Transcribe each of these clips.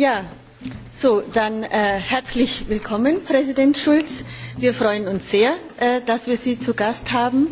Ja, so dann äh, herzlich willkommen, Präsident Schulz. Wir freuen uns sehr, äh, dass wir Sie zu Gast haben.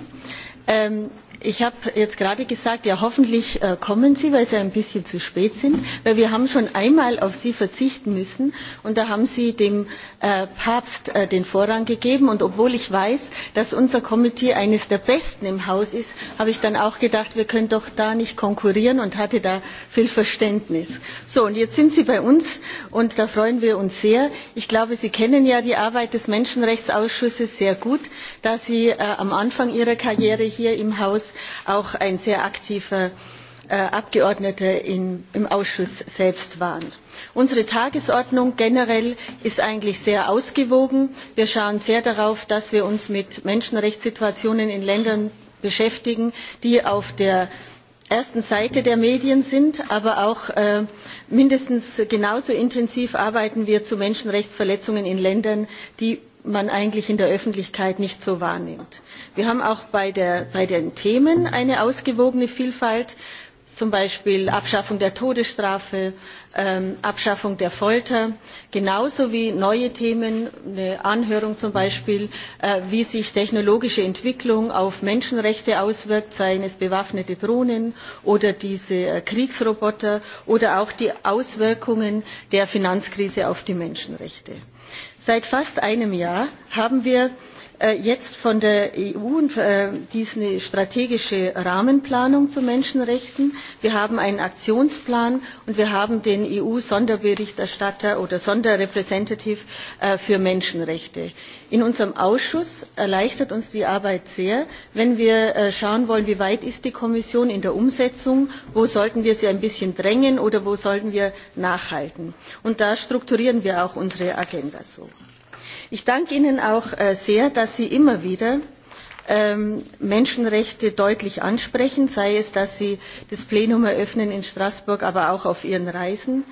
Ähm, Ich habe jetzt gerade gesagt, ja hoffentlich äh, kommen Sie, weil Sie ein bisschen zu spät sind, weil wir haben schon einmal auf Sie verzichten müssen und da haben Sie dem äh, Papst äh, den Vorrang gegeben und obwohl ich weiß, dass unser Komitee eines der besten im Haus ist, habe ich dann auch gedacht, wir können doch da nicht konkurrieren und hatte da viel Verständnis. So und jetzt sind Sie bei uns und da freuen wir uns sehr. Ich glaube, Sie kennen ja die Arbeit des Menschenrechtsausschusses sehr gut, da Sie äh, am Anfang Ihrer Karriere hier im Haus Ausschuss auch ein sehr aktiver äh, Abgeordneter in, im Ausschuss selbst waren. Unsere Tagesordnung generell ist eigentlich sehr ausgewogen. Wir schauen sehr darauf, dass wir uns mit Menschenrechtssituationen in Ländern beschäftigen, die auf der ersten Seite der Medien sind, aber auch äh, mindestens genauso intensiv arbeiten wir zu Menschenrechtsverletzungen in Ländern, die man eigentlich in der Öffentlichkeit nicht so wahrnimmt. Wir haben auch bei, der, bei den Themen eine ausgewogene Vielfalt, zum Beispiel Abschaffung der Todesstrafe, ähm, Abschaffung der Folter, genauso wie neue Themen, eine Anhörung zum Beispiel, äh, wie sich technologische Entwicklung auf Menschenrechte auswirkt, seien es bewaffnete Drohnen oder diese äh, Kriegsroboter oder auch die Auswirkungen der Finanzkrise auf die Menschenrechte. Seit fast einem Jahr haben wir Äh, jetzt von der EU und äh, dies eine strategische Rahmenplanung zu Menschenrechten. Wir haben einen Aktionsplan und wir haben den EU-Sonderberichterstatter oder Sonderrepresentative äh, für Menschenrechte. In unserem Ausschuss erleichtert uns die Arbeit sehr, wenn wir äh, schauen wollen, wie weit ist die Kommission in der Umsetzung, wo sollten wir sie ein bisschen drängen oder wo sollten wir nachhalten. Und da strukturieren wir auch unsere Agenda so. Ich danke Ihnen auch äh, sehr, dass Sie immer wieder ähm, Menschenrechte deutlich ansprechen, sei es, dass Sie das Plenum eröffnen in Straßburg, aber auch auf Ihren Reisen.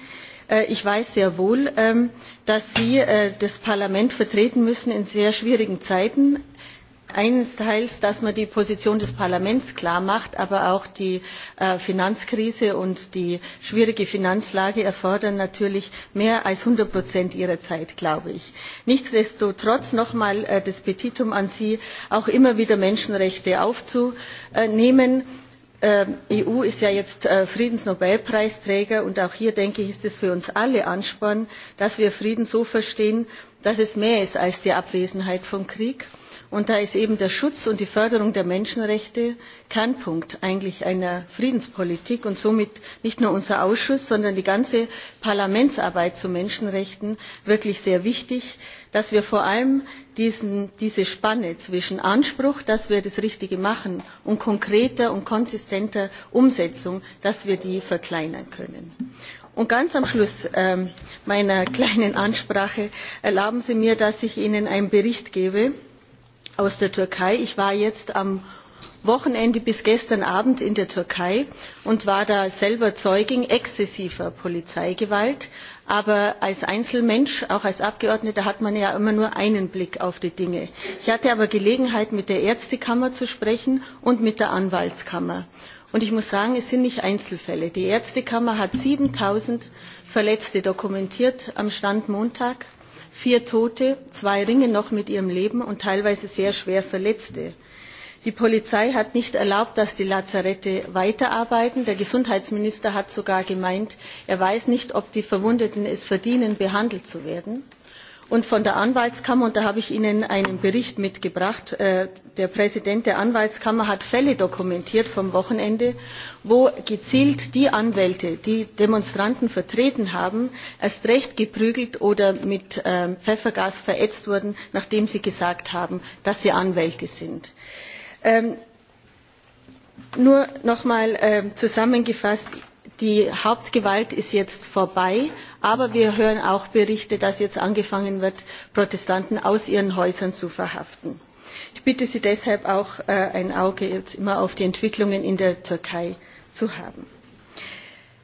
Äh, ich weiß sehr wohl, ähm, dass Sie äh, das Parlament vertreten müssen in sehr schwierigen Zeiten, einerseits, dass man die Position des Parlaments klar macht, aber auch die äh, Finanzkrise und die schwierige Finanzlage erfordern natürlich mehr als einhundert Prozent ihrer Zeit, glaube ich. Nichtsdestotrotz noch einmal äh, das Petitum an Sie, auch immer wieder Menschenrechte aufzunehmen. Die ähm, EU ist ja jetzt äh, Friedensnobelpreisträger und auch hier denke ich, ist es für uns alle Ansporn, dass wir Frieden so verstehen, dass es mehr ist als die Abwesenheit von Krieg Und da ist eben der Schutz und die Förderung der Menschenrechte Kernpunkt eigentlich einer Friedenspolitik und somit nicht nur unser Ausschuss, sondern die ganze Parlamentsarbeit zu Menschenrechten wirklich sehr wichtig, dass wir vor allem diesen, diese Spanne zwischen Anspruch, dass wir das Richtige machen und konkreter und konsistenter Umsetzung, dass wir die verkleinern können. Und ganz am Schluss ähm, meiner kleinen Ansprache erlauben Sie mir, dass ich Ihnen einen Bericht gebe aus der Türkei. Ich war jetzt am Wochenende bis gestern Abend in der Türkei und war da selber Zeugin exzessiver Polizeigewalt. Aber als Einzelmensch, auch als Abgeordneter, hat man ja immer nur einen Blick auf die Dinge. Ich hatte aber Gelegenheit, mit der Ärztekammer zu sprechen und mit der Anwaltskammer. Und ich muss sagen, es sind nicht Einzelfälle. Die Ärztekammer hat 7000 Verletzte dokumentiert am Stand Montag vier Tote, zwei Ringe noch mit ihrem Leben und teilweise sehr schwer Verletzte. Die Polizei hat nicht erlaubt, dass die Lazarette weiterarbeiten. Der Gesundheitsminister hat sogar gemeint, er weiß nicht, ob die Verwundeten es verdienen, behandelt zu werden. Und von der Anwaltskammer, und da habe ich Ihnen einen Bericht mitgebracht, äh, der Präsident der Anwaltskammer hat Fälle dokumentiert vom Wochenende, wo gezielt die Anwälte, die Demonstranten vertreten haben, erst recht geprügelt oder mit ähm, Pfeffergas verätzt wurden, nachdem sie gesagt haben, dass sie Anwälte sind. Ähm, nur nochmal äh, zusammengefasst, die Hauptgewalt ist jetzt vorbei, aber wir hören auch Berichte, dass jetzt angefangen wird, Protestanten aus ihren Häusern zu verhaften. Ich bitte Sie deshalb auch, äh, ein Auge jetzt immer auf die Entwicklungen in der Türkei zu haben.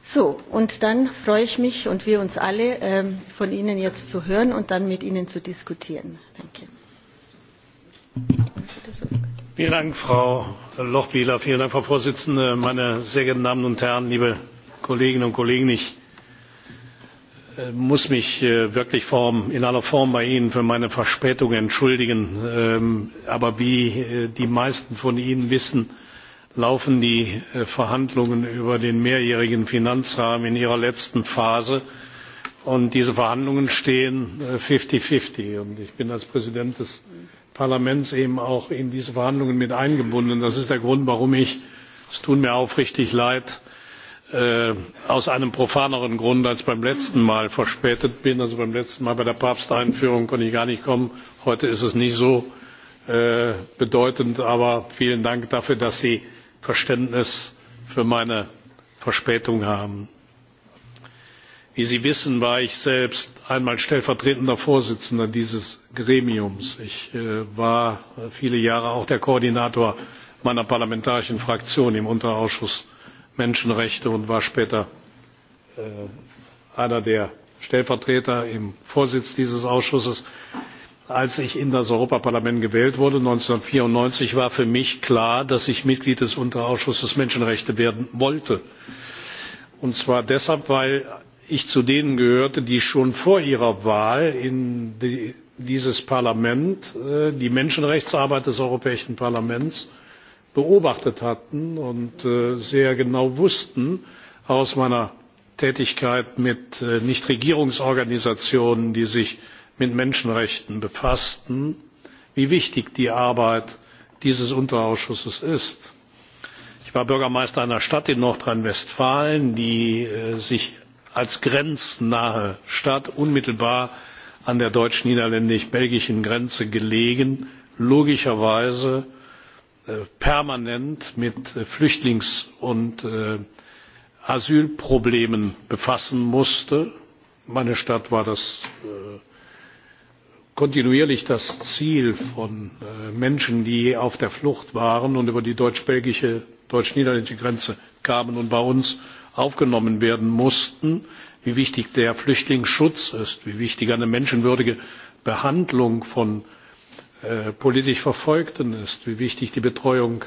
So, und dann freue ich mich und wir uns alle, ähm, von Ihnen jetzt zu hören und dann mit Ihnen zu diskutieren. Danke. Vielen Dank, Frau Lochbieler. Vielen Dank, Frau Vorsitzende, meine sehr geehrten Damen und Herren, liebe Kolleginnen und Kollegen. Ich Äh, muss mich äh, wirklich form, in aller Form bei Ihnen für meine Verspätung entschuldigen. Ähm, aber wie äh, die meisten von Ihnen wissen, laufen die Verhandlungen über den mehrjährigen Finanzrahmen in ihrer letzten Phase. Und diese Verhandlungen stehen 50-50. Und ich bin als Präsident des Parlaments eben auch in diese Verhandlungen mit eingebunden. Das ist der Grund, warum ich, es tut mir aufrichtig leid, Äh, aus einem profaneren Grund als beim letzten Mal verspätet bin. Also beim letzten Mal bei der Papsteinführung konnte ich gar nicht kommen. Heute ist es nicht so äh, bedeutend, aber vielen Dank dafür, dass Sie Verständnis für meine Verspätung haben. Wie Sie wissen, war ich selbst einmal stellvertretender Vorsitzender dieses Gremiums. Ich äh, war viele Jahre auch der Koordinator meiner parlamentarischen Fraktion im Unterausschuss menschenrechte und war später äh, einer der stellvertreter im vorsitz dieses ausschusses. als ich in das Europaparlament gewählt wurde 1994, war für mich klar dass ich mitglied des unterausschusses menschenrechte werden wollte und zwar deshalb weil ich zu denen gehörte die schon vor ihrer wahl in die, dieses parlament äh, die menschenrechtsarbeit des europäischen parlaments beobachtet hatten und äh, sehr genau wussten aus meiner Tätigkeit mit äh, Nichtregierungsorganisationen, die sich mit Menschenrechten befassten, wie wichtig die Arbeit dieses Unterausschusses ist. Ich war Bürgermeister einer Stadt in Nordrhein-Westfalen, die äh, sich als grenznahe Stadt unmittelbar an der deutsch-niederländisch-belgischen Grenze gelegen, logischerweise Äh, permanent mit äh, Flüchtlings- und äh, Asylproblemen befassen musste. Meine Stadt war das kontinuierlich das Ziel von Menschen, die auf der Flucht waren und über die deutsch-belgische, deutsch-niederländische Grenze kamen und bei uns aufgenommen werden mussten, wie wichtig der Flüchtlingsschutz ist, wie wichtig eine menschenwürdige Behandlung von äh, politisch Verfolgten ist, wie wichtig die Betreuung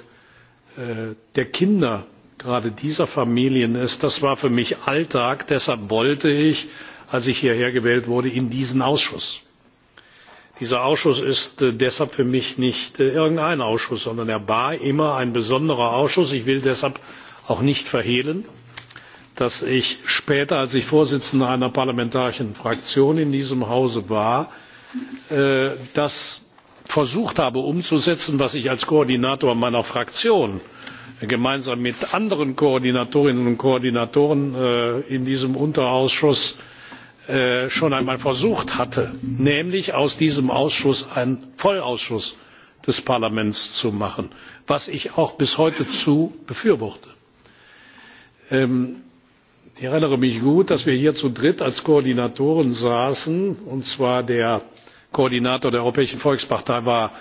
äh, der Kinder gerade dieser Familien ist. Das war für mich Alltag. Deshalb wollte ich, als ich hierher gewählt wurde, in diesen Ausschuss. Dieser Ausschuss ist äh, deshalb für mich nicht äh, irgendein Ausschuss, sondern er war immer ein besonderer Ausschuss. Ich will deshalb auch nicht verhehlen, dass ich später, als ich Vorsitzender einer parlamentarischen Fraktion in diesem Hause war, dass das versucht habe umzusetzen was ich als koordinator meiner fraktion gemeinsam mit anderen koordinatorinnen und koordinatoren äh, in diesem unterausschuss äh, schon einmal versucht hatte nämlich aus diesem ausschuss einen vollausschuss des parlaments zu machen was ich auch bis heute zu befürworte. Ähm, ich erinnere mich gut dass wir hier zu dritt als koordinatoren saßen und zwar der koordinator der europäischen volkspartei war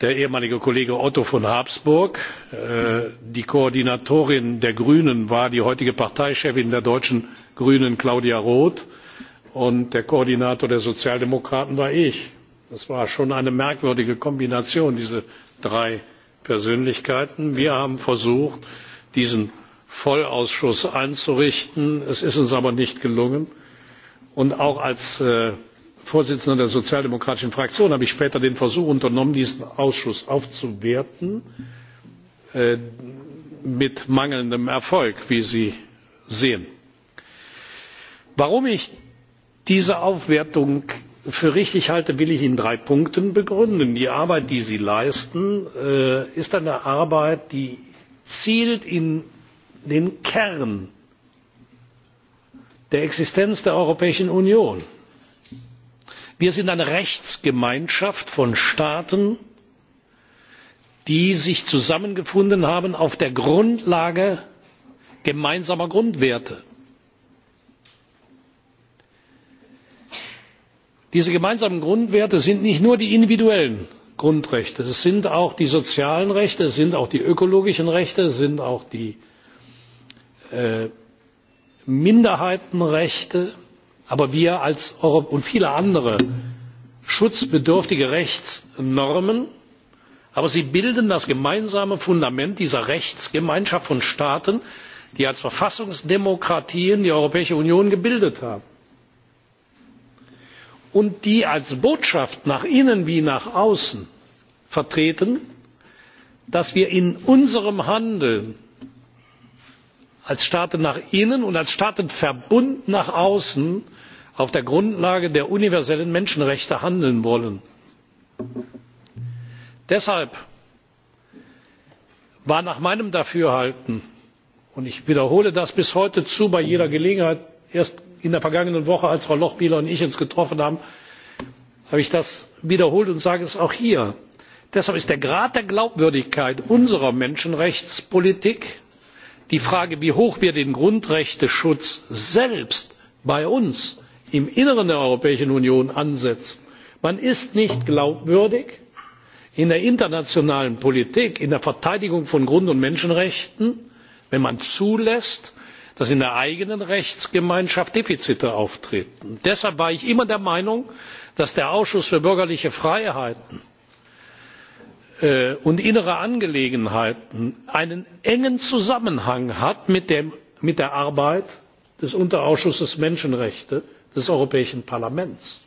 der ehemalige kollege otto von habsburg äh, die koordinatorin der grünen war die heutige parteichefin der deutschen grünen claudia roth und der koordinator der sozialdemokraten war ich. das war schon eine merkwürdige kombination diese drei persönlichkeiten. wir haben versucht diesen vollausschuss einzurichten es ist uns aber nicht gelungen und auch als äh, vorsitzender der sozialdemokratischen fraktion habe ich später den versuch unternommen diesen ausschuss aufzuwerten äh, mit mangelndem erfolg wie sie sehen. warum ich diese aufwertung für richtig halte will ich in drei punkten begründen die arbeit die sie leisten äh, ist eine arbeit die zielt in den kern der existenz der europäischen union wir sind eine rechtsgemeinschaft von staaten die sich zusammengefunden haben auf der grundlage gemeinsamer grundwerte. diese gemeinsamen grundwerte sind nicht nur die individuellen grundrechte es sind auch die sozialen rechte es sind auch die ökologischen rechte es sind auch die äh, minderheitenrechte aber wir als europäer und viele andere schutzbedürftige Rechtsnormen, aber sie bilden das gemeinsame Fundament dieser Rechtsgemeinschaft von Staaten, die als Verfassungsdemokratien die Europäische Union gebildet haben und die als Botschaft nach innen wie nach außen vertreten, dass wir in unserem Handeln als Staaten nach innen und als Staatenverbund nach außen auf der grundlage der universellen menschenrechte handeln wollen. deshalb war nach meinem dafürhalten und ich wiederhole das bis heute zu bei jeder gelegenheit erst in der vergangenen woche als frau lochbihler und ich uns getroffen haben habe ich das wiederholt und sage es auch hier deshalb ist der grad der glaubwürdigkeit unserer menschenrechtspolitik die frage wie hoch wir den grundrechteschutz selbst bei uns im Inneren der Europäischen Union ansetzen. Man ist nicht glaubwürdig in der internationalen Politik, in der Verteidigung von Grund- und Menschenrechten, wenn man zulässt, dass in der eigenen Rechtsgemeinschaft Defizite auftreten. Deshalb war ich immer der Meinung, dass der Ausschuss für bürgerliche Freiheiten äh, und innere Angelegenheiten einen engen Zusammenhang hat mit, dem, mit der Arbeit des Unterausschusses Menschenrechte des Europäischen Parlaments.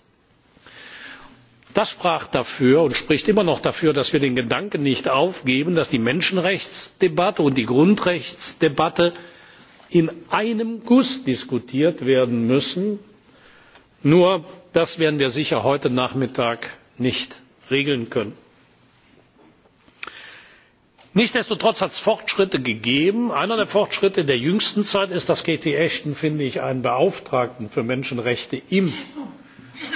Das sprach dafür und spricht immer noch dafür, dass wir den Gedanken nicht aufgeben, dass die Menschenrechtsdebatte und die Grundrechtsdebatte in einem Guss diskutiert werden müssen. Nur das werden wir sicher heute Nachmittag nicht regeln können nichtsdestotrotz hat es fortschritte gegeben. einer der fortschritte der jüngsten zeit ist dass catherine ashton finde ich einen beauftragten für menschenrechte im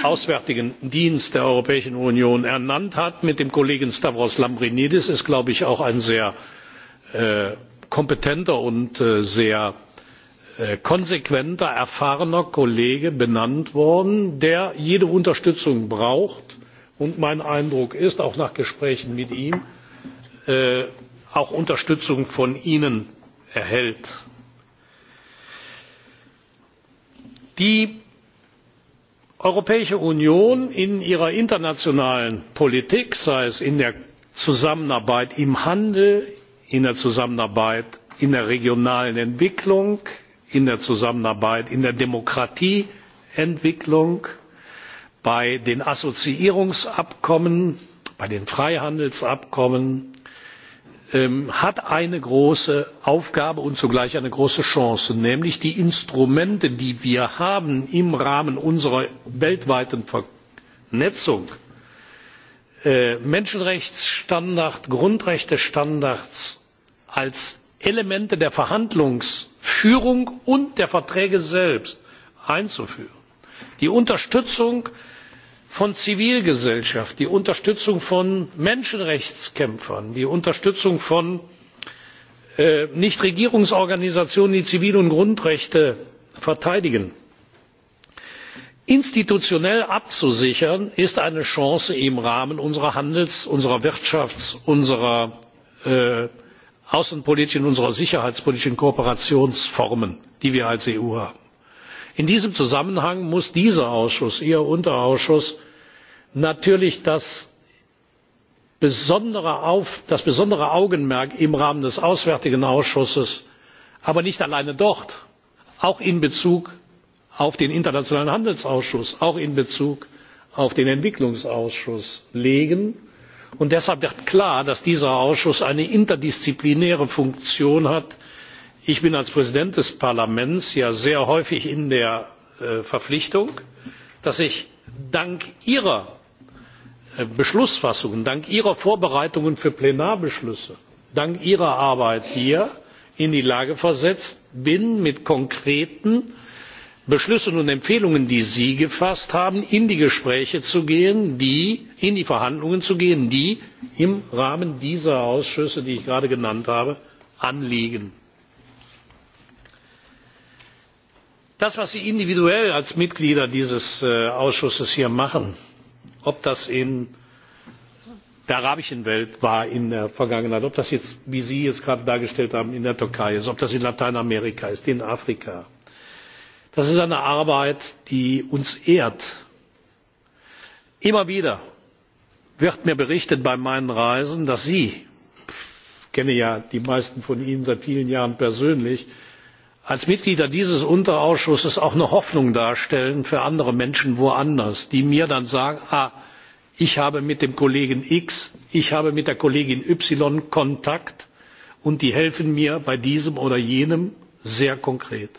auswärtigen dienst der europäischen union ernannt hat mit dem kollegen stavros lambrinidis ist glaube ich auch ein sehr äh, kompetenter und äh, sehr äh, konsequenter erfahrener kollege benannt worden der jede unterstützung braucht und mein eindruck ist auch nach gesprächen mit ihm äh, auch Unterstützung von Ihnen erhält. Die Europäische Union in ihrer internationalen Politik, sei es in der Zusammenarbeit im Handel, in der Zusammenarbeit in der regionalen Entwicklung, in der Zusammenarbeit in der Demokratieentwicklung, bei den Assoziierungsabkommen, bei den Freihandelsabkommen, Ähm, hat eine große Aufgabe und zugleich eine große Chance, nämlich die Instrumente, die wir haben im Rahmen unserer weltweiten Vernetzung, äh, Menschenrechtsstandards, Grundrechtestandards als Elemente der Verhandlungsführung und der Verträge selbst einzuführen. Die Unterstützung von zivilgesellschaft die unterstützung von menschenrechtskämpfern die unterstützung von äh, nichtregierungsorganisationen die zivil und grundrechte verteidigen institutionell abzusichern ist eine chance im rahmen unserer handels unserer wirtschafts unserer außenpolitischen äh, außenpolitischen unserer sicherheitspolitischen kooperationsformen die wir als eu haben. in diesem zusammenhang muss dieser ausschuss ihr unterausschuss natürlich das besondere, Augenmerk im Rahmen des Auswärtigen Ausschusses, aber nicht alleine dort, auch in Bezug auf den Internationalen Handelsausschuss, auch in Bezug auf den Entwicklungsausschuss legen. Und deshalb wird klar, dass dieser Ausschuss eine interdisziplinäre Funktion hat. Ich bin als Präsident des Parlaments ja sehr häufig in der äh, Verpflichtung, dass ich dank Ihrer Äh, beschlussfassungen dank ihrer vorbereitungen für plenarbeschlüsse dank ihrer arbeit hier in die lage versetzt bin mit konkreten beschlüssen und empfehlungen die sie gefasst haben in die gespräche zu gehen in die verhandlungen zu gehen die im rahmen dieser ausschüsse die ich gerade genannt habe anliegen. das was sie individuell als mitglieder dieses äh, ausschusses hier machen ob das in der arabischen Welt war in der Vergangenheit, ob das jetzt, wie Sie es gerade dargestellt haben, in der Türkei ist, ob das in Lateinamerika ist, in Afrika. Das ist eine Arbeit, die uns ehrt. Immer wieder wird mir berichtet bei meinen Reisen, dass Sie, ich kenne ja die meisten von Ihnen seit vielen Jahren persönlich, als mitglieder dieses unterausschusses auch eine hoffnung darstellen für andere menschen woanders die mir dann sagen ah ich habe mit dem kollegen x ich habe mit der kollegin y kontakt und die helfen mir bei diesem oder jenem sehr konkret.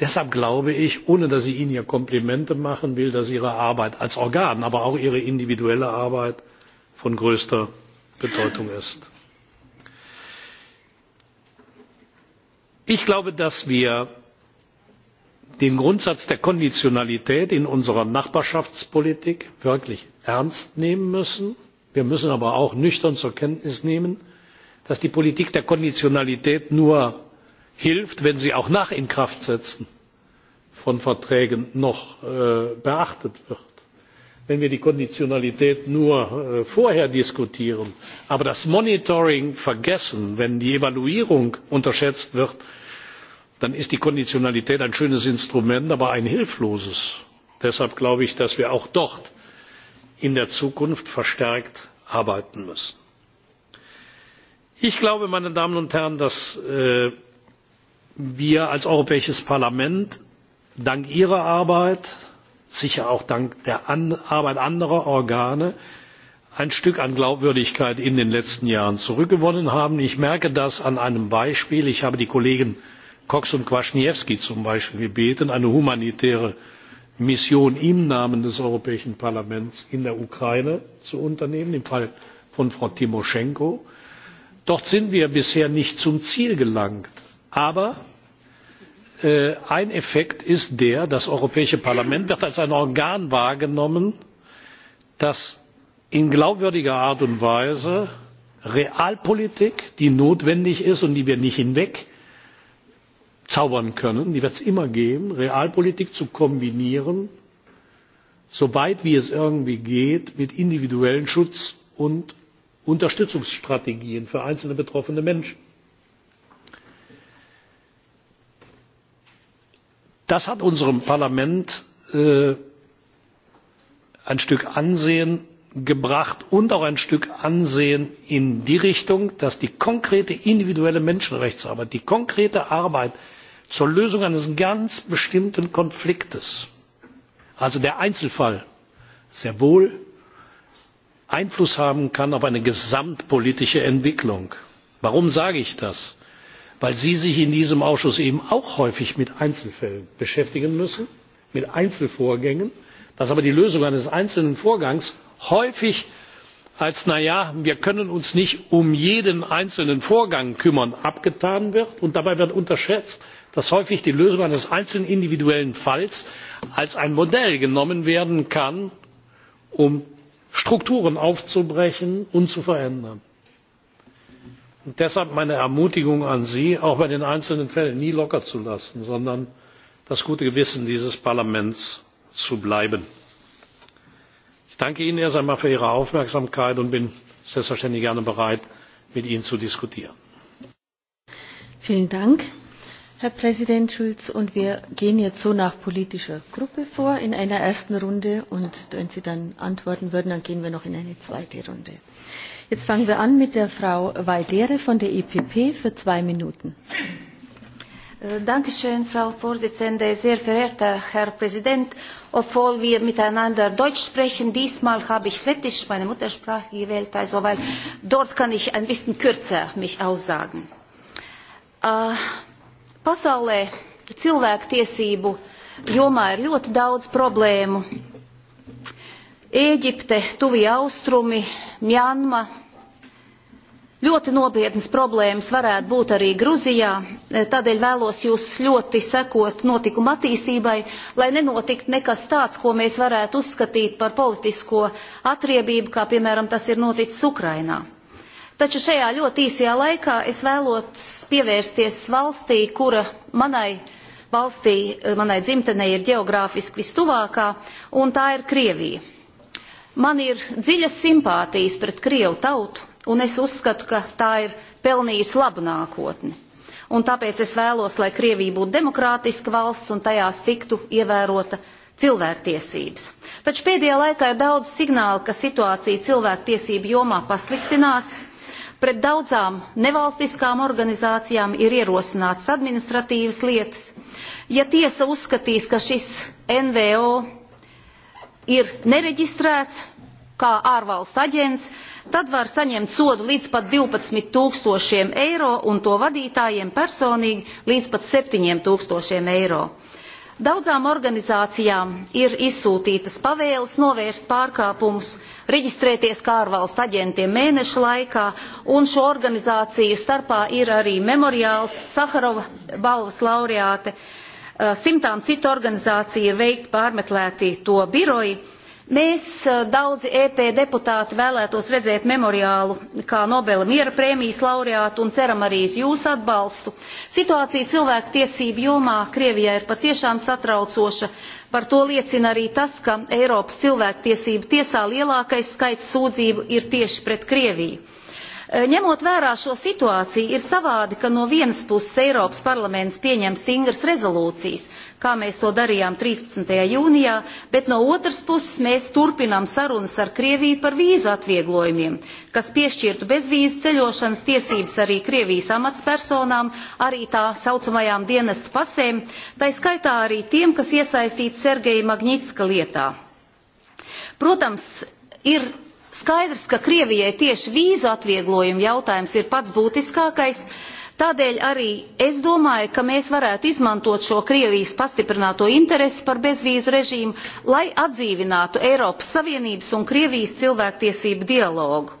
deshalb glaube ich ohne dass ich ihnen hier komplimente machen will dass ihre arbeit als organ aber auch ihre individuelle arbeit von größter bedeutung ist. Ich glaube, dass wir den Grundsatz der Konditionalität in unserer Nachbarschaftspolitik wirklich ernst nehmen müssen. Wir müssen aber auch nüchtern zur Kenntnis nehmen, dass die Politik der Konditionalität nur hilft, wenn sie auch nach Inkraftsetzen von Verträgen noch äh, beachtet wird wenn wir die Konditionalität nur äh, vorher diskutieren, aber das Monitoring vergessen, wenn die Evaluierung unterschätzt wird, dann ist die Konditionalität ein schönes Instrument, aber ein hilfloses. Deshalb glaube ich, dass wir auch dort in der Zukunft verstärkt arbeiten müssen. Ich glaube, meine Damen und Herren, dass äh, wir als Europäisches Parlament dank Ihrer Arbeit, sicher auch dank der An Arbeit anderer Organe ein Stück an Glaubwürdigkeit in den letzten Jahren zurückgewonnen haben. Ich merke das an einem Beispiel. Ich habe die Kollegen Cox und Kwasniewski zum Beispiel gebeten, eine humanitäre Mission im Namen des Europäischen Parlaments in der Ukraine zu unternehmen, im Fall von Frau Timoschenko. Dort sind wir bisher nicht zum Ziel gelangt. Aber Äh, ein Effekt ist der, das Europäische Parlament wird als ein Organ wahrgenommen, das in glaubwürdiger Art und Weise Realpolitik, die notwendig ist und die wir nicht hinweg zaubern können, die wird es immer geben, Realpolitik zu kombinieren, soweit wie es irgendwie geht, mit individuellen Schutz und Unterstützungsstrategien für einzelne betroffene Menschen. das hat unserem parlament äh, ein stück ansehen gebracht und auch ein stück ansehen in die richtung dass die konkrete individuelle menschenrechtsarbeit die konkrete arbeit zur lösung eines ganz bestimmten konfliktes also der einzelfall sehr wohl einfluss haben kann auf eine gesamtpolitische entwicklung. warum sage ich das? weil Sie sich in diesem Ausschuss eben auch häufig mit Einzelfällen beschäftigen müssen, mit Einzelvorgängen, dass aber die Lösung eines einzelnen Vorgangs häufig als na ja, wir können uns nicht um jeden einzelnen Vorgang kümmern, abgetan wird und dabei wird unterschätzt, dass häufig die Lösung eines einzelnen individuellen Falls als ein Modell genommen werden kann, um Strukturen aufzubrechen und zu verändern. Und deshalb meine Ermutigung an Sie, auch bei den einzelnen Fällen nie locker zu lassen, sondern das gute Gewissen dieses Parlaments zu bleiben. Ich danke Ihnen erst einmal für Ihre Aufmerksamkeit und bin selbstverständlich gerne bereit, mit Ihnen zu diskutieren. Vielen Dank, Herr Präsident Schulz. Und wir gehen jetzt so nach politischer Gruppe vor in einer ersten Runde. Und wenn Sie dann antworten würden, dann gehen wir noch in eine zweite Runde. Jetzt fangen wir an mit der Frau Waldere von der EPP für zwei Minuten. Äh, Dankeschön, Frau Vorsitzende, sehr verehrter Herr Präsident. Obwohl wir miteinander Deutsch sprechen, diesmal habe ich Lettisch, meine Muttersprache, gewählt, also weil dort kann ich ein bisschen kürzer mich aussagen. Äh, pasaulē cilvēktiesību jomā ir ļoti daudz problēmu Ēģipte, tuvi Austrumi, Mjanma. Ļoti nopietnas problēmas varētu būt arī Gruzijā, e, tādēļ vēlos jūs ļoti sekot notikuma attīstībai, lai nenotikt nekas tāds, ko mēs varētu uzskatīt par politisko atriebību, kā piemēram tas ir noticis Ukrainā. Taču šajā ļoti īsajā laikā es vēlos pievērsties valstī, kura manai valstī, e, manai dzimtenei ir ģeogrāfiski vistuvākā, un tā ir Krievija. Man ir dziļas simpātijas pret Krievu tautu, un es uzskatu, ka tā ir pelnījusi labu nākotni. Un tāpēc es vēlos, lai Krievija būtu demokrātiska valsts un tajās tiktu ievērota cilvēktiesības. Taču pēdējā laikā ir daudz signālu, ka situācija cilvēktiesību jomā pasliktinās. Pret daudzām nevalstiskām organizācijām ir ierosināts administratīvas lietas. Ja tiesa uzskatīs, ka šis NVO ir nereģistrēts kā ārvalstu aģents, tad var saņemt sodu līdz pat 12 tūkstošiem eiro un to vadītājiem personīgi līdz pat 7 tūkstošiem eiro. Daudzām organizācijām ir izsūtītas pavēles novērst pārkāpumus, reģistrēties kā ārvalstu aģentiem mēneša laikā, un šo organizāciju starpā ir arī memoriāls Saharova balvas laureāte Eh, simtām citu organizāciju ir veikt pārmeklēti to biroji. Mēs eh, daudzi EP deputāti vēlētos redzēt memoriālu kā Nobela miera prēmijas laureātu un ceram arī jūsu atbalstu. Situācija cilvēku tiesību jomā Krievijā ir patiešām satraucoša. Par to liecina arī tas, ka Eiropas tiesību tiesā lielākais skaits sūdzību ir tieši pret Krieviju. Eh, ņemot vērā šo situāciju, ir savādi, ka no vienas puses Eiropas parlaments pieņem stingras rezolūcijas, kā mēs to darījām 13. jūnijā, bet no otras puses mēs turpinām sarunas ar Krieviju par vīzu atvieglojumiem, kas piešķirtu bezvīzu ceļošanas tiesības arī Krievijas amatspersonām, arī tā saucamajām dienestu pasēm, tai skaitā arī tiem, kas iesaistīti Sergeja Magnitska lietā. Protams, ir Skaidrs, ka Krievijai tieši vīzu atvieglojuma jautājums ir pats būtiskākais, tādēļ arī es domāju, ka mēs varētu izmantot šo Krievijas pastiprināto interesi par bezvīzu režīmu, lai atdzīvinātu Eiropas Savienības un Krievijas cilvēktiesību dialogu.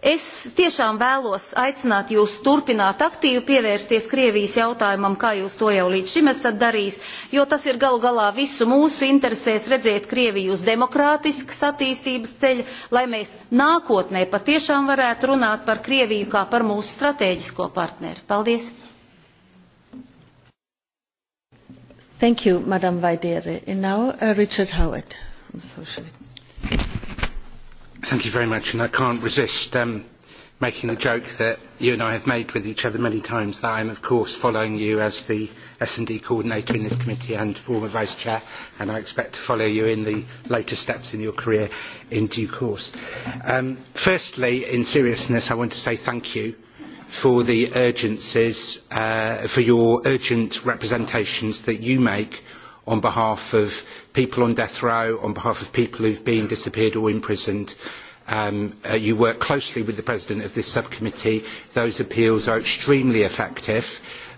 Es tiešām vēlos aicināt jūs turpināt aktīvi pievērsties Krievijas jautājumam, kā jūs to jau līdz šim esat darījis, jo tas ir galu galā visu mūsu interesēs redzēt Krieviju uz demokrātiskas attīstības ceļa, lai mēs nākotnē patiešām varētu runāt par Krieviju kā par mūsu strateģisko partneri. Paldies! Thank you, Madam Vaidere. And now uh, Richard Howard. Thank you very much, and I can't resist um, making the joke that you and I have made with each other many times that I am, of course, following you as the S&D coordinator in this committee and former vice chair, and I expect to follow you in the later steps in your career in due course. Um, firstly, in seriousness, I want to say thank you for the urgencies, uh, for your urgent representations that you make on behalf of people on death row, on behalf of people who've been disappeared or imprisoned. Um, uh, you work closely with the President of this subcommittee. Those appeals are extremely effective.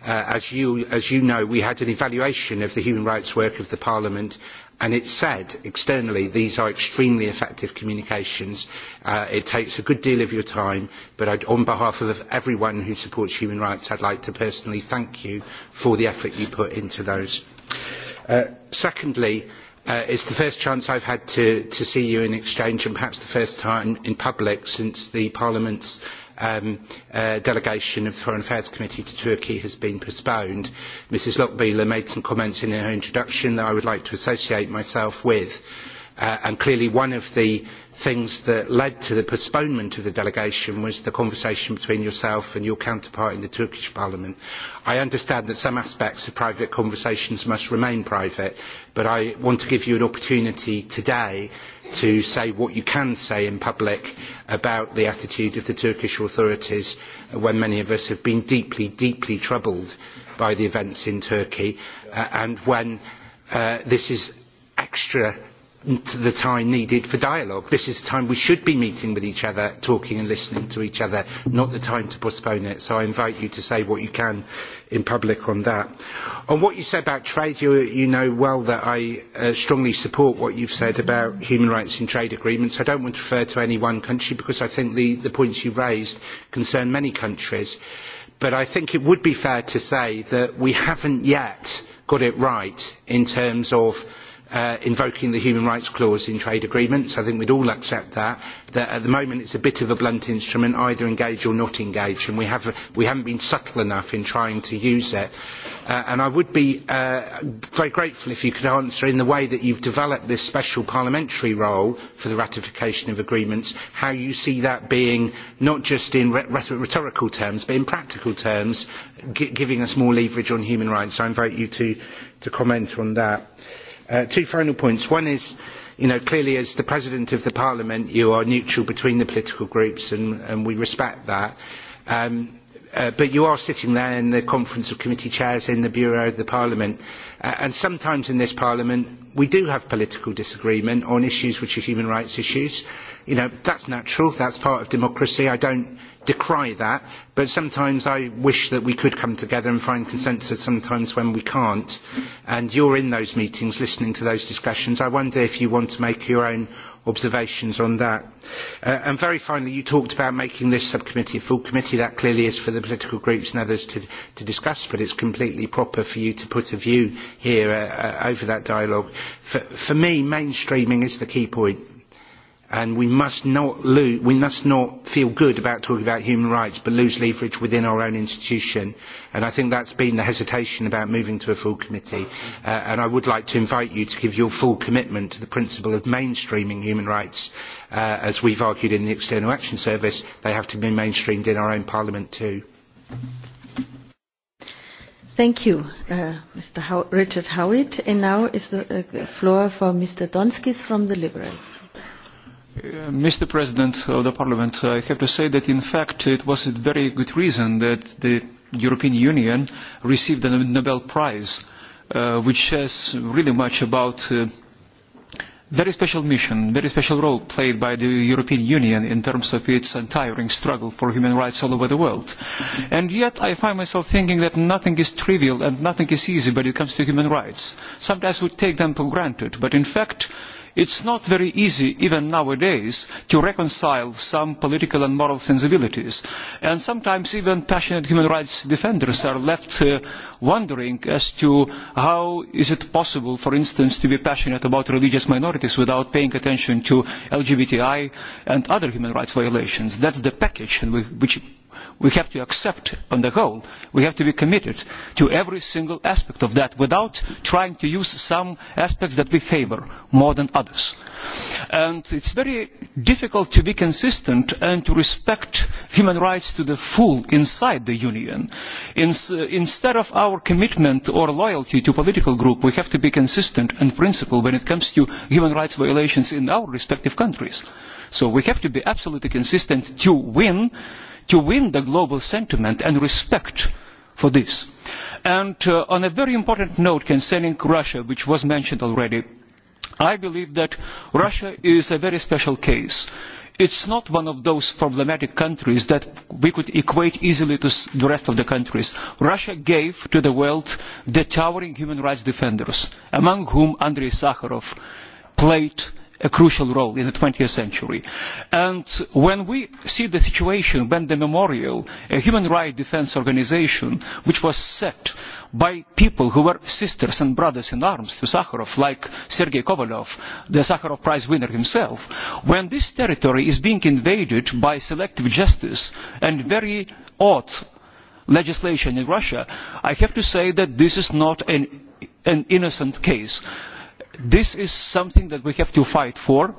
Uh, as, you, as you know, we had an evaluation of the human rights work of the Parliament and it said externally these are extremely effective communications. Uh, it takes a good deal of your time, but I'd, on behalf of everyone who supports human rights, I'd like to personally thank you for the effort you put into those. Uh, secondly, uh, it's the first chance I've had to, to see you in exchange and perhaps the first time in public since the Parliament's um, uh, delegation of the Foreign Affairs Committee to Turkey has been postponed. Mrs Lockbeeler made some comments in her introduction that I would like to associate myself with. Uh, and clearly one of the things that led to the postponement of the delegation was the conversation between yourself and your counterpart in the Turkish Parliament. I understand that some aspects of private conversations must remain private, but I want to give you an opportunity today to say what you can say in public about the attitude of the Turkish authorities when many of us have been deeply, deeply troubled by the events in Turkey uh, and when uh, this is extra the time needed for dialogue. This is the time we should be meeting with each other, talking and listening to each other, not the time to postpone it. So I invite you to say what you can in public on that. On what you said about trade, you, you know well that I uh, strongly support what you've said about human rights in trade agreements. I don't want to refer to any one country because I think the, the points you raised concern many countries. But I think it would be fair to say that we haven't yet got it right in terms of uh, invoking the human rights clause in trade agreements. I think we'd all accept that, that at the moment it's a bit of a blunt instrument, either engage or not engage, and we, have, we haven't been subtle enough in trying to use it. Uh, and I would be uh, very grateful if you could answer in the way that you've developed this special parliamentary role for the ratification of agreements, how you see that being not just in re rhetorical terms, but in practical terms, giving us more leverage on human rights. I invite you to, to comment on that. Uh, two final points. One is, you know, clearly as the President of the Parliament, you are neutral between the political groups and, and we respect that. Um, uh, but you are sitting there in the Conference of Committee Chairs in the Bureau of the Parliament. Uh, and sometimes in this Parliament, we do have political disagreement on issues which are human rights issues. You know, that's natural. That's part of democracy. I don't decry that, but sometimes I wish that we could come together and find consensus sometimes when we can't. And you're in those meetings listening to those discussions. I wonder if you want to make your own observations on that. Uh, and very finally, you talked about making this subcommittee a full committee. That clearly is for the political groups and others to, to discuss, but it's completely proper for you to put a view here uh, uh, over that dialogue. For, for me, mainstreaming is the key point and we must not lose, we must not feel good about talking about human rights but lose leverage within our own institution and I think that's been the hesitation about moving to a full committee uh, and I would like to invite you to give your full commitment to the principle of mainstreaming human rights uh, as we've argued in the External Action Service they have to be mainstreamed in our own parliament too. Thank you, uh, Mr. How Richard Howitt. And now is the uh, floor for Mr. Donskis from the Liberals. Uh, Mr. President of the Parliament, I have to say that in fact it was a very good reason that the European Union received the Nobel Prize, uh, which says really much about uh, very special mission, very special role played by the European Union in terms of its untiring struggle for human rights all over the world. And yet I find myself thinking that nothing is trivial and nothing is easy when it comes to human rights. Sometimes we take them for granted, but in fact It's not very easy, even nowadays, to reconcile some political and moral sensibilities. And sometimes even passionate human rights defenders are left uh, wondering as to how is it possible, for instance, to be passionate about religious minorities without paying attention to LGBTI and other human rights violations. That's the package in which we have to accept on the whole, we have to be committed to every single aspect of that without trying to use some aspects that we favor more than others. And it's very difficult to be consistent and to respect human rights to the full inside the Union. In, uh, instead of our commitment or loyalty to political group, we have to be consistent and principled when it comes to human rights violations in our respective countries. So we have to be absolutely consistent to win to win the global sentiment and respect for this. And uh, on a very important note concerning Russia, which was mentioned already, I believe that Russia is a very special case. It's not one of those problematic countries that we could equate easily to the rest of the countries. Russia gave to the world the towering human rights defenders, among whom Andrei Sakharov played a crucial role in the 20th century. And when we see the situation when the Memorial, a human rights defense organization which was set by people who were sisters and brothers in arms to Sakharov, like Sergei Kovalov, the Sakharov Prize winner himself, when this territory is being invaded by selective justice and very odd legislation in Russia, I have to say that this is not an, an innocent case. This is something that we have to fight for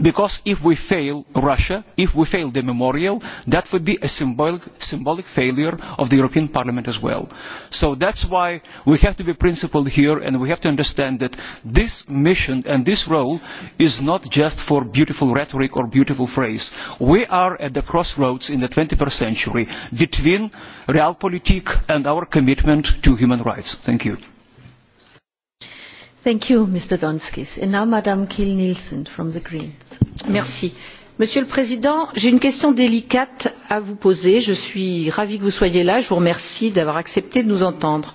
because if we fail Russia, if we fail the memorial, that would be a symbolic, symbolic failure of the European Parliament as well. So that's why we have to be principled here and we have to understand that this mission and this role is not just for beautiful rhetoric or beautiful phrase. We are at the crossroads in the 21st century between realpolitik and our commitment to human rights. Thank you. Thank you, Mr. Donskis. And now Madame Kiel-Nielsen from the Greens. Merci. Monsieur le Président, j'ai une question délicate à vous poser. Je suis ravie que vous soyez là. Je vous remercie d'avoir accepté de nous entendre.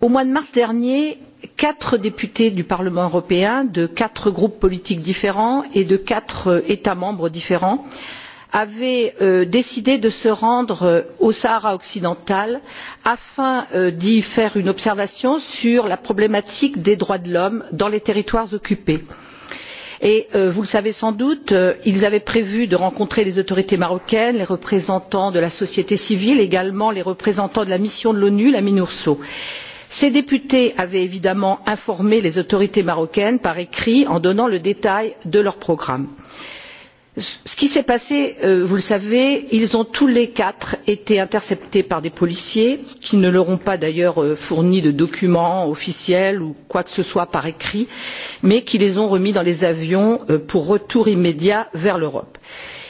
Au mois de mars dernier, quatre députés du Parlement européen de quatre groupes politiques différents et de quatre États membres différents avait euh, décidé de se rendre euh, au Sahara occidental afin euh, d'y faire une observation sur la problématique des droits de l'homme dans les territoires occupés. Et euh, vous le savez sans doute, euh, ils avaient prévu de rencontrer les autorités marocaines, les représentants de la société civile, également les représentants de la mission de l'ONU, la MINURSO. Ces députés avaient évidemment informé les autorités marocaines par écrit en donnant le détail de leur programme. Euh, Ce qui s'est passé, euh, vous le savez, ils ont tous les quatre été interceptés par des policiers qui ne leur ont pas d'ailleurs euh, fourni de documents officiels ou quoi que ce soit par écrit, mais qui les ont remis dans les avions euh, pour retour immédiat vers l'Europe.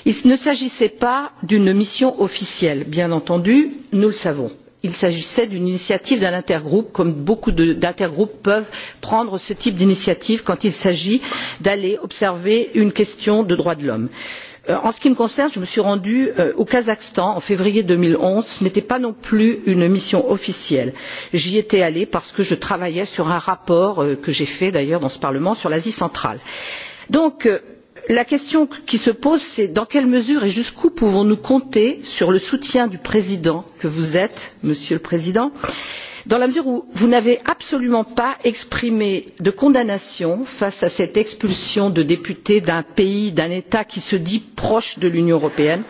Il ne s'agissait pas d'une mission officielle, bien entendu, nous le savons il s'agissait d'une initiative d'un intergroupe comme beaucoup d'intergroupes peuvent prendre ce type d'initiative quand il s'agit d'aller observer une question de droits de l'homme. Euh, en ce qui me concerne, je me suis rendue euh, au Kazakhstan en février deux mille onze. Ce n'était pas non plus une mission officielle. J'y étais allée parce que je travaillais sur un rapport euh, que j'ai fait d'ailleurs dans ce Parlement sur l'Asie centrale. Donc, la question qui se pose c'est dans quelle mesure et jusqu'où pouvons nous compter sur le soutien du président que vous êtes monsieur le président dans la mesure où vous n'avez absolument pas exprimé de condamnation face à cette expulsion de députés d'un pays d'un état qui se dit proche de l'union européenne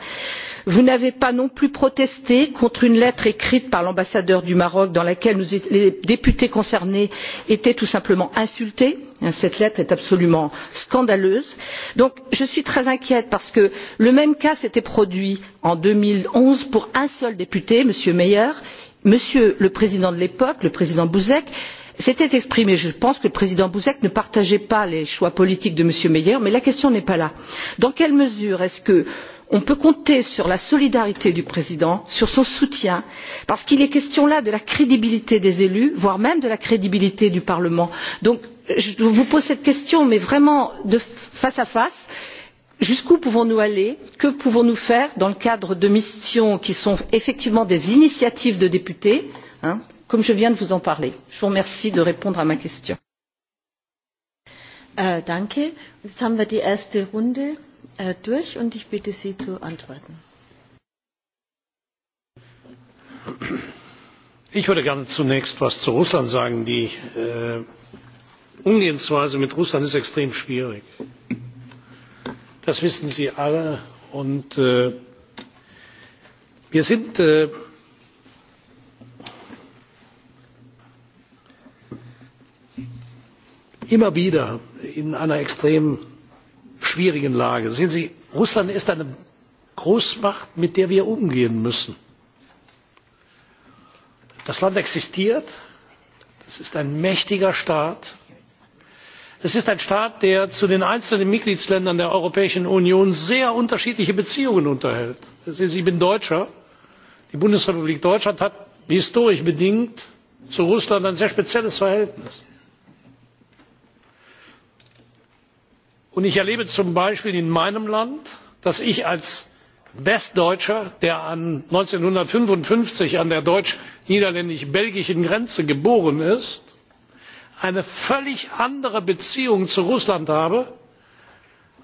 vous n'avez pas non plus protesté contre une lettre écrite par l'ambassadeur du maroc dans laquelle nous, les députés concernés étaient tout simplement insultés cette lettre est absolument scandaleuse. donc je suis très inquiète parce que le même cas s'était produit en deux mille onze pour un seul député m. meyer m. le président de l'époque le président buzek s'était exprimé. Je pense que le président Buzek ne partageait pas les choix politiques de M. Meyer, mais la question n'est pas là. Dans quelle mesure est-ce que on peut compter sur la solidarité du président sur son soutien parce qu'il est question là de la crédibilité des élus voire même de la crédibilité du parlement. donc je vous pose cette question mais vraiment de face à face jusqu'où pouvons nous aller que pouvons nous faire dans le cadre de missions qui sont effectivement des initiatives de députés hein, comme je viens de vous en parler? je vous remercie de répondre à ma question. Euh, danke. Jetzt haben wir die erste Runde. Äh, durch und ich bitte Sie zu antworten. Ich würde gerne zunächst etwas zu Russland sagen. Die äh, Umgehensweise mit Russland ist extrem schwierig. Das wissen Sie alle. Und äh, wir sind äh, immer wieder in einer extremen schwierigen Lage. Sehen Sie, Russland ist eine Großmacht, mit der wir umgehen müssen. Das Land existiert, es ist ein mächtiger Staat, es ist ein Staat, der zu den einzelnen Mitgliedsländern der Europäischen Union sehr unterschiedliche Beziehungen unterhält. Ich bin Deutscher, die Bundesrepublik Deutschland hat historisch bedingt zu Russland ein sehr spezielles Verhältnis. und ich erlebe zum beispiel in meinem land dass ich als westdeutscher der eintausendneunhundertfünfundfünfzig an der deutsch niederländisch belgischen grenze geboren ist eine völlig andere beziehung zu russland habe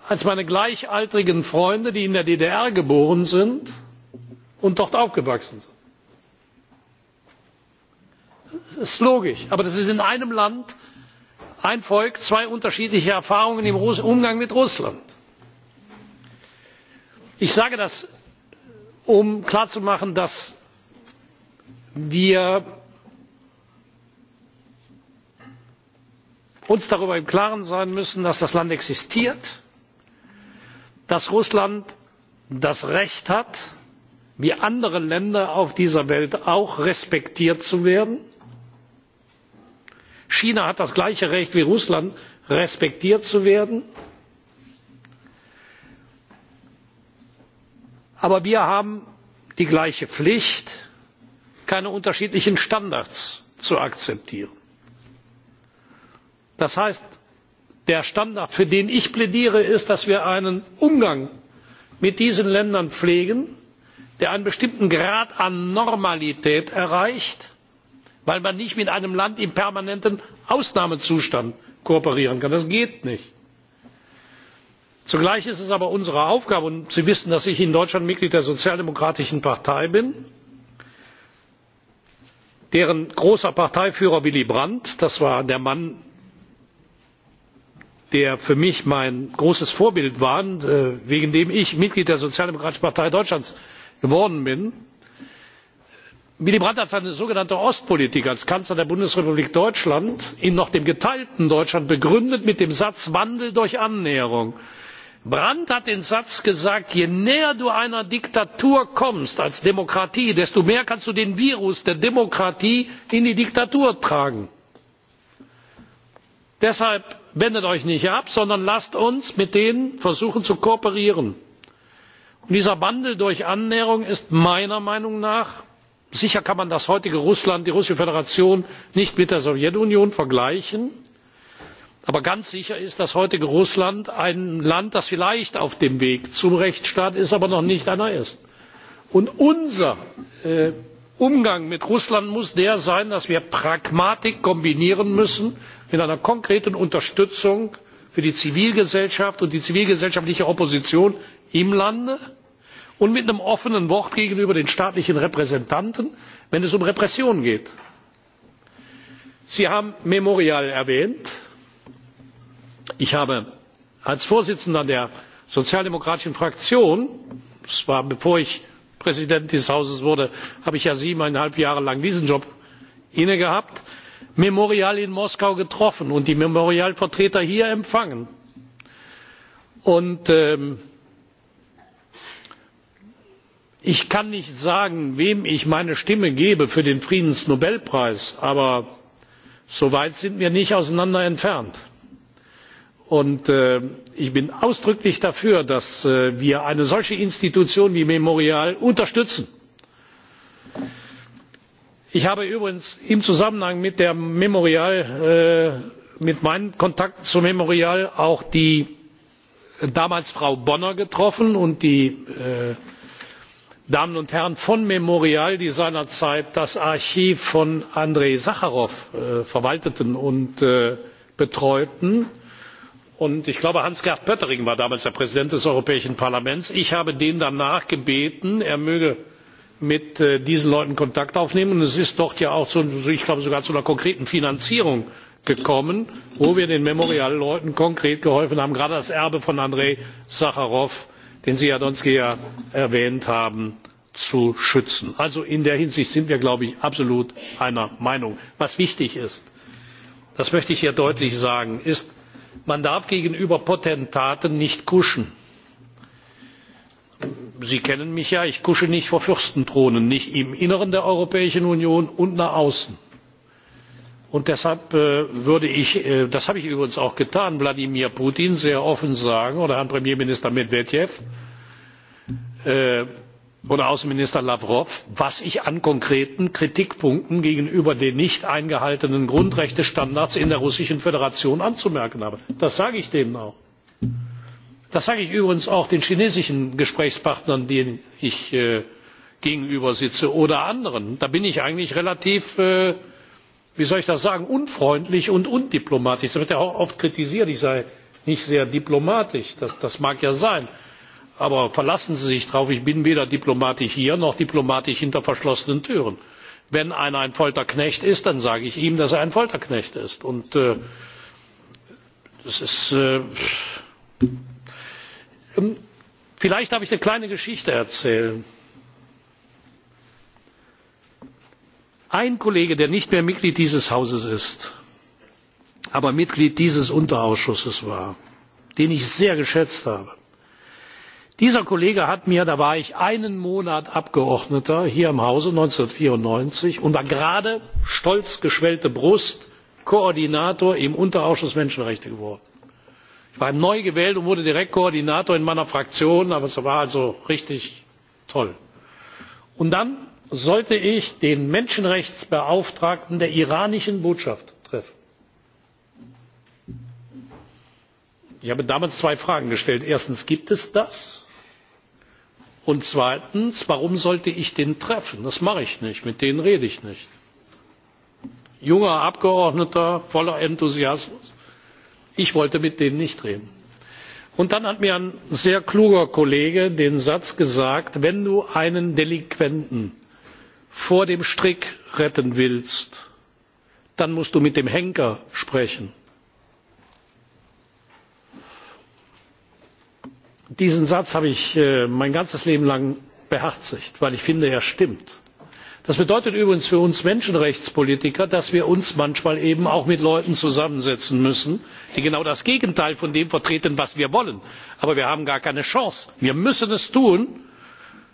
als meine gleichaltrigen freunde die in der ddr geboren sind und dort aufgewachsen sind. das ist logisch aber das ist in einem land ein volk zwei unterschiedliche erfahrungen im umgang mit russland. ich sage das um klarzumachen dass wir uns darüber im klaren sein müssen dass das land existiert dass russland das recht hat wie andere länder auf dieser welt auch respektiert zu werden china hat das gleiche recht wie russland respektiert zu werden aber wir haben die gleiche pflicht keine unterschiedlichen standards zu akzeptieren. das heißt der standard für den ich plädiere ist dass wir einen umgang mit diesen ländern pflegen der einen bestimmten grad an normalität erreicht weil man nicht mit einem land im permanenten ausnahmezustand kooperieren kann. das geht nicht. zugleich ist es aber unsere aufgabe und sie wissen dass ich in deutschland mitglied der sozialdemokratischen partei bin deren großer parteiführer willy brandt das war der mann der für mich mein großes vorbild war und äh, wegen dem ich mitglied der sozialdemokratischen partei deutschlands geworden bin willy brandt hat seine sogenannte ostpolitik als kanzler der bundesrepublik deutschland in noch dem geteilten deutschland begründet mit dem satz wandel durch annäherung. brandt hat den satz gesagt je näher du einer diktatur kommst als demokratie desto mehr kannst du den virus der demokratie in die diktatur tragen. deshalb wendet euch nicht ab sondern lasst uns mit denen versuchen zu kooperieren. dieser wandel durch annäherung ist meiner meinung nach sicher kann man das heutige russland die russische föderation nicht mit der sowjetunion vergleichen aber ganz sicher ist das heutige russland ein land das vielleicht auf dem weg zum rechtsstaat ist aber noch nicht einer ist. und unser äh, umgang mit russland muss der sein dass wir pragmatik kombinieren müssen mit einer konkreten unterstützung für die zivilgesellschaft und die zivilgesellschaftliche opposition im lande und mit einem offenen Wort gegenüber den staatlichen Repräsentanten, wenn es um Repression geht. Sie haben Memorial erwähnt. Ich habe als Vorsitzender der sozialdemokratischen Fraktion, das war bevor ich Präsident dieses Hauses wurde, habe ich ja siebeneinhalb Jahre lang diesen Job innegehabt, Memorial in Moskau getroffen und die Memorial-Vertreter hier empfangen. Und ähm, ich kann nicht sagen wem ich meine stimme gebe für den friedensnobelpreis aber so weit sind wir nicht auseinander entfernt. und äh, ich bin ausdrücklich dafür dass äh, wir eine solche institution wie memorial unterstützen. ich habe übrigens im zusammenhang mit der memorial äh, mit meinen kontakten zu memorial auch die damals frau bonner getroffen und die damen und herren von memorial die seinerzeit das archiv von andrej sacharow äh, verwalteten und äh, betreuten und ich glaube hans gert pöttering war damals der präsident des europäischen parlaments ich habe den danach gebeten er möge mit äh, diesen leuten kontakt aufnehmen und es ist dort ja auch zu, ich glaube sogar zu einer konkreten finanzierung gekommen wo wir den memorial leuten konkret geholfen haben gerade das erbe von andrej sacharow den sie herr donskis ja erwähnt haben zu schützen. also in der hinsicht sind wir glaube ich absolut einer meinung. was wichtig ist das möchte ich hier deutlich sagen ist man darf gegenüber potentaten nicht kuschen. sie kennen mich ja ich kusche nicht vor fürstenthronen nicht im inneren der europäischen union und nach außen Und deshalb äh, würde ich, äh, das habe ich übrigens auch getan, Wladimir Putin sehr offen sagen oder Herrn Premierminister Medvedev äh, oder Außenminister Lavrov, was ich an konkreten Kritikpunkten gegenüber den nicht eingehaltenen Grundrechtestandards in der Russischen Föderation anzumerken habe. Das sage ich denen auch. Das sage ich übrigens auch den chinesischen Gesprächspartnern, denen ich gegenüber sitze oder anderen. Da bin ich eigentlich relativ äh, wie soll ich das sagen, unfreundlich und undiplomatisch. Das wird ja auch oft kritisiert, ich sei nicht sehr diplomatisch. Das, das mag ja sein. Aber verlassen Sie sich darauf, ich bin weder diplomatisch hier noch diplomatisch hinter verschlossenen Türen. Wenn einer ein Folterknecht ist, dann sage ich ihm, dass er ein Folterknecht ist. Und äh, das ist. Äh, ähm, vielleicht darf ich eine kleine Geschichte erzählen ein kollege der nicht mehr mitglied dieses hauses ist aber mitglied dieses unterausschusses war den ich sehr geschätzt habe dieser kollege hat mir da war ich einen monat abgeordneter hier im hause eintausendneunhundertvierundneunzig und war gerade stolz geschwellte brust koordinator im unterausschuss menschenrechte geworden. ich war neu gewählt und wurde direkt koordinator in meiner fraktion aber es war also richtig toll. und dann sollte ich den menschenrechtsbeauftragten der iranischen botschaft treffen. ich habe damals zwei fragen gestellt erstens gibt es das? und zweitens warum sollte ich den treffen? das mache ich nicht mit denen rede ich nicht. junger abgeordneter voller enthusiasmus ich wollte mit denen nicht reden. Und dann hat mir ein sehr kluger Kollege den Satz gesagt, wenn du einen Delinquenten vor dem Strick retten willst, dann musst du mit dem Henker sprechen. Diesen Satz habe ich äh, mein ganzes Leben lang beherzigt, weil ich finde, er stimmt. Das bedeutet übrigens für uns Menschenrechtspolitiker, dass wir uns manchmal eben auch mit Leuten zusammensetzen müssen, die genau das Gegenteil von dem vertreten, was wir wollen. Aber wir haben gar keine Chance. Wir müssen es tun,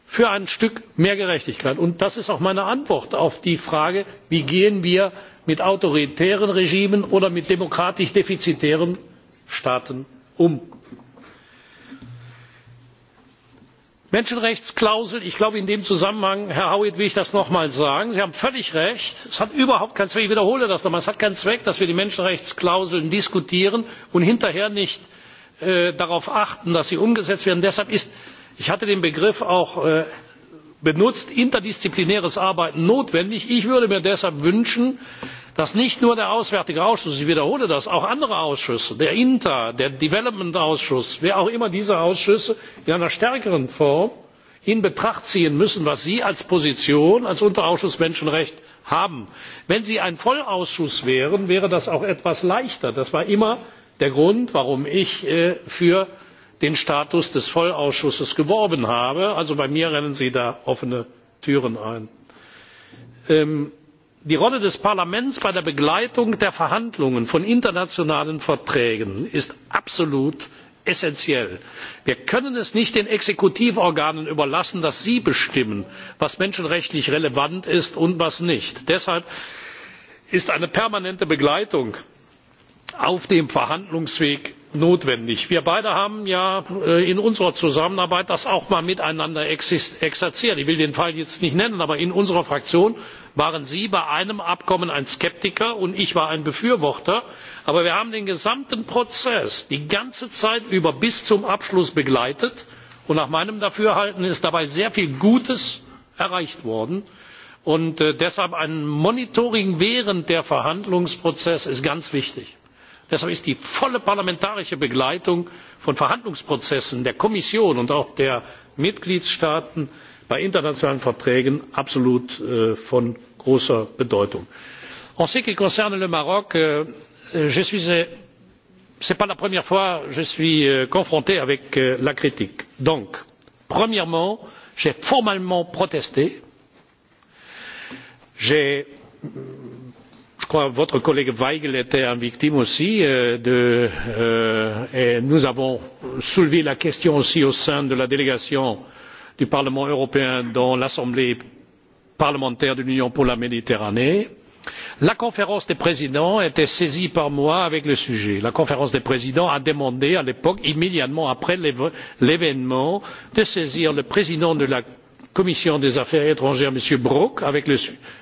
für ein stück mehr gerechtigkeit. und das ist auch meine antwort auf die frage wie gehen wir mit autoritären regimen oder mit demokratisch defizitären staaten um? menschenrechtsklausel ich glaube in dem zusammenhang herr howitt will ich das nochmals sagen sie haben völlig recht es hat überhaupt keinen zweck ich wiederhole das einmal es hat keinen zweck dass wir die menschenrechtsklauseln diskutieren und hinterher nicht äh, darauf achten dass sie umgesetzt werden. deshalb ist ich hatte den begriff auch äh, benutzt interdisziplinäres arbeiten notwendig. ich würde mir deshalb wünschen dass nicht nur der auswärtige ausschuss ich wiederhole das auch andere ausschüsse der inta der development ausschuss wer auch immer diese ausschüsse in einer stärkeren form in betracht ziehen müssen was sie als position als unterausschuss menschenrecht haben. wenn sie ein vollausschuss wären wäre das auch etwas leichter. das war immer der grund warum ich äh, für den status des vollausschusses geworben habe. also bei mir rennen sie da offene türen ein. Ähm, die rolle des parlaments bei der begleitung der verhandlungen von internationalen verträgen ist absolut essenziell. wir können es nicht den exekutivorganen überlassen dass sie bestimmen was menschenrechtlich relevant ist und was nicht. deshalb ist eine permanente begleitung auf dem verhandlungsweg notwendig. wir beide haben ja äh, in unserer zusammenarbeit das auch mal miteinander exerziert. ich will den fall jetzt nicht nennen aber in unserer fraktion waren sie bei einem abkommen ein skeptiker und ich war ein befürworter. aber wir haben den gesamten prozess die ganze zeit über bis zum abschluss begleitet und nach meinem dafürhalten ist dabei sehr viel gutes erreicht worden. Und äh, deshalb ein monitoring während des verhandlungsprozesses ist ganz wichtig deshalb ist die volle parlamentarische begleitung von verhandlungsprozessen der kommission und auch der mitgliedstaaten bei internationalen verträgen absolut äh, von großer bedeutung. en ce qui concerne le maroc ce euh, n'est euh, pas la première fois que je suis euh, confronté à la critique. donc premièrement j'ai formellement protesté j'ai votre collègue Weigel était une victime aussi. Euh, de, euh, et nous avons soulevé la question aussi au sein de la délégation du Parlement européen dans l'Assemblée parlementaire de l'Union pour la Méditerranée. La conférence des présidents était saisie par moi avec le sujet. La conférence des présidents a demandé à l'époque, immédiatement après l'événement, de saisir le président de la commission des affaires étrangères m. brok avec le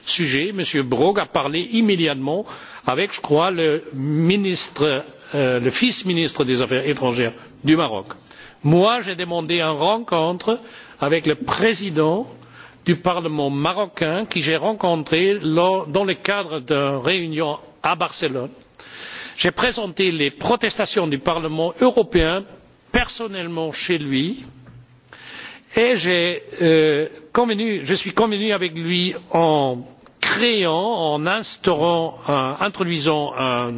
sujet m. brok a parlé immédiatement avec je crois le ministre euh, le fils ministre des affaires étrangères du maroc. moi j'ai demandé une rencontre avec le président du parlement marocain que j'ai rencontré dans le cadre d'une réunion à barcelone. j'ai présenté les protestations du parlement européen personnellement chez lui et euh, convenu, je suis convenu avec lui en créant, en instaurant, en euh, introduisant un,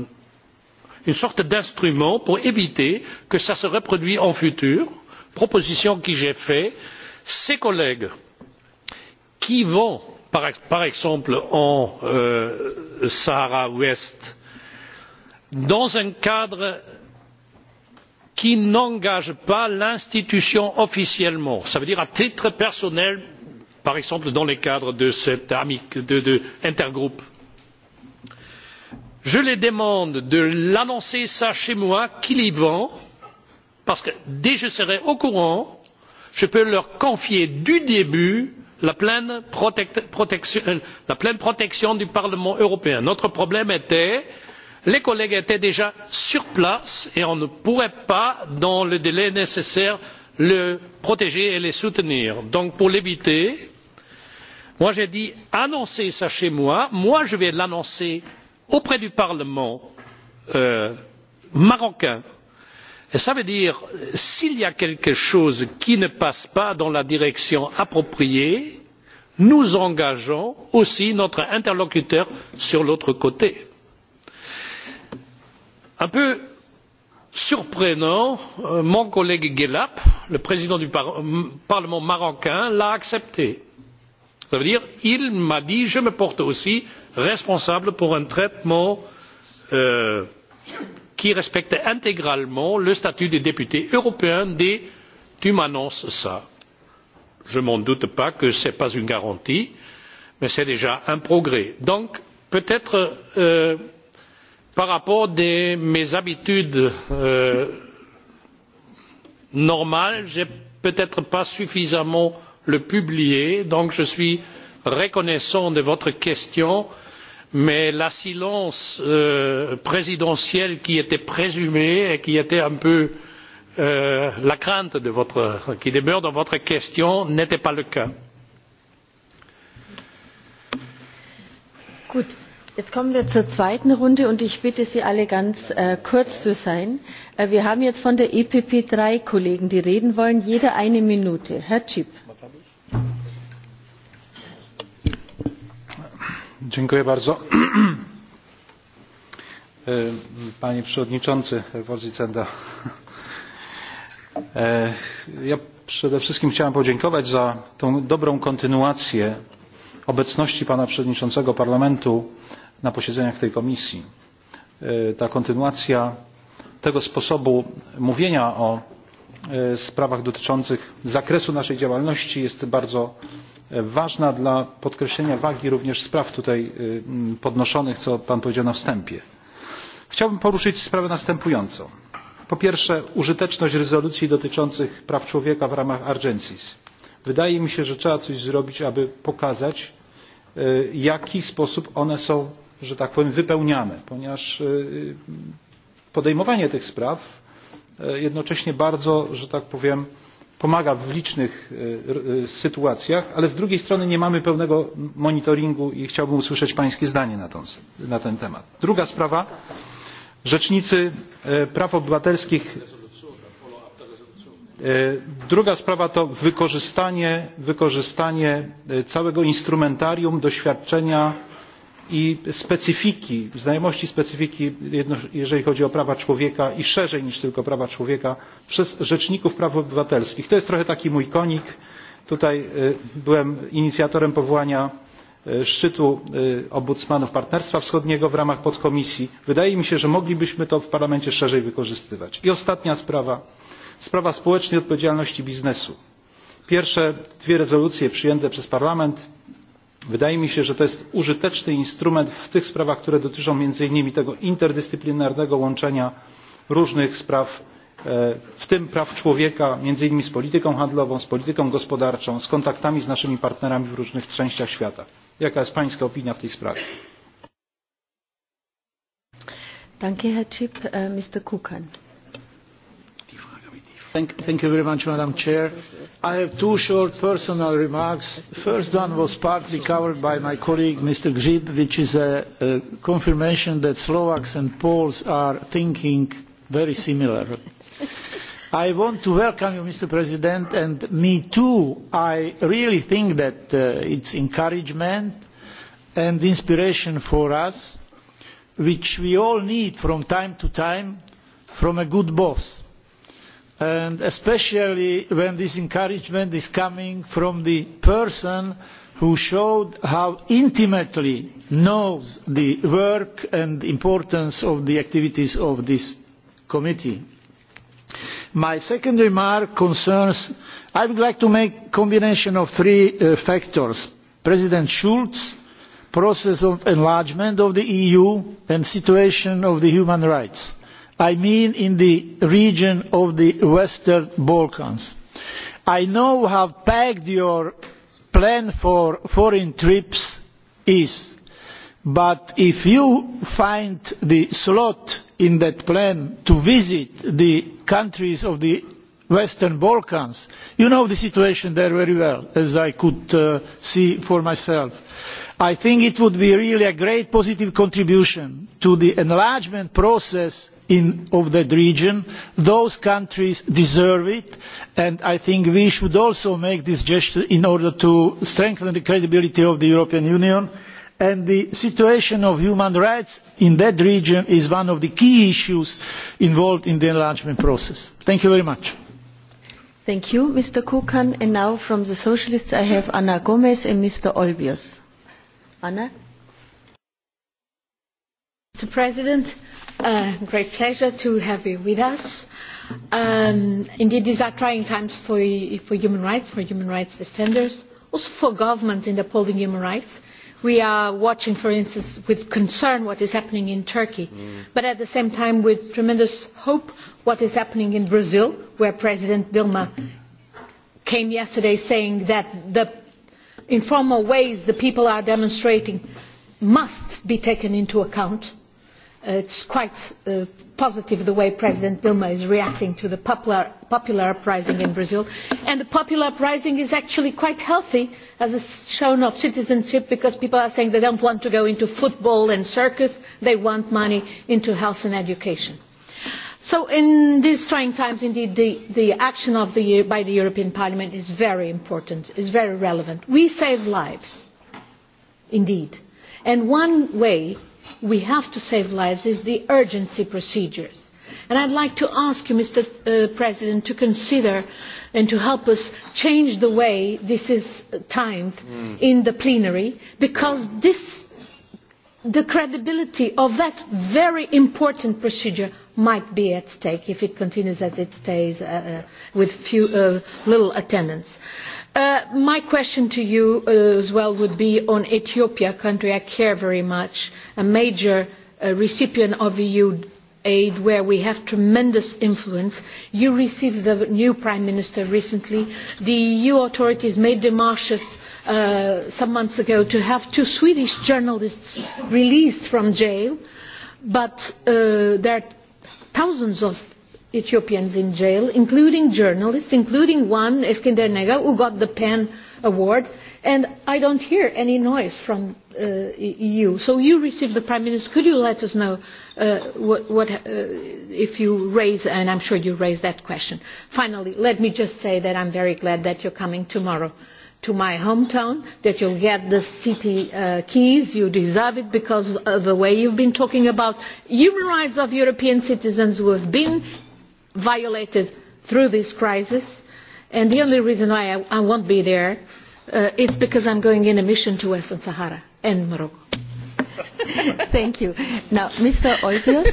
une sorte d'instrument pour éviter que cela se reproduise en futur, proposition que j'ai faite. Ses collègues qui vont, par, par exemple, en euh, Sahara Ouest, dans un cadre qui n'engage pas l'institution officiellement cela veut dire à titre personnel par exemple dans le cadre de cet intergroupe. je les demande de l'annoncer chez moi qu'il y va parce que dès que je serai au courant je peux leur confier du début la pleine, protection, euh, la pleine protection du parlement européen. notre problème était que les collègues étaient déjà sur place et on ne pourrait pas dans le délai nécessaire les protéger et les soutenir. donc pour l'éviter j'ai dit annoncez cela chez moi moi je vais l'annoncer auprès du parlement euh, marocain et cela veut dire que s'il y a quelque chose qui ne passe pas dans la direction appropriée nous engageons aussi notre interlocuteur sur l'autre côté un peu surprenant, euh, mon collègue Gelap, le président du par euh, Parlement marocain, l'a accepté. Ça veut dire il m'a dit je me porte aussi responsable pour un traitement euh, qui respecte intégralement le statut des députés européens dès tu m'annonces ça. Je m'en doute pas que ce n'est pas une garantie, mais c'est déjà un progrès. Donc peut-être euh, par rapport à mes habitudes euh, normales je n'ai peut être pas suffisamment le publié donc je suis reconnaissant de votre question mais la silence euh, présidentielle qui était présumée et qui était un peu euh, la crainte de votre, qui demeure dans votre question n'était pas le cas. Gut, Jetzt kommen wir zur zweiten Runde und ich bitte Sie alle ganz äh, kurz zu sein. Äh, wir haben jetzt von der EPP drei Kollegen, die reden wollen. Jeder eine Minute. Herr Cip. Dziękuję bardzo. E, panie Przewodniczący, Vorsitzender. Ja przede wszystkim chciałem podziękować za tą dobrą kontynuację obecności Pana Przewodniczącego Parlamentu na posiedzeniach tej komisji. E, ta kontynuacja tego sposobu mówienia o e, sprawach dotyczących zakresu naszej działalności jest bardzo e, ważna dla podkreślenia wagi również spraw tutaj podnoszonych, co Pan powiedział na wstępie. Chciałbym poruszyć sprawę następującą. Po pierwsze, użyteczność rezolucji dotyczących praw człowieka w ramach Argencis. Wydaje mi się, że trzeba coś zrobić, aby pokazać, w jaki sposób one są że tak powiem, wypełniamy, ponieważ e, podejmowanie tych spraw e, jednocześnie bardzo, że tak powiem, pomaga w licznych e, sytuacjach, ale z drugiej strony nie mamy pełnego monitoringu i chciałbym usłyszeć Pańskie zdanie na, tą, na ten temat. Druga sprawa. Rzecznicy praw obywatelskich. Druga sprawa to wykorzystanie, wykorzystanie całego instrumentarium doświadczenia i specyfiki, znajomości specyfiki, jeżeli chodzi o prawa człowieka i szerzej niż tylko prawa człowieka, przez rzeczników praw obywatelskich. To jest trochę taki mój konik. Tutaj byłem inicjatorem powołania szczytu obudzmanów Partnerstwa Wschodniego w ramach podkomisji. Wydaje mi się, że moglibyśmy to w parlamencie szerzej wykorzystywać. I ostatnia sprawa, sprawa społecznej odpowiedzialności biznesu. Pierwsze dwie rezolucje przyjęte przez parlament Wydaje mi się, że to jest użyteczny instrument w tych sprawach, które dotyczą między innymi tego interdyscyplinarnego łączenia różnych spraw, e, w tym praw człowieka, między innymi z polityką handlową, z polityką gospodarczą, z kontaktami z naszymi partnerami w różnych częściach świata. Jaka jest Pańska opinia w tej sprawie? Dziękuję, Herr Chip. E, Mr. Kukan. Thank, thank you very much, Madam Chair. I have two short personal remarks. First one was partly covered by my colleague, Mr. Grzyb, which is a, a confirmation that Slovaks and Poles are thinking very similar. I want to welcome you, Mr. President, and me too. I really think that uh, it's encouragement and inspiration for us, which we all need from time to time from a good boss and especially when this encouragement is coming from the person who showed how intimately knows the work and importance of the activities of this committee. My second remark concerns, I would like to make a combination of three uh, factors. President Schulz, process of enlargement of the EU and situation of the human rights I mean in the region of the Western Balkans. I know how packed your plan for foreign trips is, but if you find the slot in that plan to visit the countries of the Western Balkans, you know the situation there very well, as I could uh, see for myself I think it would be really a great positive contribution to the enlargement process in, of that region. Those countries deserve it, and I think we should also make this gesture in order to strengthen the credibility of the European Union. And the situation of human rights in that region is one of the key issues involved in the enlargement process. Thank you very much. Thank you, Mr. Kukan. And now from the Socialists, I have Anna Gomes and Mr. Olbius. Anna? Mr. President, uh, great pleasure to have you with us. Um, indeed, these are trying times for, for human rights, for human rights defenders, also for governments in upholding human rights. We are watching, for instance, with concern what is happening in Turkey, mm. but at the same time with tremendous hope what is happening in Brazil, where President Dilma came yesterday saying that the informal ways the people are demonstrating must be taken into account. Uh, it's quite uh, positive the way President Dilma is reacting to the popular, popular uprising in Brazil. And the popular uprising is actually quite healthy as a shown of citizenship because people are saying they don't want to go into football and circus, they want money into health and education. So in these trying times, indeed, the, the action of the, by the European Parliament is very important, is very relevant. We save lives, indeed. And one way we have to save lives is the urgency procedures. And I'd like to ask you, Mr. Uh, President, to consider and to help us change the way this is timed mm. in the plenary, because this, the credibility of that very important procedure might be at stake if it continues as it stays uh, uh, with few, uh, little attendance. Uh, my question to you uh, as well would be on Ethiopia, a country I care very much, a major uh, recipient of EU aid where we have tremendous influence. You received the new Prime Minister recently. The EU authorities made demarches uh, some months ago to have two Swedish journalists released from jail, but uh, there are thousands of Ethiopians in jail, including journalists, including one, Eskinder Nega, who got the PEN award, and I don't hear any noise from uh, EU. So you received the Prime Minister. Could you let us know uh, what, what, uh, if you raise, and I'm sure you raise that question. Finally, let me just say that I'm very glad that you're coming tomorrow to my hometown, that you'll get the city uh, keys. You deserve it because of the way you've been talking about human rights of European citizens who have been violated through this crisis. And the only reason why I, I won't be there uh, is because I'm going in a mission to Western Sahara and Morocco. Thank you. Now, Mr. Olbios.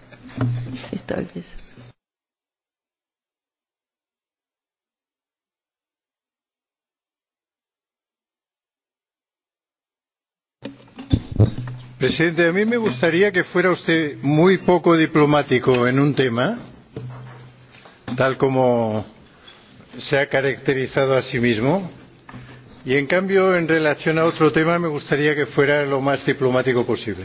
Mr. Olbios. Presidente, a mí me gustaría que fuera usted muy poco diplomático en un tema, tal como se ha caracterizado a sí mismo, y en cambio, en relación a otro tema, me gustaría que fuera lo más diplomático posible.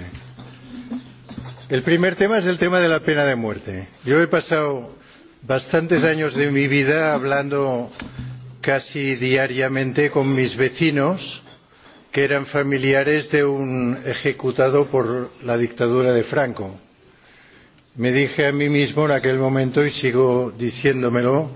El primer tema es el tema de la pena de muerte. Yo he pasado bastantes años de mi vida hablando casi diariamente con mis vecinos que eran familiares de un ejecutado por la dictadura de Franco. Me dije a mí mismo en aquel momento, y sigo diciéndomelo,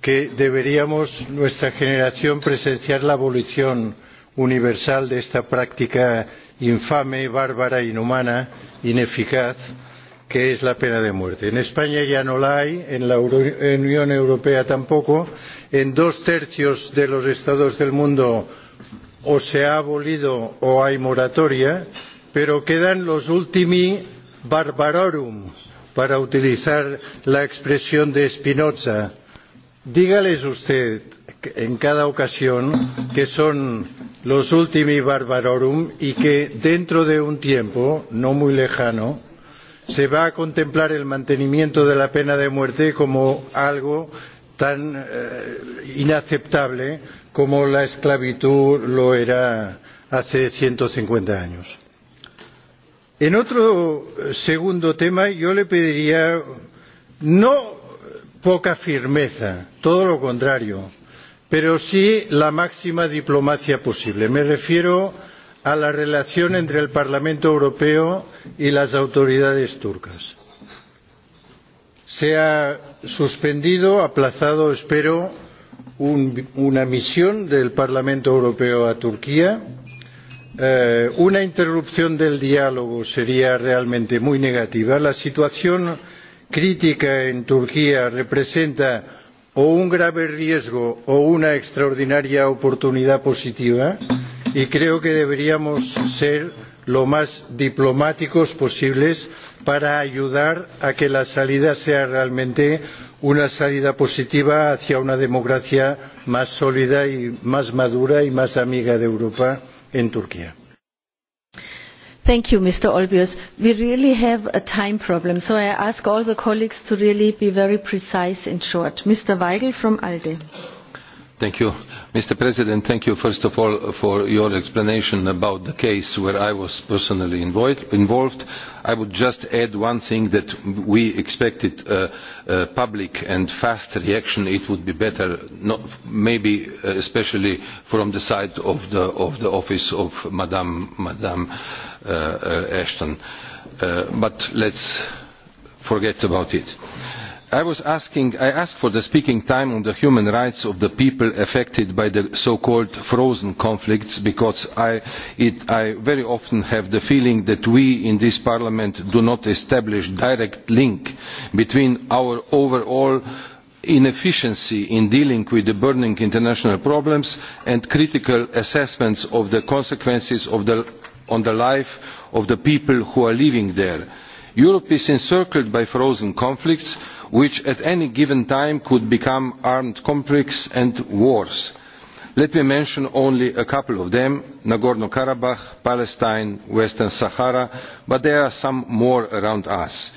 que deberíamos nuestra generación presenciar la abolición universal de esta práctica infame, bárbara, inhumana, ineficaz, que es la pena de muerte. En España ya no la hay, en la Euro en Unión Europea tampoco, en dos tercios de los estados del mundo o se ha abolido o hay moratoria, pero quedan los ultimi barbarorum, para utilizar la expresión de Spinoza. Dígales usted en cada ocasión que son los ultimi barbarorum y que dentro de un tiempo, no muy lejano, se va a contemplar el mantenimiento de la pena de muerte como algo tan eh, inaceptable como la esclavitud lo era hace 150 años. En otro segundo tema yo le pediría no poca firmeza, todo lo contrario, pero sí la máxima diplomacia posible. Me refiero a la relación entre el Parlamento Europeo y las autoridades turcas. Se ha suspendido, aplazado, espero, un, una misión del Parlamento Europeo a Turquía. Eh, una interrupción del diálogo sería realmente muy negativa. La situación crítica en Turquía representa o un grave riesgo o una extraordinaria oportunidad positiva y creo que deberíamos ser lo más diplomáticos posibles para ayudar a que la salida sea realmente una salida positiva hacia una democracia más sólida y más madura y más amiga de Europa en Turquía. Thank you, Mr. Olbius. We really have a time problem, so I ask all the colleagues to really be very precise and short. Mr. Weigel from ALDE. Thank you. Mr. President, thank you first of all for your explanation about the case where I was personally involved. I would just add one thing that we expected a, uh, a uh, public and fast reaction. It would be better, not, maybe uh, especially from the side of the, of the office of Madame, Madame uh, uh, Ashton. Uh, but let's forget about it. I was asking, I asked for the speaking time on the human rights of the people affected by the so-called frozen conflicts because I, it, I very often have the feeling that we in this parliament do not establish direct link between our overall inefficiency in dealing with the burning international problems and critical assessments of the consequences of the, on the life of the people who are living there Europe is encircled by frozen conflicts, which at any given time could become armed conflicts and wars. Let me mention only a couple of them, Nagorno-Karabakh, Palestine, Western Sahara, but there are some more around us.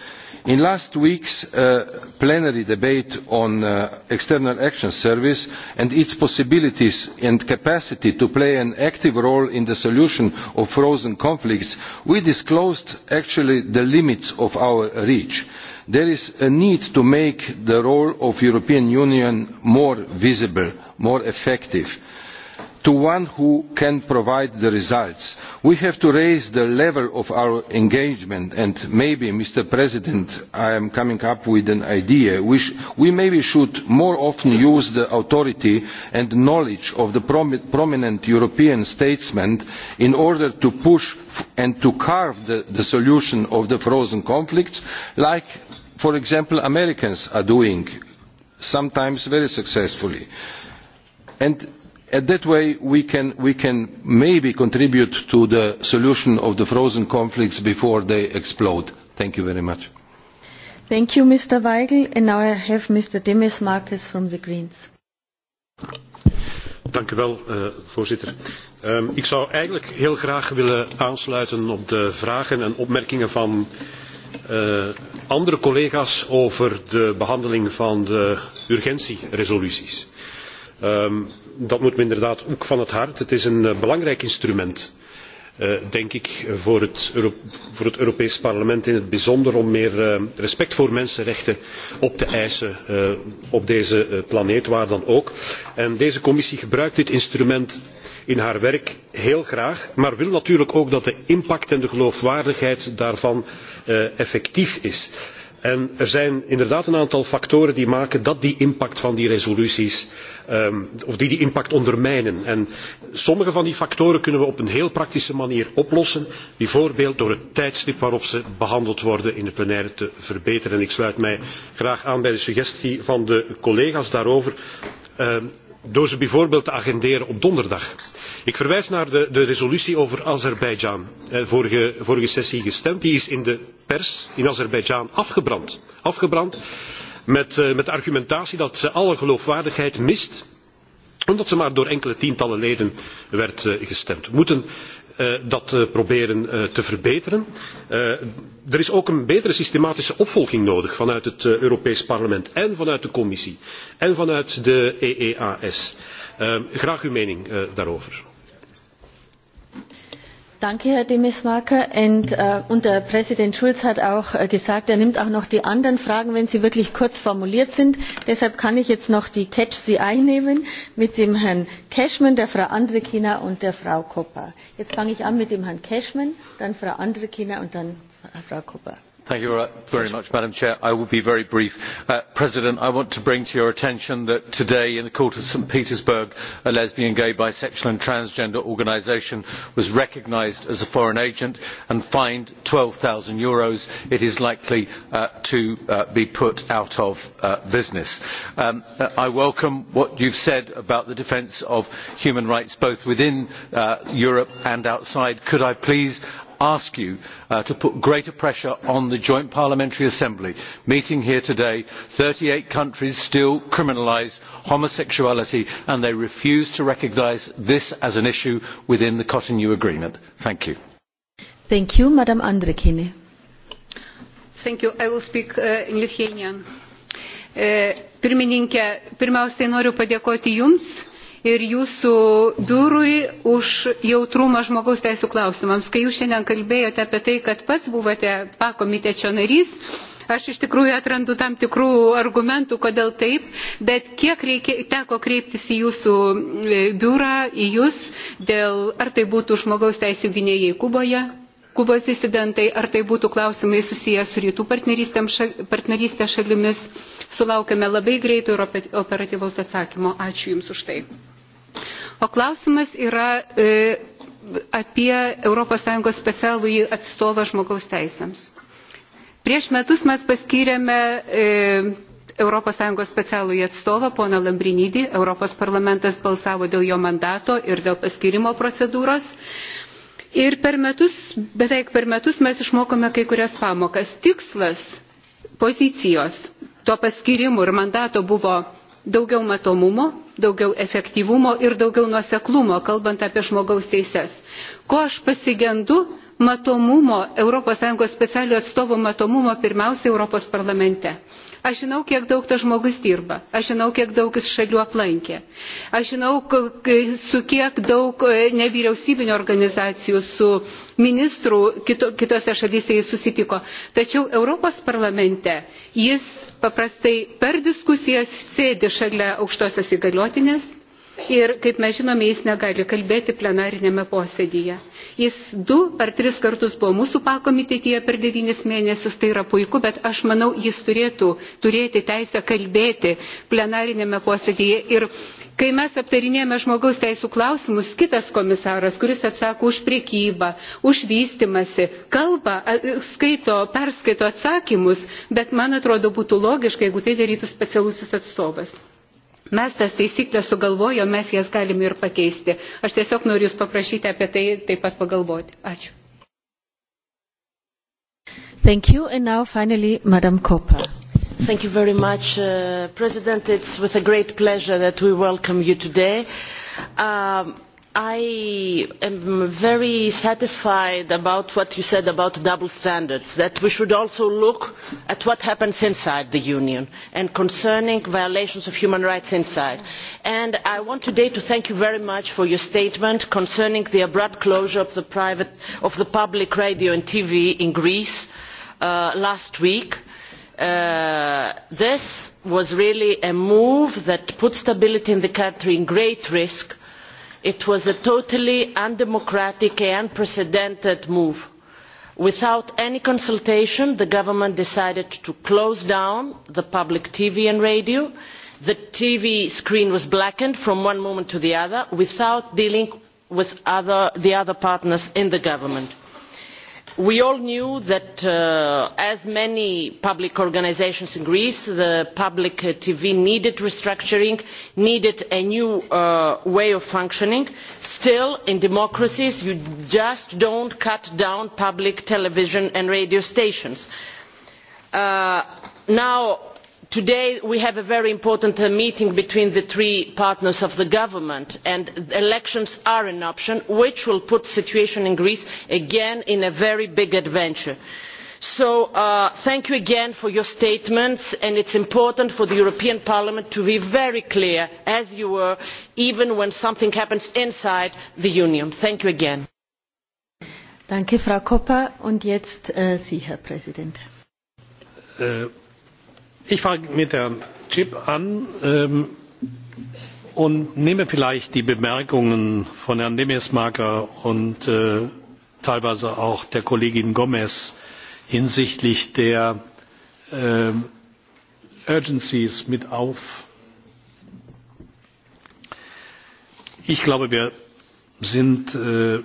In last week's uh, plenary debate on uh, external action service and its possibilities and capacity to play an active role in the solution of frozen conflicts, we disclosed actually the limits of our reach there is a need to make the role of the European Union more visible, more effective to one who can provide the results. We have to raise the level of our engagement and maybe, Mr. President, I am coming up with an idea. We, sh we maybe should more often use the authority and knowledge of the prom prominent European statesmen in order to push and to carve the, the solution of the frozen conflicts like, for example, Americans are doing, sometimes very successfully. And In that way we can, we can maybe contribute to the solution of the frozen conflicts before they explode. Thank you very much. Thank you, Mr. Weigel. And now I have Mr. Demis Marcus from the Greens. Dank u wel, uh, voorzitter. Um, ik zou eigenlijk heel graag willen aansluiten op de vragen en opmerkingen van uh, andere collega's over de behandeling van de urgentieresoluties. Ehm, dat moet me inderdaad ook van het hart. Het is een eh, belangrijk instrument, eh, denk ik, voor het, Euro voor het Europees Parlement in het bijzonder om meer eh, respect voor mensenrechten op te eisen op deze planeet, waar dan ook. En deze commissie gebruikt dit instrument in haar werk heel graag, maar wil natuurlijk ook dat de impact en de geloofwaardigheid daarvan effectief is. En er zijn inderdaad een aantal factoren die maken dat die impact van die resoluties, um, of die die impact ondermijnen. En sommige van die factoren kunnen we op een heel praktische manier oplossen, bijvoorbeeld door het tijdstip waarop ze behandeld worden in de plenaire te verbeteren. En ik sluit mij graag aan bij de suggestie van de collega's daarover. Um, door ze bijvoorbeeld te agenderen op donderdag. Ik verwijs naar de, de resolutie over Azerbeidzjan, eh, vorige, vorige sessie gestemd. Die is in de pers in Azerbeidzjan afgebrand. Afgebrand met, eh, met de argumentatie dat ze alle geloofwaardigheid mist omdat ze maar door enkele tientallen leden werd eh, gestemd. We moeten Eh, dat eh, proberen eh, te verbeteren. er is ook een betere systematische opvolging nodig vanuit het Europees Parlement en vanuit de Commissie en vanuit de EEAS. graag uw mening daarover. Danke, Herr Demesmaker. Und, äh, und Präsident Schulz hat auch äh, gesagt, er nimmt auch noch die anderen Fragen, wenn sie wirklich kurz formuliert sind. Deshalb kann ich jetzt noch die Catch Sie einnehmen mit dem Herrn Cashman, der Frau Andrekina und der Frau Kopper. Jetzt fange ich an mit dem Herrn Cashman, dann Frau Andrekina und dann Frau Kupper. Thank you very much, Madam Chair. I will be very brief. Uh, President, I want to bring to your attention that today in the court of St. Petersburg, a lesbian, gay, bisexual and transgender organisation was recognised as a foreign agent and fined EUR twelve zero It is likely uh, to uh, be put out of business. Um, I welcome what you have said about the defence of human rights both within Europe and outside. Could I please ask you uh, to put greater pressure on the Joint Parliamentary Assembly meeting here today. Thirty eight countries still criminalise homosexuality and they refuse to recognise this as an issue within the Cotonou Agreement. Thank you. Thank you, Madam Andrekine. Thank you. I will speak uh, in Lithuanian. Uh, pirmininkė, pirmiausiai noriu padėkoti Jums ir jūsų biurui už jautrumą žmogaus teisų klausimams. Kai jūs šiandien kalbėjote apie tai, kad pats buvote pakomitečio narys, aš iš tikrųjų atrandu tam tikrų argumentų, kodėl taip, bet kiek reikia, teko kreiptis į jūsų e, biurą, į jūs, dėl ar tai būtų žmogaus teisų gynėjai Kuboje, Kubos disidentai, ar tai būtų klausimai susiję su rytų partnerystė šalimis, sulaukime labai greito ir operatyvaus atsakymo. Ačiū Jums už tai. O klausimas yra e, apie ES į atstovą žmogaus teisėms. Prieš metus mes paskyrėme e, ES į atstovą, poną Lambrinydį, Europos parlamentas balsavo dėl jo mandato ir dėl paskirimo procedūros. Ir per metus, beveik per metus mes išmokome kai kurias pamokas. Tikslas pozicijos to paskirimu ir mandato buvo daugiau matomumo, daugiau efektyvumo ir daugiau nuoseklumo, kalbant apie žmogaus teises. Ko aš pasigendu matomumo, ES specialių atstovų matomumo pirmiausia Europos parlamente. Aš žinau, kiek daug tas žmogus dirba, aš žinau, kiek daug jis šalių aplankė, aš žinau, su kiek daug e, nevyriausybinio organizacijų, su ministrų kito, kitose šalyse jis susitiko. Tačiau Europos parlamente jis paprastai per diskusijas sėdi šalia aukštosios įgaliotinės ir, kaip mes žinome, jis negali kalbėti plenariniame posėdyje. Jis du per tris kartus buvo mūsų pakomitetyje per devynis mėnesius, tai yra puiku, bet aš manau, jis turėtų turėti teisę kalbėti plenarinėme posėdėje. Ir kai mes aptarinėjame žmogaus teisų klausimus, kitas komisaras, kuris atsako už priekybą, už vystimasi, kalba, skaito, perskaito atsakymus, bet man atrodo būtų logiška, jeigu tai darytų specialusis atstovas. Mes tas taisyklės sugalvojom, mes jas galim ir pakeisti. Aš tiesiog noriu Jūs paprašyti apie tai taip pat pagalvoti. Ačiū. Thank you. And now finally, Madam Kopa. Thank you very much, uh, President. It's with a great pleasure that we welcome you today. Um, I am very satisfied about what you said about double standards, that we should also look at what happens inside the Union and concerning violations of human rights inside. And I want today to thank you very much for your statement concerning the abrupt closure of the, private, of the public radio and TV in Greece uh, last week. Uh, this was really a move that put stability in the country in great risk It was a totally undemocratic and unprecedented move. Without any consultation, the government decided to close down the public TV and radio. The TV screen was blackened from one moment to the other without dealing with other, the other partners in the government We all knew that uh, as many public organisations in Greece, the public uh, TV needed restructuring, needed a new uh, way of functioning. Still, in democracies, you just do not cut down public television and radio stations. Uh, now, today we have a very important uh, meeting between the three partners of the government and elections are an option which will put the situation in greece again in a very big adventure. so uh, thank you again for your statements and it is important for the european parliament to be very clear as you were even when something happens inside the union. thank you again. Frau äh, Herr Ich fange mit Herrn Chip an ähm, und nehme vielleicht die Bemerkungen von Herrn Demesmarker und äh, teilweise auch der Kollegin Gomez hinsichtlich der äh, Urgencies mit auf. Ich glaube, wir sind äh,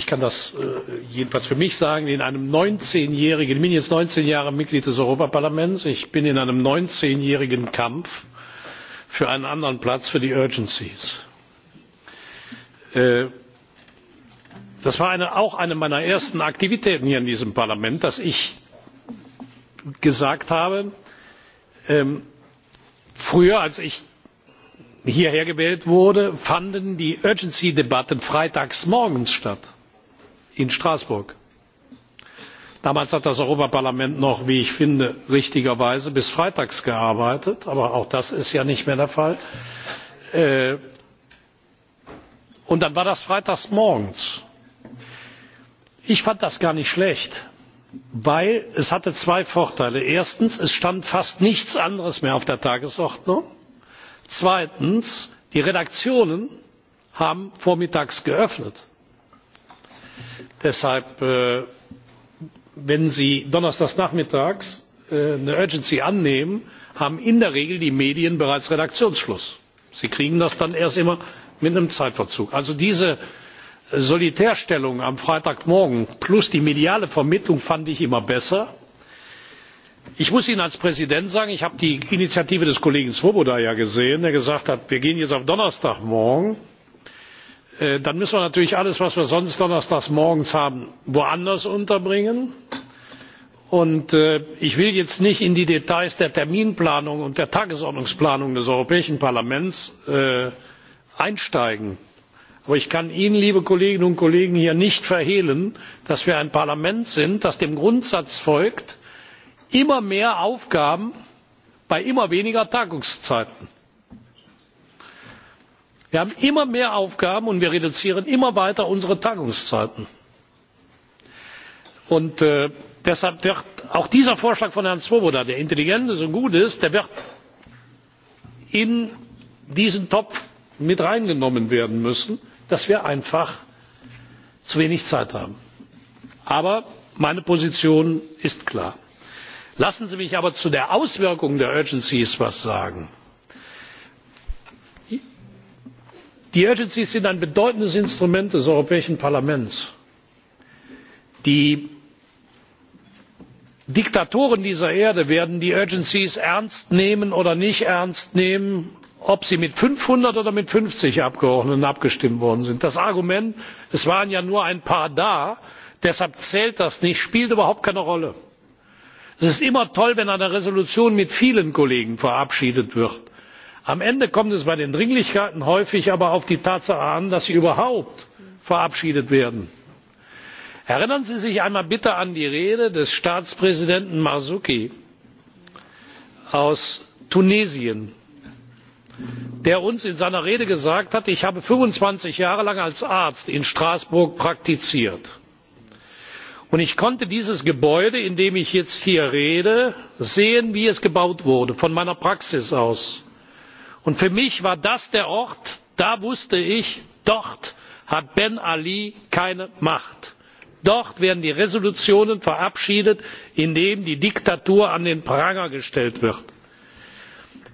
ich kann das äh, jedenfalls für mich sagen, in einem 19-jährigen, ich bin jetzt 19 Jahre Mitglied des Europaparlaments, ich bin in einem 19-jährigen Kampf für einen anderen Platz für die Urgencies. Äh, das war eine, auch eine meiner ersten Aktivitäten hier in diesem Parlament, dass ich gesagt habe, ähm, früher als ich hierher gewählt wurde, fanden die Urgency-Debatten freitags morgens statt in straßburg. damals hat das europäische parlament noch wie ich finde richtigerweise bis freitags gearbeitet aber auch das ist ja nicht mehr der fall. Äh, und dann war das freitags morgens. ich fand das gar nicht schlecht weil es hatte zwei vorteile erstens es stand fast nichts anderes mehr auf der tagesordnung zweitens die redaktionen haben vormittags geöffnet Deshalb, äh, wenn Sie donnerstags nachmittags äh, eine Urgency annehmen, haben in der Regel die Medien bereits Redaktionsschluss. Sie kriegen das dann erst immer mit einem Zeitverzug. Also diese Solitärstellung am Freitagmorgen plus die mediale Vermittlung fand ich immer besser. Ich muss Ihnen als Präsident sagen, ich habe die Initiative des Kollegen Swoboda ja gesehen, der gesagt hat, wir gehen jetzt auf Donnerstagmorgen Äh, dann müssen wir natürlich alles was wir sonst donnerstags morgens haben woanders unterbringen. Und äh, ich will jetzt nicht in die Details der Terminplanung und der Tagesordnungsplanung des Europäischen Parlaments äh, einsteigen. Aber ich kann Ihnen, liebe Kolleginnen und Kollegen, hier nicht verhehlen, dass wir ein Parlament sind, das dem Grundsatz folgt, immer mehr Aufgaben bei immer weniger Tagungszeiten wir haben immer mehr aufgaben und wir reduzieren immer weiter unsere tagungszeiten. Und, äh, deshalb wird auch dieser vorschlag von herrn swoboda der intelligent ist und gut ist in diesen topf mit hineingenommen werden müssen dass wir einfach zu wenig zeit haben. aber meine position ist klar. lassen sie mich aber zu der auswirkung der urgencies etwas sagen die agencies sind ein bedeutendes instrument des europäischen parlaments. die diktatoren dieser erde werden die agencies ernst nehmen oder nicht ernst nehmen ob sie mit fünfhundert oder mit fünfzig abgeordneten abgestimmt worden sind. das argument es waren ja nur ein paar da deshalb zählt das nicht spielt überhaupt keine rolle. es ist immer toll wenn eine entschließung mit vielen kollegen verabschiedet wird am ende kommt es bei den dringlichkeiten häufig aber auf die tatsache an dass sie überhaupt verabschiedet werden. erinnern sie sich einmal bitte an die rede des staatspräsidenten marzouki aus tunesien der uns in seiner rede gesagt hat ich habe fünfundzwanzig jahre lang als arzt in straßburg praktiziert und ich konnte dieses gebäude in dem ich jetzt hier rede sehen wie es gebaut wurde von meiner praxis aus und für mich war das der ort da wusste ich dort hat ben ali keine macht dort werden die resolutionen verabschiedet in denen die diktatur an den pranger gestellt wird.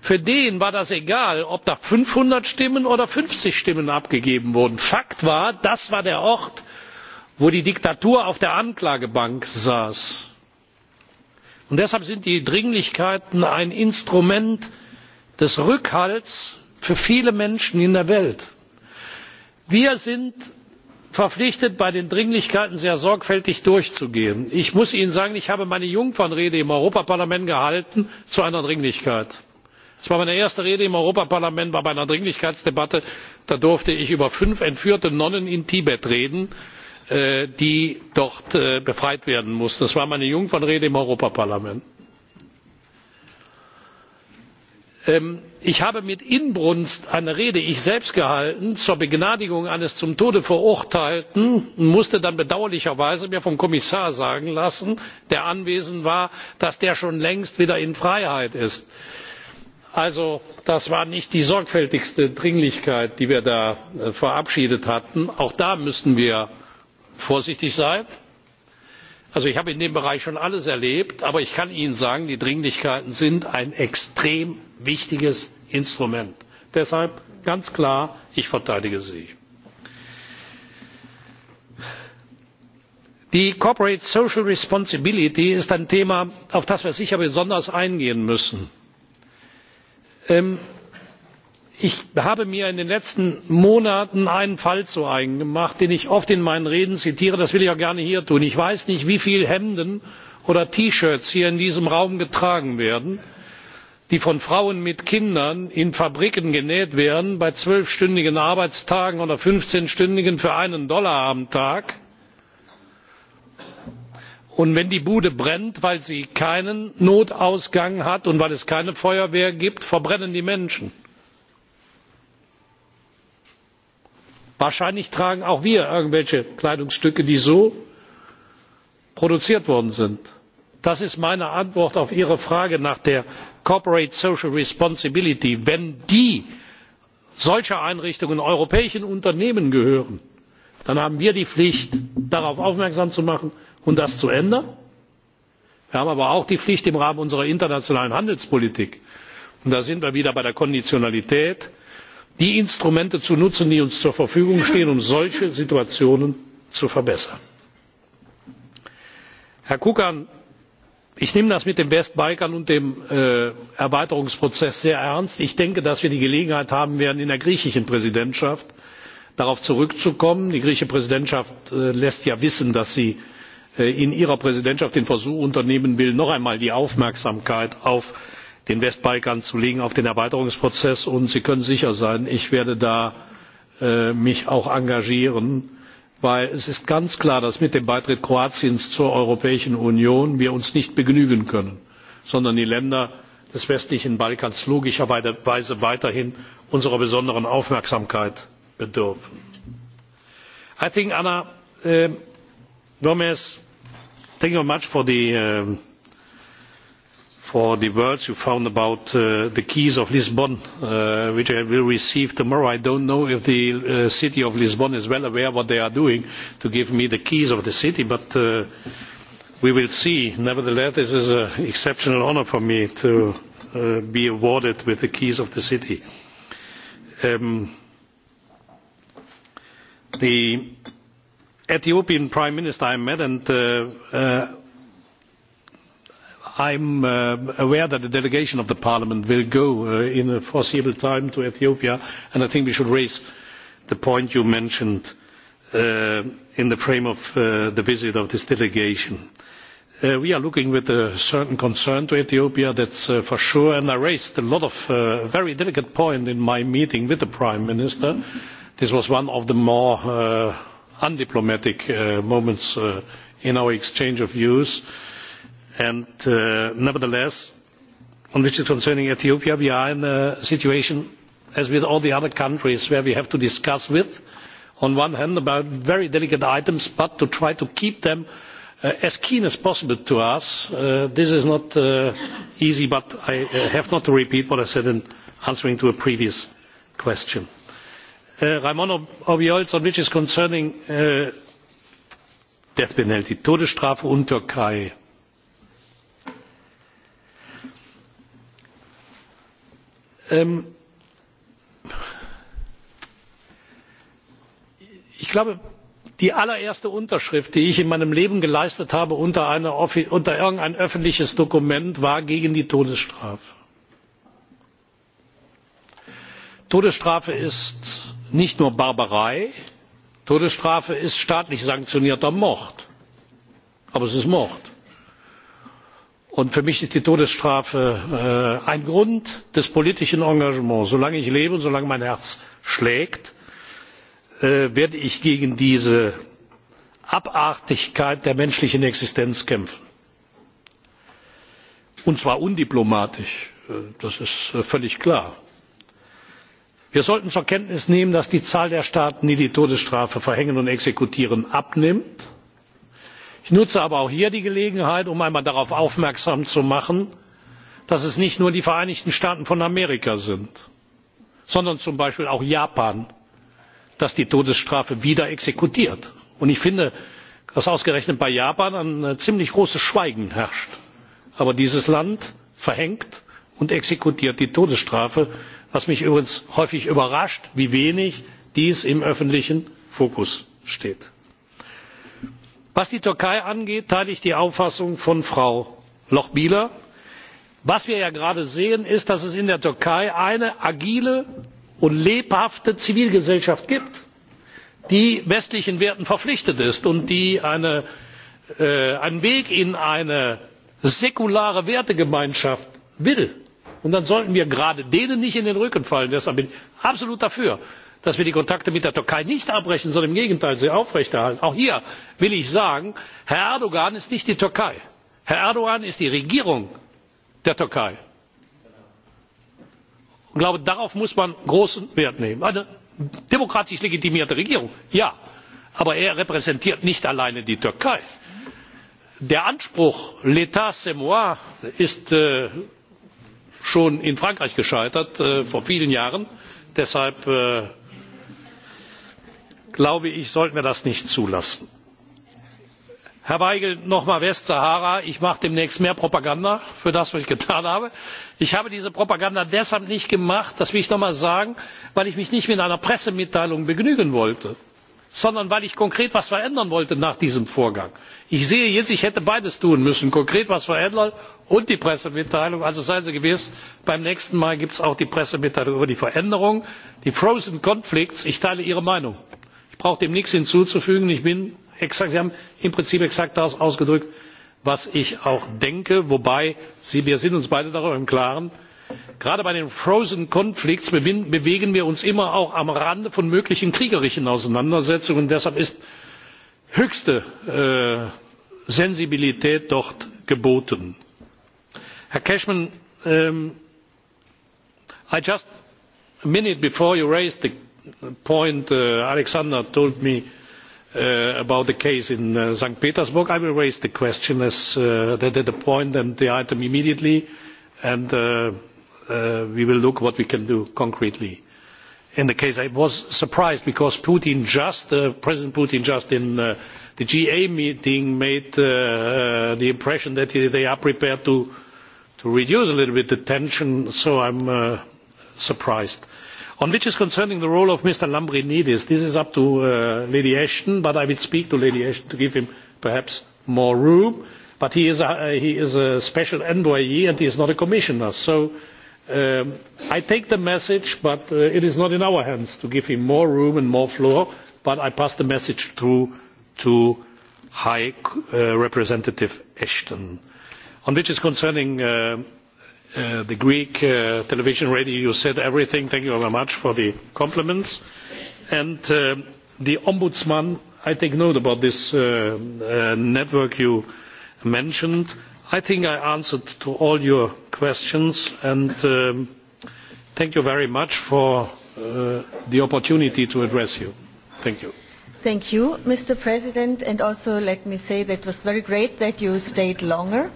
für den war das egal ob da fünfhundert stimmen oder fünfzig stimmen abgegeben wurden. fakt war das war der ort wo die diktatur auf der anklagebank saß. Und deshalb sind die dringlichkeiten ein instrument des Rückhalts für viele Menschen in der Welt. Wir sind verpflichtet, bei den Dringlichkeiten sehr sorgfältig durchzugehen. Ich muss Ihnen sagen, ich habe meine Jungfernrede im Europaparlament gehalten zu einer Dringlichkeit. Es war meine erste Rede im Europaparlament, war bei einer Dringlichkeitsdebatte. Da durfte ich über fünf entführte Nonnen in Tibet reden, äh, die dort äh, befreit werden mussten. Das war meine Jungfernrede im Europaparlament. Ähm, ich habe mit inbrunst eine rede ich selbst gehalten zur begnadigung eines zum tode verurteilten und musste dann bedauerlicherweise mir vom kommissar sagen lassen der anwesend war dass der schon längst wieder in freiheit ist. also das war nicht die sorgfältigste dringlichkeit die wir da äh, verabschiedet hatten. auch da müssen wir vorsichtig sein. Also ich habe in dem Bereich schon alles erlebt, aber ich kann Ihnen sagen, die Dringlichkeiten sind ein extrem wichtiges Instrument. Deshalb ganz klar, ich verteidige sie. Die Corporate Social Responsibility ist ein Thema, auf das wir sicher besonders eingehen müssen. Ähm, ich habe mir in den letzten Monaten einen Fall zu eigen gemacht, den ich oft in meinen Reden zitiere. Das will ich auch gerne hier tun. Ich weiß nicht, wie viele Hemden oder T-Shirts hier in diesem Raum getragen werden die von frauen mit kindern in fabriken genäht werden bei zwölfstündigen arbeitstagen oder fünfzehnstündigen für einen dollar am tag und wenn die bude brennt weil sie keinen notausgang hat und weil es keine feuerwehr gibt verbrennen die menschen. wahrscheinlich tragen auch wir irgendwelche kleidungsstücke die so produziert worden sind. das ist meine antwort auf ihre frage nach der corporate social responsibility wenn die solcher einrichtungen europäischen unternehmen gehören dann haben wir die pflicht darauf aufmerksam zu machen und das zu ändern. wir haben aber auch die pflicht im rahmen unserer internationalen handelspolitik und da sind wir wieder bei der konditionalität die instrumente zu nutzen die uns zur verfügung stehen um solche situationen zu verbessern. herr kukan ich nehme das mit dem westbalkan und dem äh, erweiterungsprozess sehr ernst. ich denke dass wir die gelegenheit haben werden in der griechischen präsidentschaft darauf zurückzukommen. die griechische präsidentschaft äh, lässt ja wissen dass sie äh, in ihrer präsidentschaft den versuch unternehmen will noch einmal die aufmerksamkeit auf den westbalkan zu legen auf den erweiterungsprozess und sie können sicher sein ich werde da mich auch engagieren weil es ist ganz klar, dass mit dem Beitritt Kroatiens zur Europäischen Union wir uns nicht begnügen können, sondern die Länder des westlichen Balkans logischerweise weiterhin unserer besonderen Aufmerksamkeit bedürfen. I think Anna eh, gomes thank you very much for the eh, for the words you found about uh, the keys of Lisbon, uh, which I will receive tomorrow. I don't know if the uh, city of Lisbon is well aware what they are doing to give me the keys of the city, but uh, we will see. Nevertheless, this is an exceptional honor for me to uh, be awarded with the keys of the city. Um, the Ethiopian Prime Minister I met and uh, uh, I am uh, aware that the delegation of the Parliament will go uh, in a foreseeable time to Ethiopia, and I think we should raise the point you mentioned uh, in the frame of uh, the visit of this delegation. Uh, we are looking with a certain concern to Ethiopia, that's uh, for sure, and I raised a lot of uh, very delicate points in my meeting with the Prime Minister. This was one of the more uh, undiplomatic uh, moments uh, in our exchange of views. Uh, And uh, nevertheless, on which is concerning Ethiopia, we are in a situation, as with all the other countries, where we have to discuss with, on one hand, about very delicate items, but to try to keep them uh, as keen as possible to us. Uh, this is not uh, easy, but I uh, have not to repeat what I said in answering to a previous question. Uh, Raimon Obiols, on which is concerning uh, death penalty, Todesstrafe und Türkei. Ähm, ich glaube, die allererste Unterschrift, die ich in meinem Leben geleistet habe unter, unter irgendein öffentliches Dokument, war gegen die Todesstrafe. Todesstrafe ist nicht nur Barbarei, Todesstrafe ist staatlich sanktionierter Mord. Aber es ist Mord und für mich ist die todesstrafe äh, ein grund des politischen engagements. solange ich lebe und solange mein herz schlägt äh, werde ich gegen diese abartigkeit der menschlichen existenz kämpfen und zwar undiplomatisch äh, das ist völlig klar. wir sollten zur kenntnis nehmen dass die zahl der staaten die die todesstrafe verhängen und exekutieren abnimmt ich nutze aber auch hier die gelegenheit um einmal darauf aufmerksam zu machen dass es nicht nur die vereinigten staaten von amerika sind sondern zum beispiel auch japan das die todesstrafe wieder exekutiert. ich finde dass ausgerechnet bei japan ein äh, ziemlich großes schweigen herrscht. aber dieses land verhängt und exekutiert die todesstrafe was mich übrigens häufig überrascht wie wenig dies im öffentlichen fokus steht was die türkei angeht teile ich die auffassung von frau lochbihler. was wir ja gerade sehen ist dass es in der türkei eine agile und lebhafte zivilgesellschaft gibt die westlichen werten verpflichtet ist und die eine, äh, einen weg in eine säkulare wertegemeinschaft will. und dann sollten wir gerade denen nicht in den rücken fallen. deshalb bin ich absolut dafür dass wir die kontakte mit der türkei nicht abbrechen sondern im gegenteil sie aufrechterhalten. auch hier will ich sagen herr erdoan ist nicht die türkei herr erdoan ist die regierung der türkei. ich glaube darauf muss man großen wert legen. eine demokratisch legitimierte regierung ja aber er repräsentiert nicht alleine die türkei. der anspruch l'tat c'est moi ist äh, schon in frankreich gescheitert äh, vor vielen jahren deshalb äh, glaube ich sollten wir das nicht zulassen. herr vajgl nochmal westsahara ich mache demnächst mehr propaganda für das was ich getan habe. ich habe diese propaganda deshalb nicht gemacht das will ich noch einmal sagen weil ich mich nicht mit einer pressemitteilung begnügen wollte sondern weil ich konkret etwas verändern wollte nach diesem vorgang. ich sehe jetzt ich hätte beides tun müssen konkret etwas verändern und die pressemitteilung. also seien sie gewiss beim nächsten mal gibt es auch die pressemitteilung über die veränderung die frozen conflicts ich teile ihre meinung. Ich brauche dem nichts hinzuzufügen. Ich bin exakt, Sie haben im Prinzip exakt das ausgedrückt, was ich auch denke, wobei Sie, wir sind uns beide darüber im Klaren, gerade bei den Frozen Conflicts bewegen wir uns immer auch am Rande von möglichen kriegerischen Auseinandersetzungen. und Deshalb ist höchste äh, Sensibilität dort geboten. Herr Cashman, um, I just a minute before you raised the point uh, Alexander told me uh about the case in uh, St. Petersburg, I will raise the question as uh the, the point and the item immediately, and uh uh we will look what we can do concretely in the case I was surprised because Putin just, uh, President Putin just in uh, the GA meeting made uh, uh, the impression that he, they are prepared to, to reduce a little bit the tension, so I'm uh, surprised on which is concerning the role of Mr. Lambrinidis, this is up to uh, Lady Ashton, but I will speak to Lady Ashton to give him perhaps more room. But he is a, uh, special envoy and he is not a commissioner. So um, I take the message, but uh, it is not in our hands to give him more room and more floor. But I pass the message through to High Representative Ashton. On which is concerning Uh, the Greek uh, television radio, you said everything. Thank you very much for the compliments. And uh, the Ombudsman, I take note about this uh, uh, network you mentioned. I think I answered to all your questions and um, thank you very much for uh, the opportunity to address you. Thank you. Thank you, Mr. President, and also let me say that it was very great that you stayed longer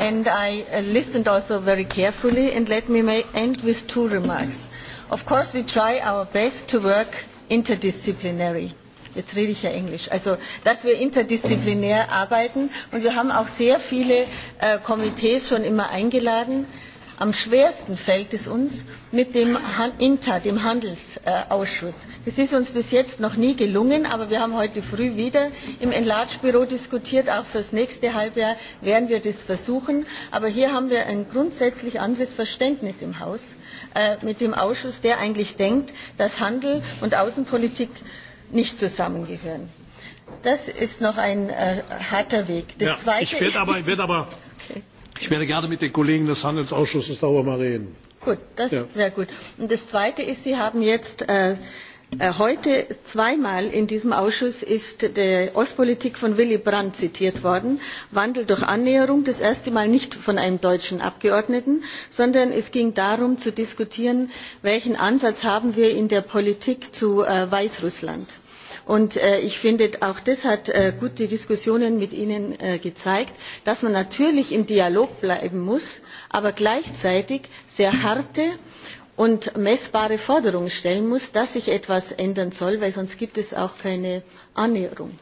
and I uh, listened also very carefully and let me may end with two remarks. Of course we try our best to work interdisciplinary. Jetzt rede ich ja Englisch. Also, dass wir interdisziplinär arbeiten und wir haben auch sehr viele äh, Komitees schon immer eingeladen. Am schwersten fällt es uns mit dem Inter, INTA, dem Handelsausschuss. Das ist uns bis jetzt noch nie gelungen, aber wir haben heute früh wieder im Enlargebüro diskutiert. Auch für das nächste Halbjahr werden wir das versuchen. Aber hier haben wir ein grundsätzlich anderes Verständnis im Haus äh, mit dem Ausschuss, der eigentlich denkt, dass Handel und Außenpolitik nicht zusammengehören. Das ist noch ein äh, harter Weg. Das ja, zweite ich werde aber, ich werd aber okay. Ich werde gerne mit den Kollegen des Handelsausschusses darüber mal reden. Gut, das ja. wäre gut. Und das Zweite ist, Sie haben jetzt äh, äh, heute zweimal in diesem Ausschuss ist die Ostpolitik von Willy Brandt zitiert worden. Wandel durch Annäherung, das erste Mal nicht von einem deutschen Abgeordneten, sondern es ging darum zu diskutieren, welchen Ansatz haben wir in der Politik zu äh, Weißrussland. Und äh, ich finde, auch das hat äh, gut die Diskussionen mit Ihnen äh, gezeigt, dass man natürlich im Dialog bleiben muss, aber gleichzeitig sehr harte und messbare Forderungen stellen muss, dass sich etwas ändern soll, weil sonst gibt es auch keine Annäherung.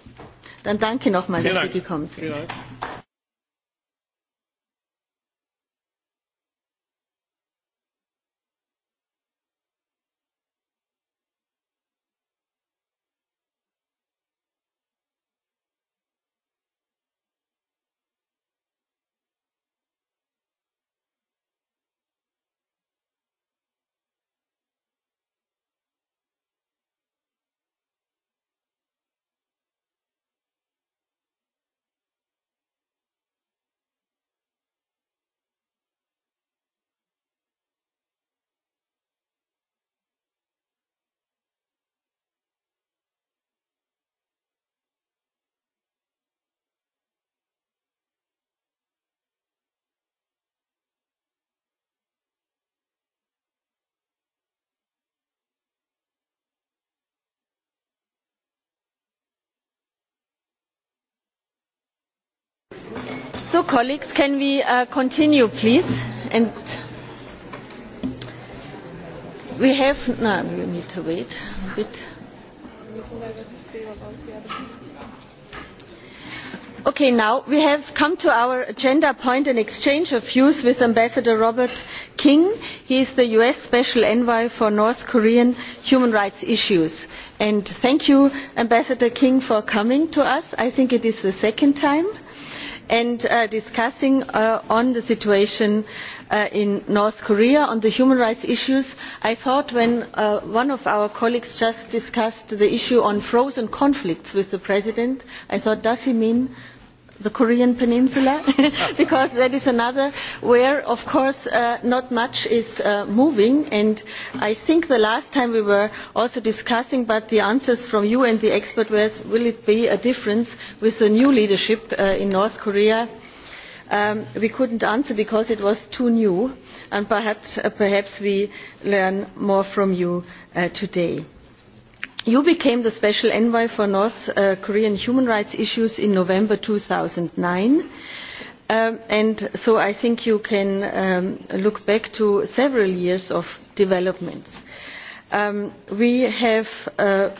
Dann danke nochmal, dass Sie gekommen sind. So, colleagues, can we uh, continue, please? And we have, no, we need to wait a bit. Okay, now we have come to our agenda point an exchange of views with Ambassador Robert King. He is the US Special Envoy for North Korean human rights issues. And thank you, Ambassador King, for coming to us. I think it is the second time and uh, discussing uh, on the situation uh, in North Korea on the human rights issues. I thought when uh, one of our colleagues just discussed the issue on frozen conflicts with the president, I thought, does he mean the Korean Peninsula, because that is another where, of course, uh, not much is uh, moving. And I think the last time we were also discussing, but the answers from you and the expert was, will it be a difference with the new leadership uh, in North Korea? Um, we couldn't answer because it was too new, and perhaps, uh, perhaps we learn more from you uh, today. You became the special envoy for North uh, Korean human rights issues in November 2009. Um, and so I think you can um, look back to several years of developments. Um, we have, uh,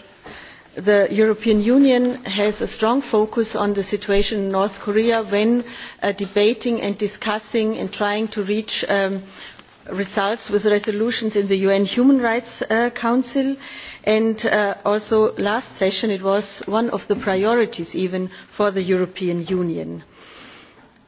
the European Union has a strong focus on the situation in North Korea when uh, debating and discussing and trying to reach um, results with resolutions in the UN Human Rights uh, Council and uh, also last session it was one of the priorities even for the European Union.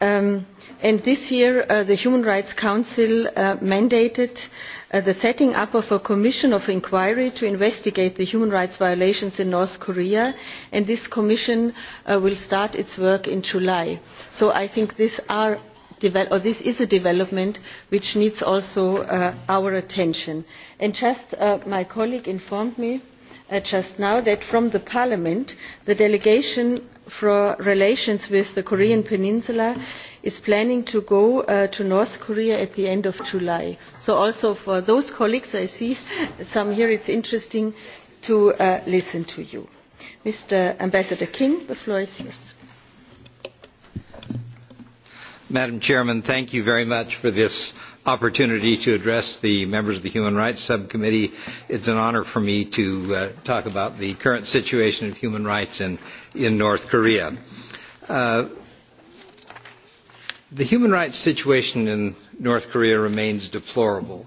Um, and this year uh, the Human Rights Council uh, mandated uh, the setting up of a commission of inquiry to investigate the human rights violations in North Korea and this commission uh, will start its work in July. So I think these are develop, or this is a development which needs also uh, our attention. And just uh, my colleague informed me uh, just now that from the Parliament, the delegation for relations with the Korean Peninsula is planning to go uh, to North Korea at the end of July. So also for those colleagues, I see some here, it's interesting to uh, listen to you. Mr. Ambassador King, the floor is yours. Madam Chairman, thank you very much for this opportunity to address the members of the Human Rights Subcommittee. It's an honor for me to uh, talk about the current situation of human rights in, in North Korea. Uh, the human rights situation in North Korea remains deplorable.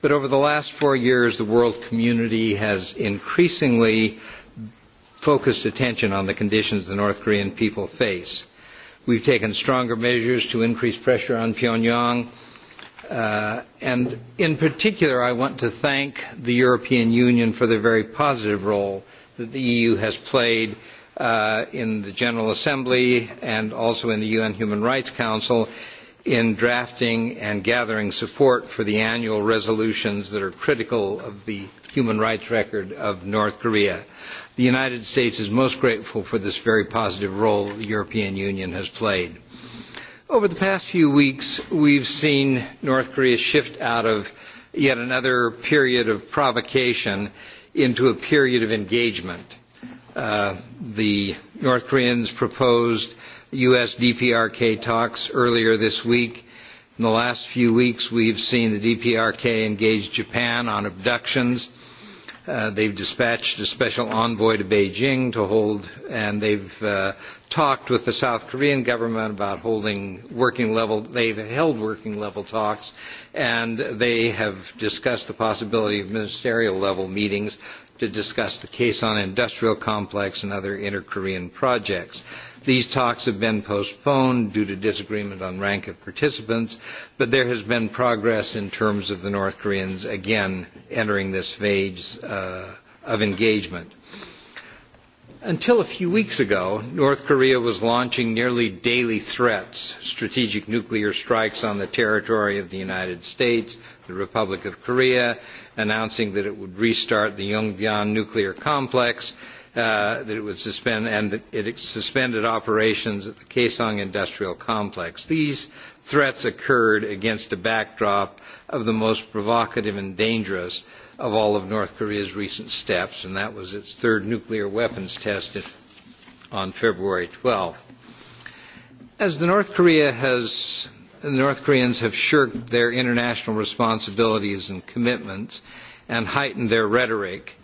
But over the last four years, the world community has increasingly focused attention on the conditions the North Korean people face. We've taken stronger measures to increase pressure on Pyongyang. Uh, and in particular, I want to thank the European Union for the very positive role that the EU has played uh, in the General Assembly and also in the UN Human Rights Council in drafting and gathering support for the annual resolutions that are critical of the human rights record of North Korea. The United States is most grateful for this very positive role the European Union has played. Over the past few weeks, we've seen North Korea shift out of yet another period of provocation into a period of engagement. Uh, the North Koreans proposed U.S. DPRK talks earlier this week. In the last few weeks, we've seen the DPRK engage Japan on abductions. Uh, they've dispatched a special envoy to Beijing to hold, and they've uh, talked with the South Korean government about holding working level, they've held working level talks, and they have discussed the possibility of ministerial level meetings to discuss the case on industrial complex and other inter-Korean projects. These talks have been postponed due to disagreement on rank of participants, but there has been progress in terms of the North Koreans again entering this phase uh, of engagement. Until a few weeks ago, North Korea was launching nearly daily threats, strategic nuclear strikes on the territory of the United States, the Republic of Korea, announcing that it would restart the Yongbyon nuclear complex, uh, that it would suspend and that it suspended operations at the Kaesong Industrial Complex. These threats occurred against a backdrop of the most provocative and dangerous of all of North Korea's recent steps, and that was its third nuclear weapons test on February 12th. As the North Korea has the North Koreans have shirked their international responsibilities and commitments and heightened their rhetoric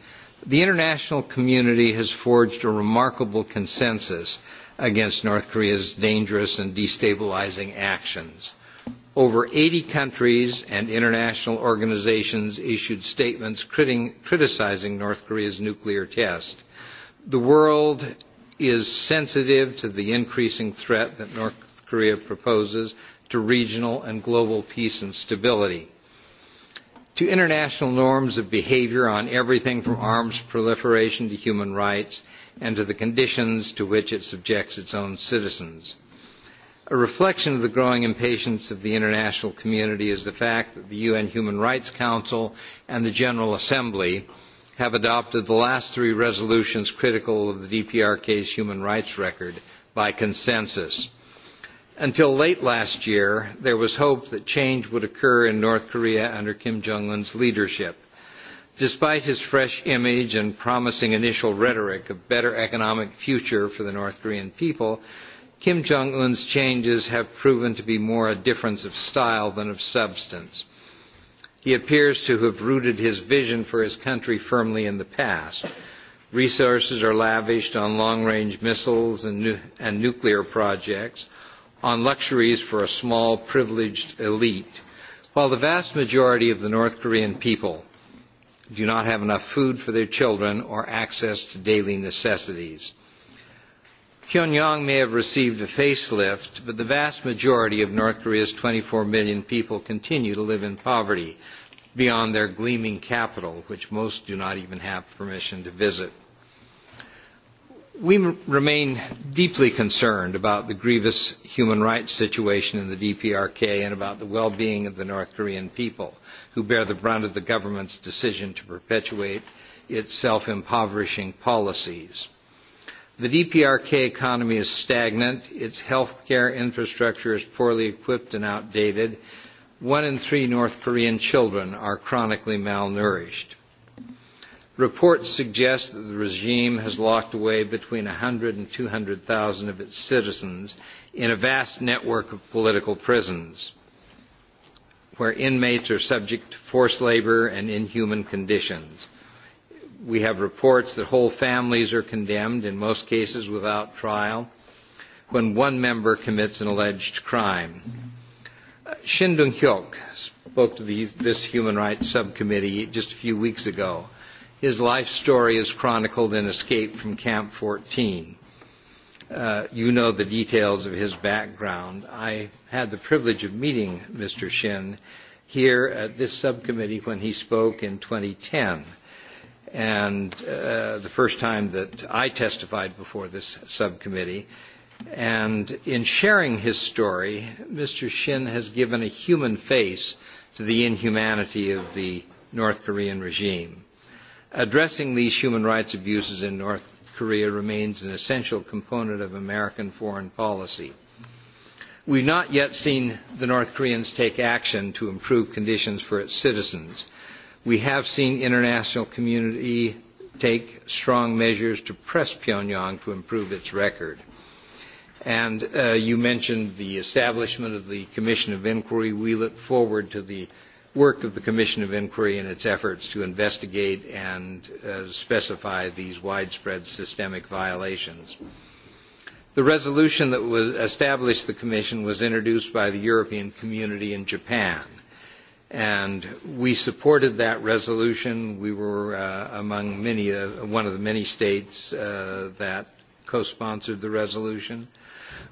The international community has forged a remarkable consensus against North Korea's dangerous and destabilizing actions. Over 80 countries and international organizations issued statements criticizing North Korea's nuclear test. The world is sensitive to the increasing threat that North Korea proposes to regional and global peace and stability to international norms of behavior on everything from arms proliferation to human rights and to the conditions to which it subjects its own citizens. A reflection of the growing impatience of the international community is the fact that the UN Human Rights Council and the General Assembly have adopted the last three resolutions critical of the DPRK's human rights record by consensus. Until late last year, there was hope that change would occur in North Korea under Kim Jong-un's leadership. Despite his fresh image and promising initial rhetoric of better economic future for the North Korean people, Kim Jong-un's changes have proven to be more a difference of style than of substance. He appears to have rooted his vision for his country firmly in the past. Resources are lavished on long-range missiles and, nu and nuclear projects – on luxuries for a small, privileged elite, while the vast majority of the North Korean people do not have enough food for their children or access to daily necessities. Pyongyang may have received a facelift, but the vast majority of North Korea's 24 million people continue to live in poverty beyond their gleaming capital, which most do not even have permission to visit. We remain deeply concerned about the grievous human rights situation in the DPRK and about the well-being of the North Korean people, who bear the brunt of the government's decision to perpetuate its self-impoverishing policies. The DPRK economy is stagnant, its health care infrastructure is poorly equipped and outdated. One in three North Korean children are chronically malnourished. Reports suggest that the regime has locked away between 100 and 200,000 of its citizens in a vast network of political prisons, where inmates are subject to forced labor and inhuman conditions. We have reports that whole families are condemned, in most cases without trial, when one member commits an alleged crime. Uh, Shin Dong-hyuk spoke to these, this Human Rights Subcommittee just a few weeks ago His life story is chronicled in Escape from Camp 14. Uh, you know the details of his background. I had the privilege of meeting Mr. Shin here at this subcommittee when he spoke in 2010 and uh, the first time that I testified before this subcommittee. And in sharing his story, Mr. Shin has given a human face to the inhumanity of the North Korean regime. Addressing these human rights abuses in North Korea remains an essential component of American foreign policy. We've not yet seen the North Koreans take action to improve conditions for its citizens. We have seen international community take strong measures to press Pyongyang to improve its record. And uh, you mentioned the establishment of the Commission of Inquiry. We look forward to the work of the Commission of Inquiry and its efforts to investigate and uh, specify these widespread systemic violations. The resolution that was established the Commission was introduced by the European Community in Japan. And we supported that resolution. We were uh, among many, uh, one of the many states uh, that co-sponsored the resolution. Uh,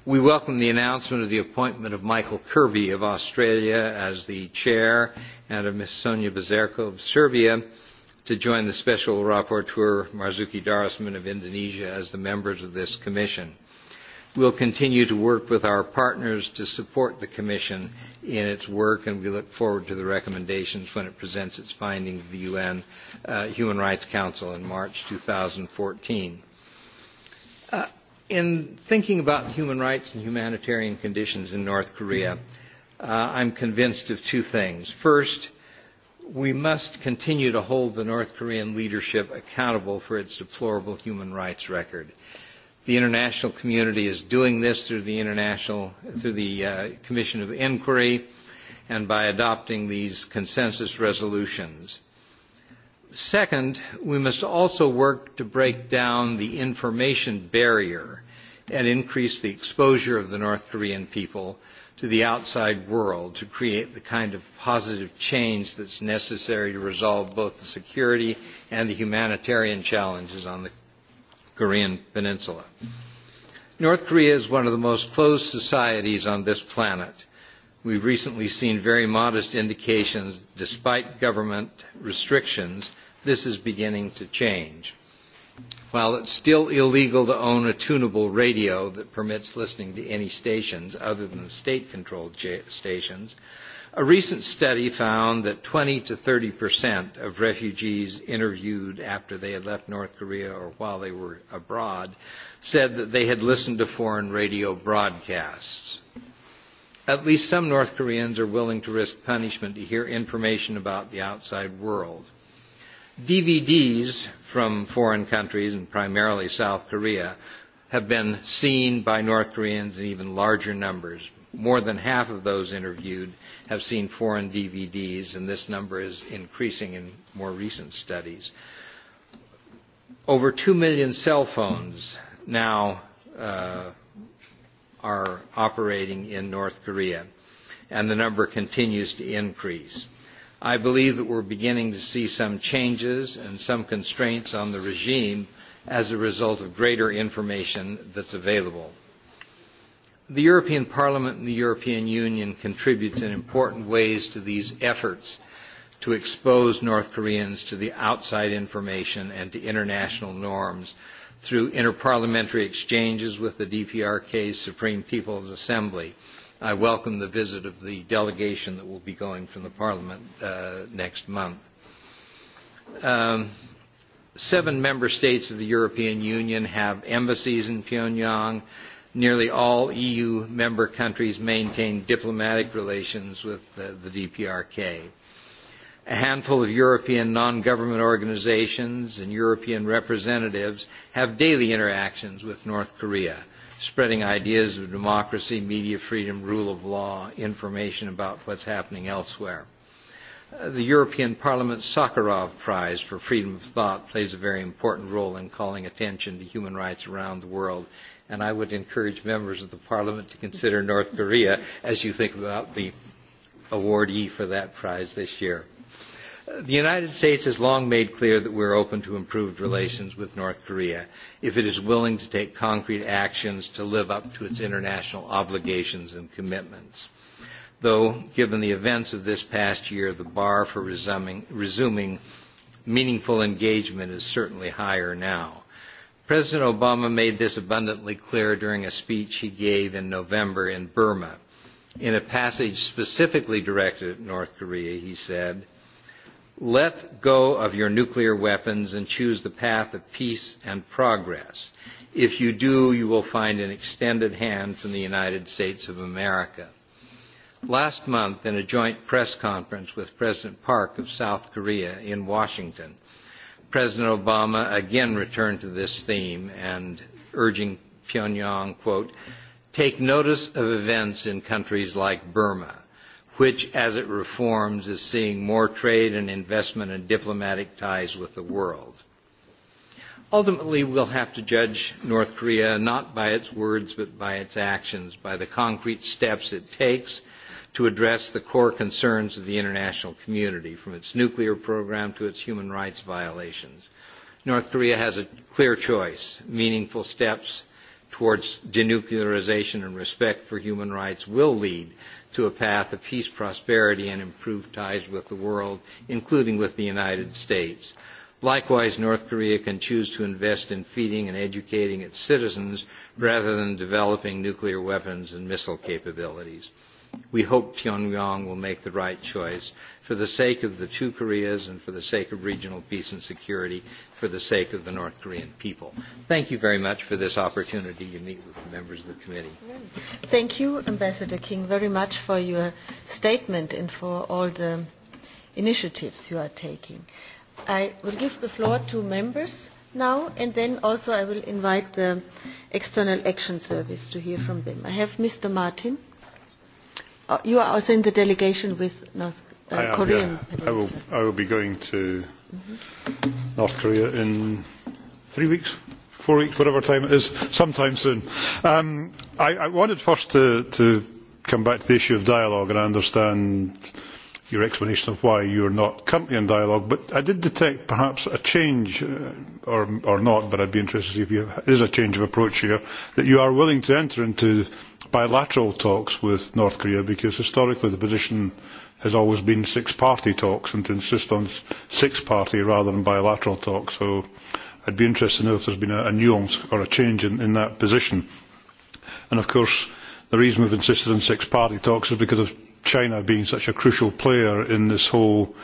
We welcome the announcement of the appointment of Michael Kirby of Australia as the chair and of Ms. Sonia Bezerko of Serbia to join the special rapporteur Marzuki Darasman of Indonesia as the members of this commission. We'll continue to work with our partners to support the Commission in its work, and we look forward to the recommendations when it presents its findings to the UN uh, Human Rights Council in March 2014 in thinking about human rights and humanitarian conditions in North Korea, uh, I'm convinced of two things. First, we must continue to hold the North Korean leadership accountable for its deplorable human rights record. The international community is doing this through the international through the uh, Commission of Inquiry and by adopting these consensus resolutions. Second, we must also work to break down the information barrier and increase the exposure of the North Korean people to the outside world to create the kind of positive change that's necessary to resolve both the security and the humanitarian challenges on the Korean Peninsula. North Korea is one of the most closed societies on this planet We've recently seen very modest indications, despite government restrictions, this is beginning to change. While it's still illegal to own a tunable radio that permits listening to any stations other than state-controlled stations, a recent study found that 20 to 30 percent of refugees interviewed after they had left North Korea or while they were abroad said that they had listened to foreign radio broadcasts. At least some North Koreans are willing to risk punishment to hear information about the outside world. DVDs from foreign countries, and primarily South Korea, have been seen by North Koreans in even larger numbers. More than half of those interviewed have seen foreign DVDs, and this number is increasing in more recent studies. Over 2 million cell phones now uh, are operating in North Korea, and the number continues to increase. I believe that we're beginning to see some changes and some constraints on the regime as a result of greater information that's available. The European Parliament and the European Union contributes in important ways to these efforts to expose North Koreans to the outside information and to international norms through interparliamentary exchanges with the DPRK's Supreme People's Assembly. I welcome the visit of the delegation that will be going from the Parliament uh, next month. Um, seven member states of the European Union have embassies in Pyongyang. Nearly all EU member countries maintain diplomatic relations with uh, the DPRK a handful of European non-government organizations and European representatives have daily interactions with North Korea, spreading ideas of democracy, media freedom, rule of law, information about what's happening elsewhere. Uh, the European Parliament's Sakharov Prize for Freedom of Thought plays a very important role in calling attention to human rights around the world, and I would encourage members of the Parliament to consider North Korea as you think about the awardee for that prize this year. The United States has long made clear that we're open to improved relations with North Korea if it is willing to take concrete actions to live up to its international obligations and commitments. Though, given the events of this past year, the bar for resuming, resuming meaningful engagement is certainly higher now. President Obama made this abundantly clear during a speech he gave in November in Burma. In a passage specifically directed at North Korea, he said, Let go of your nuclear weapons and choose the path of peace and progress. If you do, you will find an extended hand from the United States of America. Last month, in a joint press conference with President Park of South Korea in Washington, President Obama again returned to this theme and urging Pyongyang, quote, take notice of events in countries like Burma which, as it reforms, is seeing more trade and investment and diplomatic ties with the world. Ultimately, we'll have to judge North Korea not by its words but by its actions, by the concrete steps it takes to address the core concerns of the international community, from its nuclear program to its human rights violations. North Korea has a clear choice. Meaningful steps towards denuclearization and respect for human rights will lead to a path of peace, prosperity, and improved ties with the world, including with the United States. Likewise, North Korea can choose to invest in feeding and educating its citizens rather than developing nuclear weapons and missile capabilities. We hope Pyongyang will make the right choice for the sake of the two Koreas and for the sake of regional peace and security, for the sake of the North Korean people. Thank you very much for this opportunity to meet with the members of the committee. Thank you, Ambassador King, very much for your statement and for all the initiatives you are taking. I will give the floor to members now and then also I will invite the External Action Service to hear from them. I have Mr. Martin. Uh, you are also in the delegation with North uh, I Korean yeah. I will, I will be going to mm -hmm. North Korea in three weeks, four weeks, whatever time it is, sometime soon. Um, I, I wanted first to, to come back to the issue of dialogue, and I understand your explanation of why you are not currently in dialogue, but I did detect perhaps a change, uh, or, or not, but I'd be interested to see if you have, is a change of approach here, that you are willing to enter into bilateral talks with North Korea, because historically the position has always been six-party talks and to insist on six-party rather than bilateral talks. So I'd be interested to know if there's been a, a nuance or a change in, in that position. And of course, the reason we've insisted on six-party talks is because of China being such a crucial player in this whole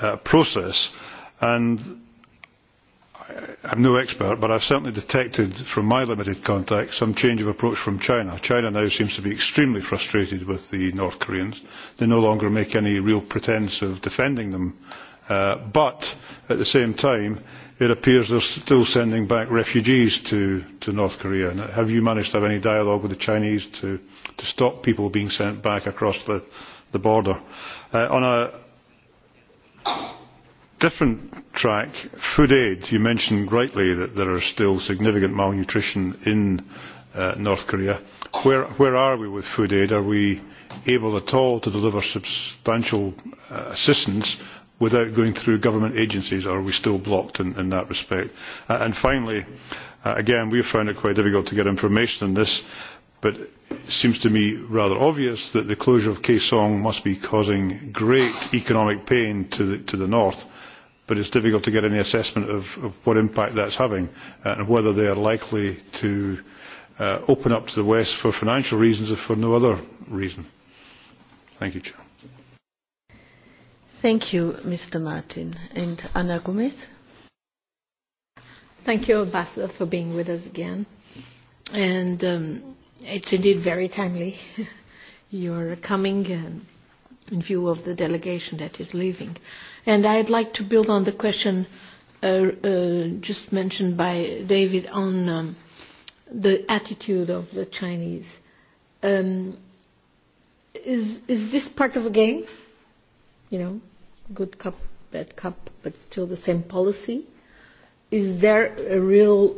uh, process. And I'm no expert, but I've certainly detected from my limited contact some change of approach from China. China now seems to be extremely frustrated with the North Koreans. They no longer make any real pretense of defending them. Uh, but at the same time, it appears they're still sending back refugees to, to North Korea. Now, have you managed to have any dialogue with the Chinese to, to stop people being sent back across the, the border? Uh, on a different track, food aid. You mentioned rightly that there are still significant malnutrition in uh, North Korea. Where, where are we with food aid? Are we able at all to deliver substantial uh, assistance without going through government agencies, or are we still blocked in, in that respect? Uh, and finally, uh, again, we found it quite difficult to get information on this, but it seems to me rather obvious that the closure of Kaesong must be causing great economic pain to the, to the north but it's difficult to get any assessment of, of what impact that's having uh, and whether they are likely to uh, open up to the West for financial reasons or for no other reason. Thank you, Chair. Thank you, Mr. Martin. And Anna Gomez? Thank you, Ambassador, for being with us again. And um, it's indeed very timely. You're coming um, in view of the delegation that is leaving. And I'd like to build on the question uh, uh, just mentioned by David on um, the attitude of the Chinese. Um, is, is this part of a game? You know, good cup, bad cup, but still the same policy. Is there a real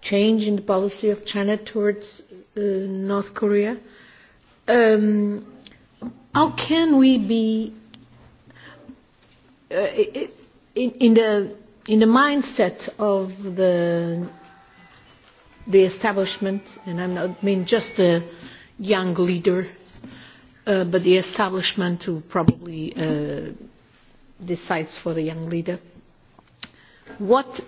change in the policy of China towards uh, North Korea? Um, how can we be Uh, in, in, the, in the mindset of the, the establishment, and I not not mean just the young leader, uh, but the establishment who probably uh, decides for the young leader, what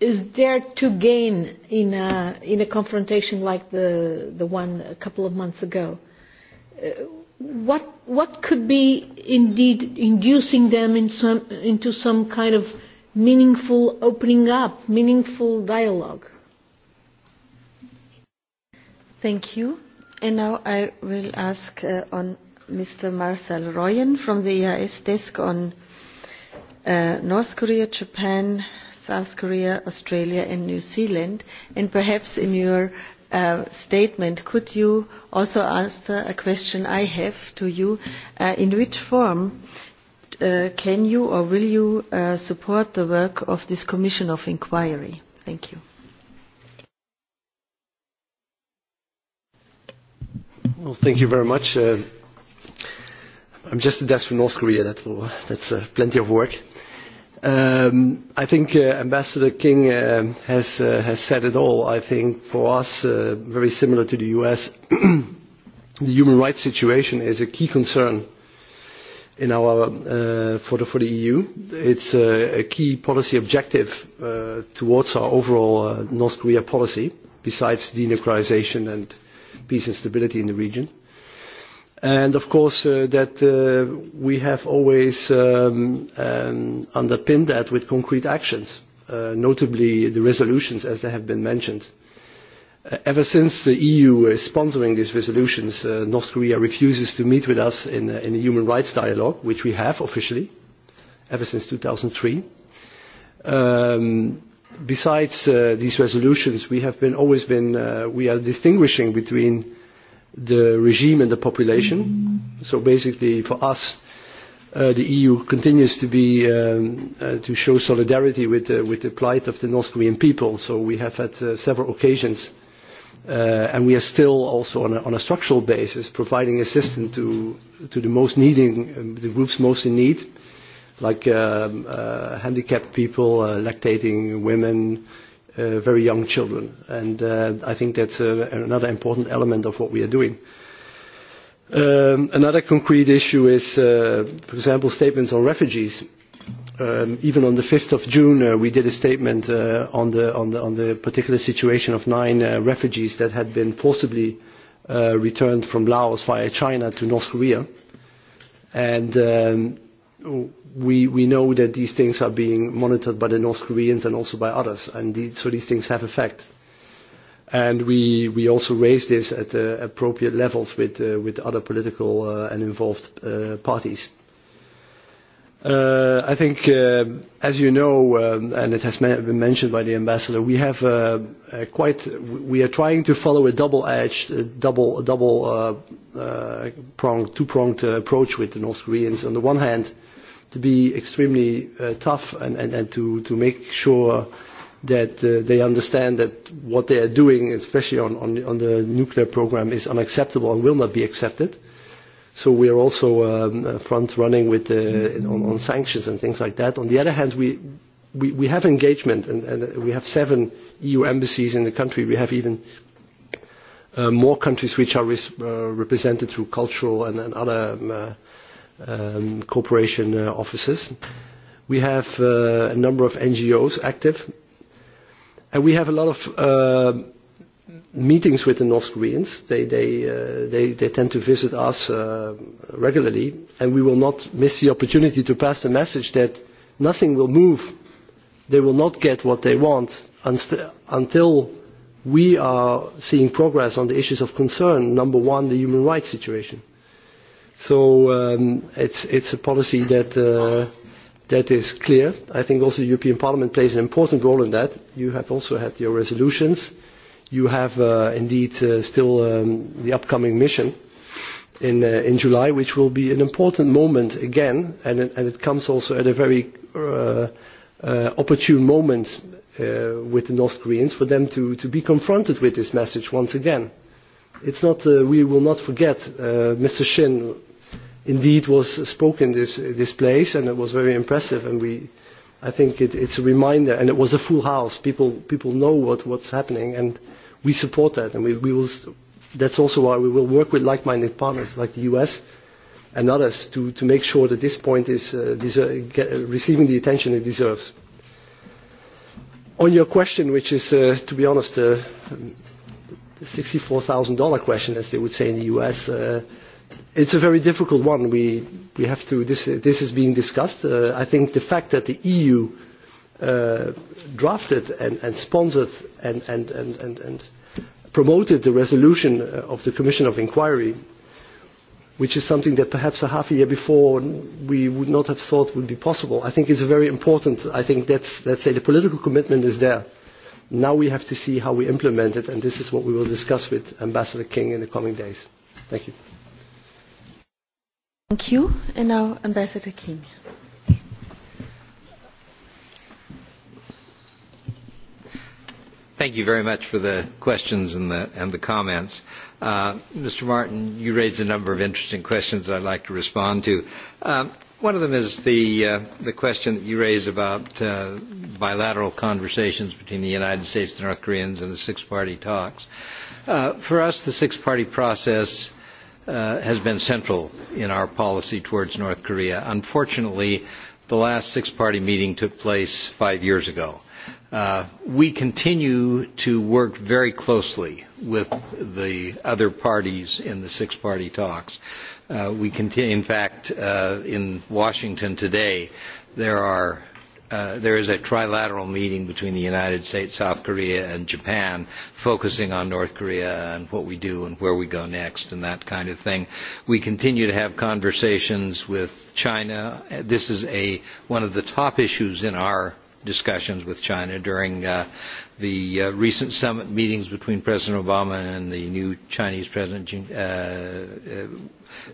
is there to gain in a, in a confrontation like the, the one a couple of months ago? Uh, what, what could be indeed inducing them in some, into some kind of meaningful opening up, meaningful dialogue? Thank you. And now I will ask uh, on Mr. Marcel Royen from the EIS desk on uh, North Korea, Japan, South Korea, Australia and New Zealand and perhaps in your uh, statement, could you also answer a question I have to you? Uh, in which form uh, can you or will you uh, support the work of this Commission of Inquiry? Thank you. Well, thank you very much. Uh, I'm just a desk from North Korea. That will, that's uh, plenty of work. Um, I think uh, Ambassador King uh, has, uh, has said it all. I think for us, uh, very similar to the US, the human rights situation is a key concern in our, uh, for, the, for the EU. It's a, uh, a key policy objective uh, towards our overall uh, North Korea policy, besides denuclearization and peace and stability in the region. And of course uh, that uh, we have always um, um, underpinned that with concrete actions, uh, notably the resolutions as they have been mentioned. Uh, ever since the EU is sponsoring these resolutions, uh, North Korea refuses to meet with us in, uh, in a human rights dialogue, which we have officially, ever since 2003. Um, besides uh, these resolutions, we have been, always been, uh, we are distinguishing between the regime and the population. So basically, for us, uh, the EU continues to be um, uh, to show solidarity with uh, with the plight of the North Korean people. So we have had uh, several occasions, uh, and we are still also on a, on a structural basis providing assistance to to the most needing um, the groups most in need, like um, uh, handicapped people, uh, lactating women uh, very young children. And uh, I think that's uh, another important element of what we are doing. Um, another concrete issue is, uh, for example, statements on refugees. Um, even on the 5th of June, uh, we did a statement uh, on, the, on, the, on the particular situation of nine uh, refugees that had been forcibly uh, returned from Laos via China to North Korea. And um, we, we know that these things are being monitored by the North Koreans and also by others, and the, so these things have effect. And we, we also raise this at the uh, appropriate levels with, uh, with other political uh, and involved uh, parties. Uh, I think, uh, as you know, um, and it has been mentioned by the ambassador, we have uh, uh, quite. We are trying to follow a double-edged, uh, double, double uh, uh, pronged, two-pronged uh, approach with the North Koreans. On the one hand, to be extremely uh, tough and, and, and to, to make sure that uh, they understand that what they are doing, especially on, on, on the nuclear program, is unacceptable and will not be accepted. So we are also um, uh, front running with, uh, on, on sanctions and things like that. On the other hand, we, we, we have engagement and, and uh, we have seven EU embassies in the country. We have even uh, more countries which are res, uh, represented through cultural and, and other um, uh, um, corporation uh, offices. We have uh, a number of NGOs active. And we have a lot of uh, meetings with the North Koreans. They, they, uh, they, they tend to visit us uh, regularly. And we will not miss the opportunity to pass the message that nothing will move. They will not get what they want until we are seeing progress on the issues of concern. Number one, the human rights situation So um, it's, it's a policy that, uh, that is clear. I think also the European Parliament plays an important role in that. You have also had your resolutions. You have uh, indeed uh, still um, the upcoming mission in, uh, in July, which will be an important moment again, and it, and it comes also at a very uh, uh, opportune moment uh, with the North Koreans for them to, to be confronted with this message once again. It's not, uh, we will not forget uh, Mr. Shin indeed was spoken this, this place and it was very impressive and we, I think it, it's a reminder and it was a full house. People, people know what, what's happening and we support that and we, we will, that's also why we will work with like-minded partners like the US and others to, to make sure that this point is uh, deser get, uh, receiving the attention it deserves. On your question, which is, uh, to be honest, uh, the $64,000 question, as they would say in the US, uh, It's a very difficult one. We, we have to, this, this is being discussed. Uh, I think the fact that the EU uh, drafted and, and sponsored and, and, and, and, and promoted the resolution uh, of the Commission of Inquiry, which is something that perhaps a half a year before we would not have thought would be possible, I think is very important. I think that's, let's say, the political commitment is there. Now we have to see how we implement it, and this is what we will discuss with Ambassador King in the coming days. Thank you. Thank you. And now Ambassador King. Thank you very much for the questions and the, and the comments. Uh, Mr. Martin, you raised a number of interesting questions that I'd like to respond to. Um, one of them is the, uh, the question that you raised about uh, bilateral conversations between the United States and North Koreans and the six-party talks. Uh, for us, the six-party process uh, has been central in our policy towards North Korea. Unfortunately, the last six-party meeting took place five years ago. Uh, we continue to work very closely with the other parties in the six-party talks. Uh, we continue, in fact, uh, in Washington today, there are uh, there is a trilateral meeting between the United States, South Korea, and Japan focusing on North Korea and what we do and where we go next and that kind of thing. We continue to have conversations with China. This is a, one of the top issues in our discussions with China during uh, the uh, recent summit meetings between President Obama and the new Chinese President uh uh,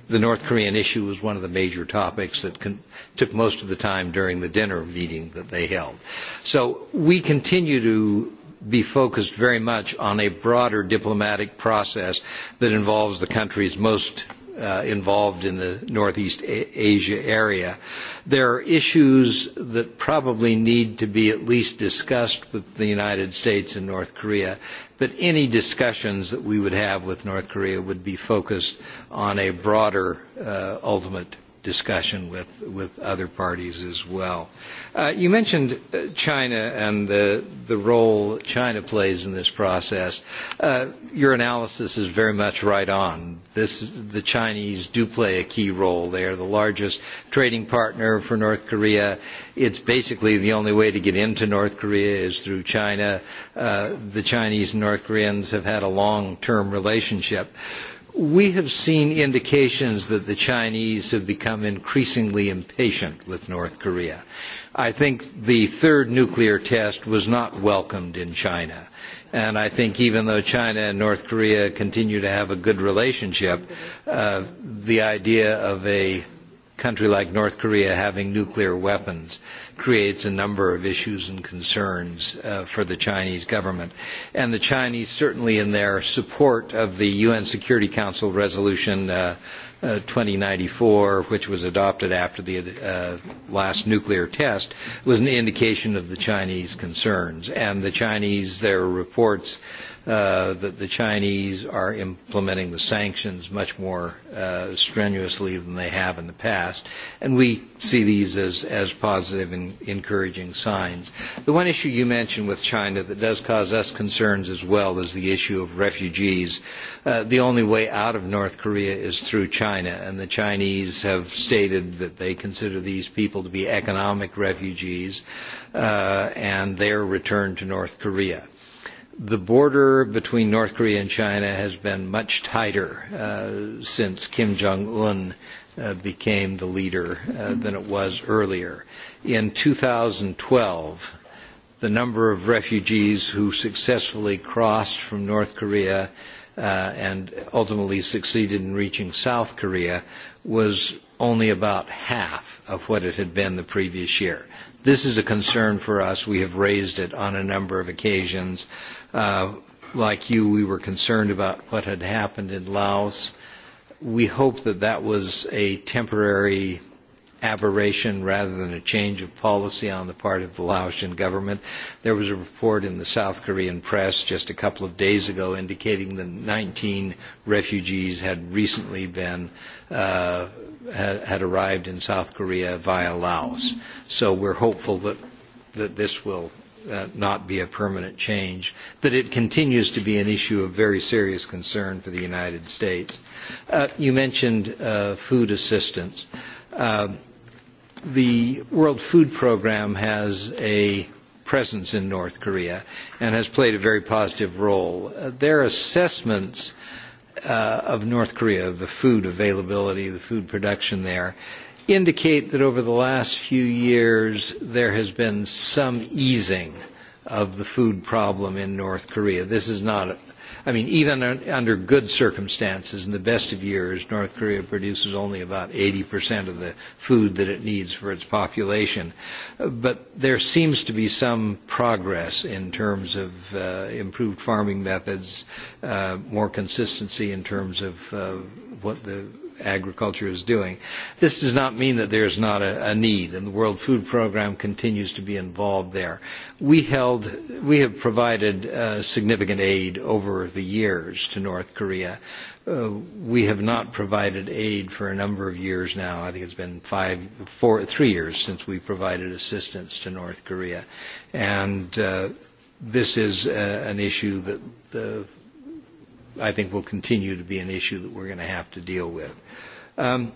the North Korean issue was one of the major topics that con took most of the time during the dinner meeting that they held. So we continue to be focused very much on a broader diplomatic process that involves the countries most uh, involved in the Northeast A Asia area. There are issues that probably need to be at least discussed with the United States and North Korea But any discussions that we would have with North Korea would be focused on a broader uh, ultimate discussion with, with other parties as well. Uh, you mentioned uh, China and the, the role China plays in this process. Uh, your analysis is very much right on. This, the Chinese do play a key role. They are the largest trading partner for North Korea. It's basically the only way to get into North Korea is through China. Uh, the Chinese and North Koreans have had a long-term relationship. Uh, We have seen indications that the Chinese have become increasingly impatient with North Korea. I think the third nuclear test was not welcomed in China. And I think even though China and North Korea continue to have a good relationship, uh, the idea of a country like North Korea having nuclear weapons uh, creates a number of issues and concerns uh, for the Chinese government. And the Chinese, certainly in their support of the UN Security Council resolution uh, uh, 2094, which was adopted after the uh, last nuclear test, was an indication of the Chinese concerns. And the Chinese, their reports, uh, that the Chinese are implementing the sanctions much more uh, strenuously than they have in the past. And we see these as, as positive and encouraging signs. The one issue you mentioned with China that does cause us concerns as well is the issue of refugees. Uh, the only way out of North Korea is through China, and the Chinese have stated that they consider these people to be economic refugees uh, and their return to North Korea. The border between North Korea and China has been much tighter uh, since Kim Jong-un uh, became the leader uh, than it was earlier. In 2012, the number of refugees who successfully crossed from North Korea uh, and ultimately succeeded in reaching South Korea was only about half of what it had been the previous year. This is a concern for us. We have raised it on a number of occasions. Uh, like you, we were concerned about what had happened in Laos. We hope that that was a temporary aberration rather than a change of policy on the part of the Laotian government. There was a report in the South Korean press just a couple of days ago indicating that 19 refugees had recently been uh, had, had arrived in South Korea via Laos. So we're hopeful that that this will uh, not be a permanent change, that it continues to be an issue of very serious concern for the United States. Uh, you mentioned uh, food assistance. Uh, the World Food Program has a presence in North Korea and has played a very positive role. Uh, their assessments uh, of North Korea, the food availability, the food production there, indicate that over the last few years there has been some easing of the food problem in North Korea. This is not, a, I mean, even under good circumstances, in the best of years, North Korea produces only about 80% of the food that it needs for its population. But there seems to be some progress in terms of uh, improved farming methods, uh, more consistency in terms of uh, what the agriculture is doing. This does not mean that there is not a, a need, and the World Food Programme continues to be involved there. We, held, we have provided uh, significant aid over the years to North Korea. Uh, we have not provided aid for a number of years now. I think it's been five, four, three years since we provided assistance to North Korea. And uh, this is uh, an issue that the uh, I think will continue to be an issue that we're going to have to deal with. Um,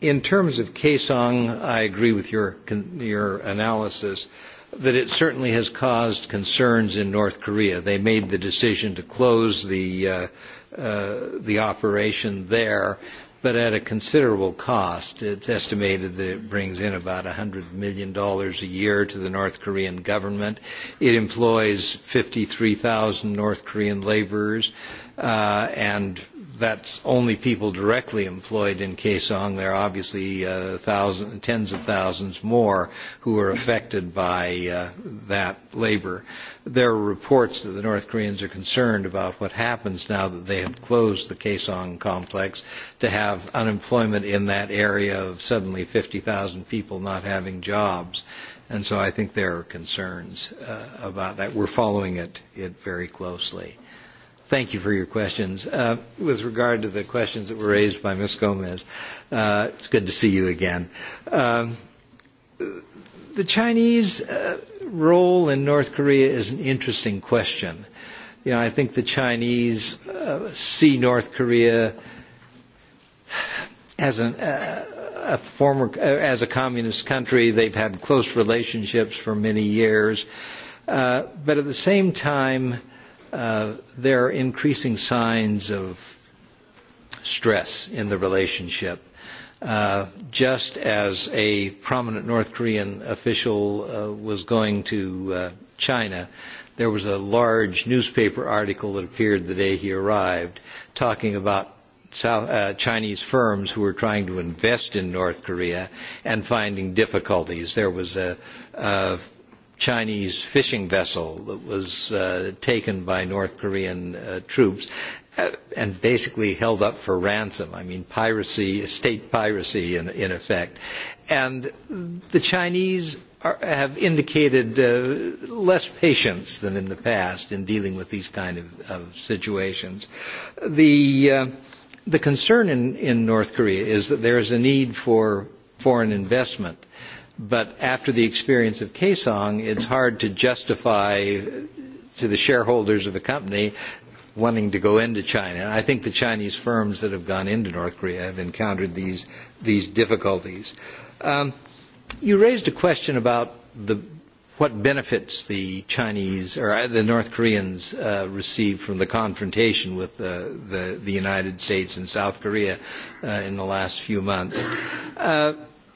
in terms of Kaesong, I agree with your, your analysis that it certainly has caused concerns in North Korea. They made the decision to close the, uh, uh, the operation there, but at a considerable cost. It's estimated that it brings in about $100 million a year to the North Korean government. It employs 53,000 North Korean laborers uh, and that's only people directly employed in Kaesong. There are obviously uh, thousands, tens of thousands more who are affected by uh, that labor. There are reports that the North Koreans are concerned about what happens now that they have closed the Kaesong complex to have unemployment in that area of suddenly 50,000 people not having jobs. And so I think there are concerns uh, about that. We're following it, it very closely. Thank you for your questions. Uh, with regard to the questions that were raised by Ms. Gomez, uh, it's good to see you again. Um, the Chinese uh, role in North Korea is an interesting question. You know, I think the Chinese uh, see North Korea as an, uh, a former, uh, as a communist country. They've had close relationships for many years. Uh, but at the same time, uh, uh, there are increasing signs of stress in the relationship. Uh, just as a prominent North Korean official uh, was going to uh, China, there was a large newspaper article that appeared the day he arrived talking about South, uh, Chinese firms who were trying to invest in North Korea and finding difficulties. There was a, a Chinese fishing vessel that was uh, taken by North Korean uh, troops uh, and basically held up for ransom. I mean, piracy, state piracy in, in effect. And the Chinese are, have indicated uh, less patience than in the past in dealing with these kind of, of situations. The, uh, the concern in, in North Korea is that there is a need for foreign investment But after the experience of Kaesong, it's hard to justify to the shareholders of the company wanting to go into China. I think the Chinese firms that have gone into North Korea have encountered these, these difficulties. Um, you raised a question about the, what benefits the Chinese or uh, the North Koreans uh, receive from the confrontation with uh, the, the United States and South Korea uh, in the last few months. Uh,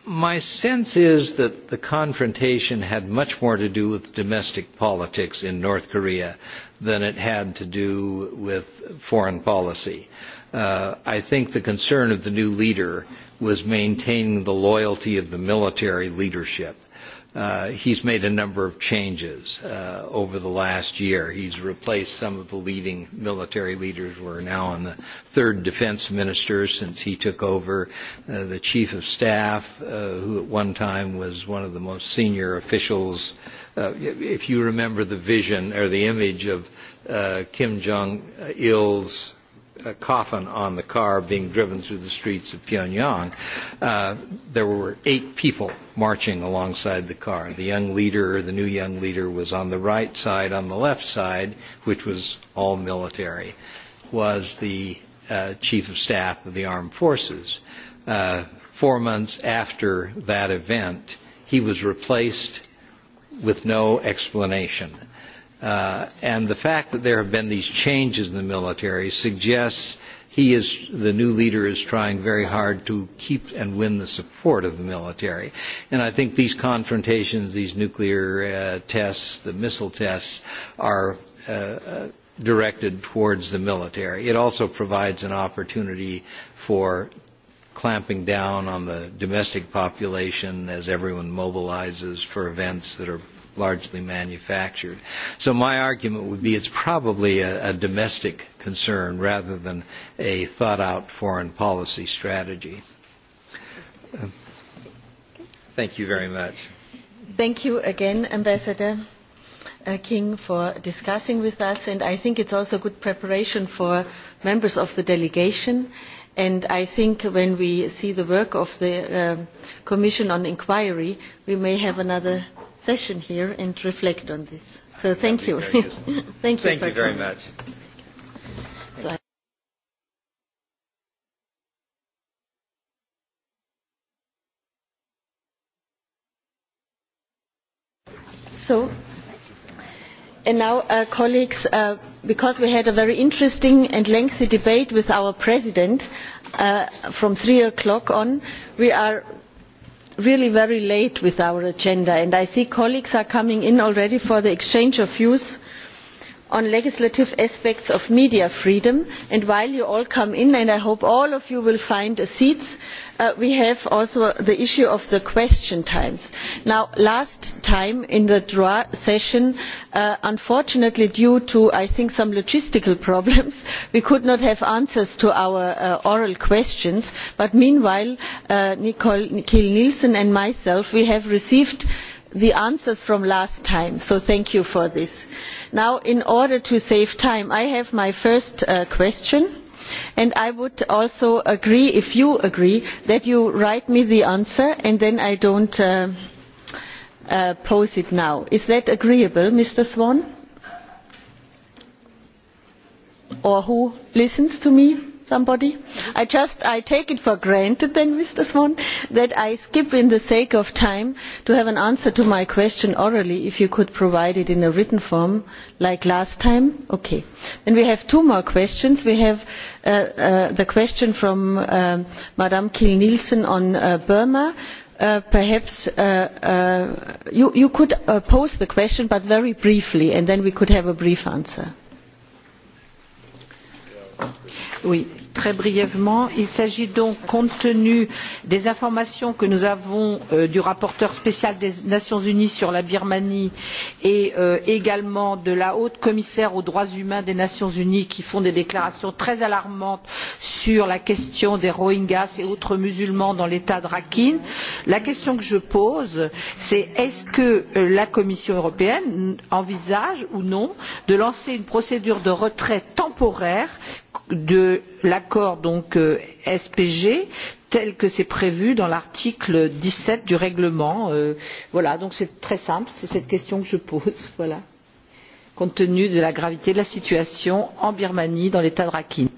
My sense is that the confrontation had much more to do with domestic politics in North Korea than it had to do with foreign policy. Uh, I think the concern of the new leader was maintaining the loyalty of the military leadership Uh, he's made a number of changes uh, over the last year. He's replaced some of the leading military leaders. We're now on the third defense minister since he took over. Uh, the chief of staff, uh, who at one time was one of the most senior officials, uh, if you remember the vision or the image of uh, Kim Jong Il's uh, coffin on the car being driven through the streets of Pyongyang, uh, there were eight people marching alongside the car. The young leader, the new young leader, was on the right side, on the left side, which was all military, was the uh, chief of staff of the armed forces. Uh, four months after that event, he was replaced with no explanation Uh, and the fact that there have been these changes in the military suggests he is the new leader is trying very hard to keep and win the support of the military. And I think these confrontations, these nuclear uh, tests, the missile tests, are uh, uh, directed towards the military. It also provides an opportunity for clamping down on the domestic population as everyone mobilizes for events that are largely manufactured. So my argument would be it's probably a, a domestic concern rather than a thought-out foreign policy strategy. Uh, thank you very much. Thank you again, Ambassador uh, King, for discussing with us. And I think it's also good preparation for members of the delegation. And I think when we see the work of the uh, Commission on Inquiry, we may have another session here and reflect on this. So thank you. thank you. Thank you very much. So So, and now, uh, colleagues, uh, because we had a very interesting and lengthy debate with our president uh, from three o'clock on, we are really very late with our agenda and I see colleagues are coming in already for the exchange of views on legislative aspects of media freedom and while you all come in and i hope all of you will find seats uh, we have also the issue of the question times. Now, last time in the draw session uh, unfortunately due to i think some logistical problems we could not have answers to our uh, oral questions but meanwhile nicole kiil nielsen and myself we have received the answers from last time, so thank you for this. Now, in order to save time, I have my first uh, question. And I would also agree, if you agree, that you write me the answer and then I don't uh, uh, pose it now. Is that agreeable, Mr. Swan? Or who listens to me? somebody? I just, I take it for granted then, Mr. Swan, that I skip in the sake of time to have an answer to my question orally, if you could provide it in a written form, like last time. Okay. Then we have two more questions. We have uh, uh, the question from uh, Madame Kiel-Nielsen on uh, Burma. Uh, perhaps uh, uh, you, you could uh, pose the question, but very briefly, and then we could have a brief answer. Oui très brièvement. Il s'agit donc, compte tenu des informations que nous avons euh, du rapporteur spécial des Nations Unies sur la Birmanie et euh, également de la haute commissaire aux droits humains des Nations Unies qui font des déclarations très alarmantes sur la question des Rohingyas et autres musulmans dans l'État de Rakhine. La question que je pose, c'est est-ce que euh, la Commission européenne envisage ou non de lancer une procédure de retrait temporaire de l'accord donc euh, SPG tel que c'est prévu dans l'article dix sept du règlement. Euh, voilà, donc c'est très simple, c'est cette question que je pose, voilà, compte tenu de la gravité de la situation en Birmanie dans l'état de Rakhine.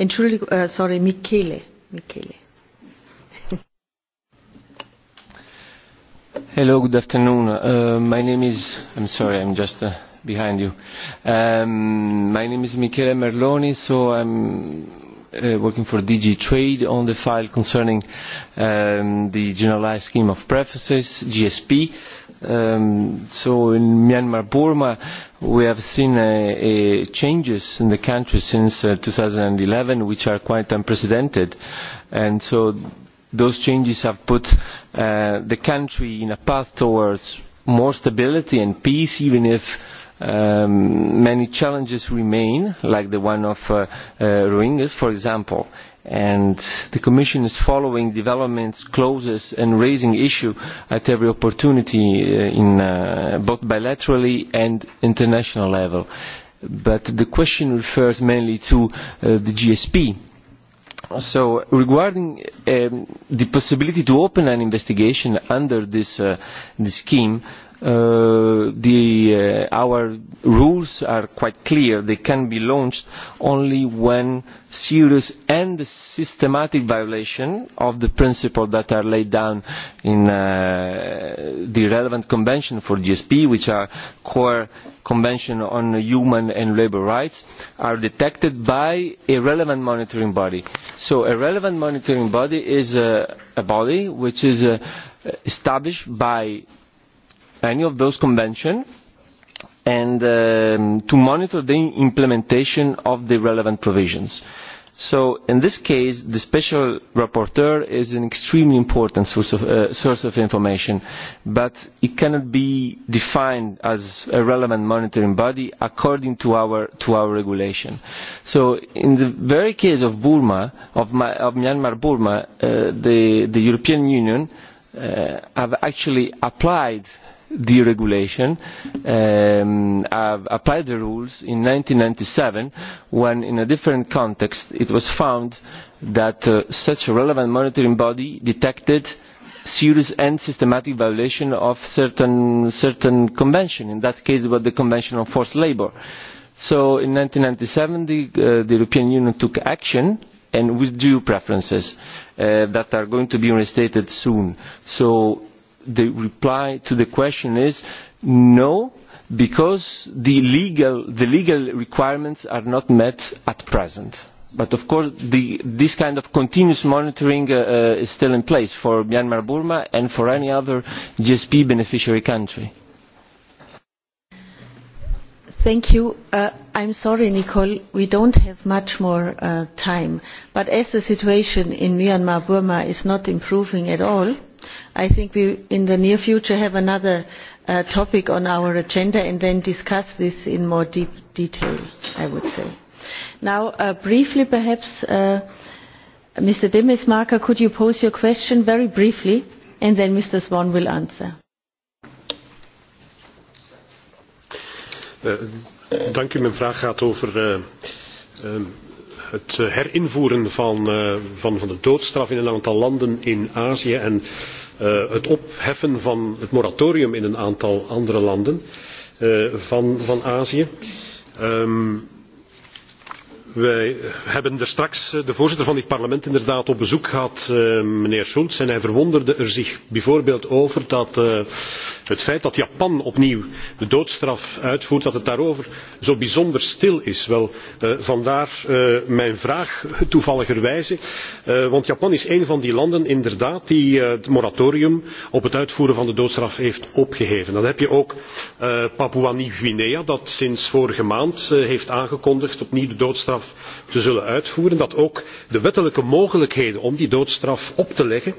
Entschuldigung, äh, euh, sorry, Michele. Michele. Hello, good afternoon. Uh, my name is, I'm sorry, I'm just uh, behind you. Um, my name is Michele Merloni, so I'm uh, working for DG Trade on the file concerning um, the generalized scheme of prefaces, GSP. Um, so in Myanmar, Burma, we have seen uh, uh, changes in the country since uh, 2011, which are quite unprecedented. And so those changes have put uh, the country in a path towards more stability and peace, even if um, many challenges remain, like the one of uh, uh, Rohingyas, for example. And the Commission is following developments, closes and raising issue at every opportunity uh, in, uh, both bilaterally and international level. But the question refers mainly to uh, the GSP So regarding um, the possibility to open an investigation under this, uh, this scheme, uh, the, uh, our rules are quite clear. They can be launched only when serious and systematic violation of the principles that are laid down in uh, the relevant convention for GSP, which are core convention on human and labor rights, are detected by a relevant monitoring body. So a relevant monitoring body is a, uh, a body which is a, uh, established by any of those conventions and um, to monitor the implementation of the relevant provisions. So in this case, the special rapporteur is an extremely important source of, uh, source of information, but it cannot be defined as a relevant monitoring body according to our, to our regulation. So in the very case of Burma, of, my, of Myanmar Burma, uh, the, the European Union uh, have actually applied deregulation um, uh, applied the rules in 1997 when in a different context it was found that uh, such a relevant monitoring body detected serious and systematic violation of certain, certain convention, in that case it was the Convention on Forced Labour. So in 1997 the, uh, the European Union took action and withdrew preferences uh, that are going to be restated soon. So the reply to the question is no, because the legal, the legal requirements are not met at present. But of course, the, this kind of continuous monitoring uh, uh is still in place for Myanmar Burma and for any other GSP beneficiary country. Thank you. Uh, I'm sorry, Nicole, we don't have much more uh, time. But as the situation in Myanmar Burma is not improving at all, I think we in the near future have another uh, topic on our agenda and then discuss this in more deep detail, I would say. Now, uh, briefly perhaps, uh, Mr. Demesmarker, could you pose your question very briefly and then Mr. Swan will answer. Uh, dank u. Mijn vraag gaat over uh, het herinvoeren van, uh, van, van de doodstraf in een aantal landen in Azië. En Eh, het opheffen van het moratorium in een aantal andere landen uh, van, van Azië. Um, wij hebben er straks eh, de voorzitter van dit parlement inderdaad op bezoek gehad, uh, meneer Schulz, en hij verwonderde er zich bijvoorbeeld over dat... Uh, Het feit dat Japan opnieuw de doodstraf uitvoert, dat het daarover zo bijzonder stil is. Wel, uh, vandaar uh, mijn vraag toevalligerwijze, uh, want Japan is een van die landen inderdaad die uh, het moratorium op het uitvoeren van de doodstraf heeft opgeheven. Dan heb je ook uh, Papua Nieuw-Guinea dat sinds vorige maand uh, heeft aangekondigd opnieuw de doodstraf te zullen uitvoeren. Dat ook de wettelijke mogelijkheden om die doodstraf op te leggen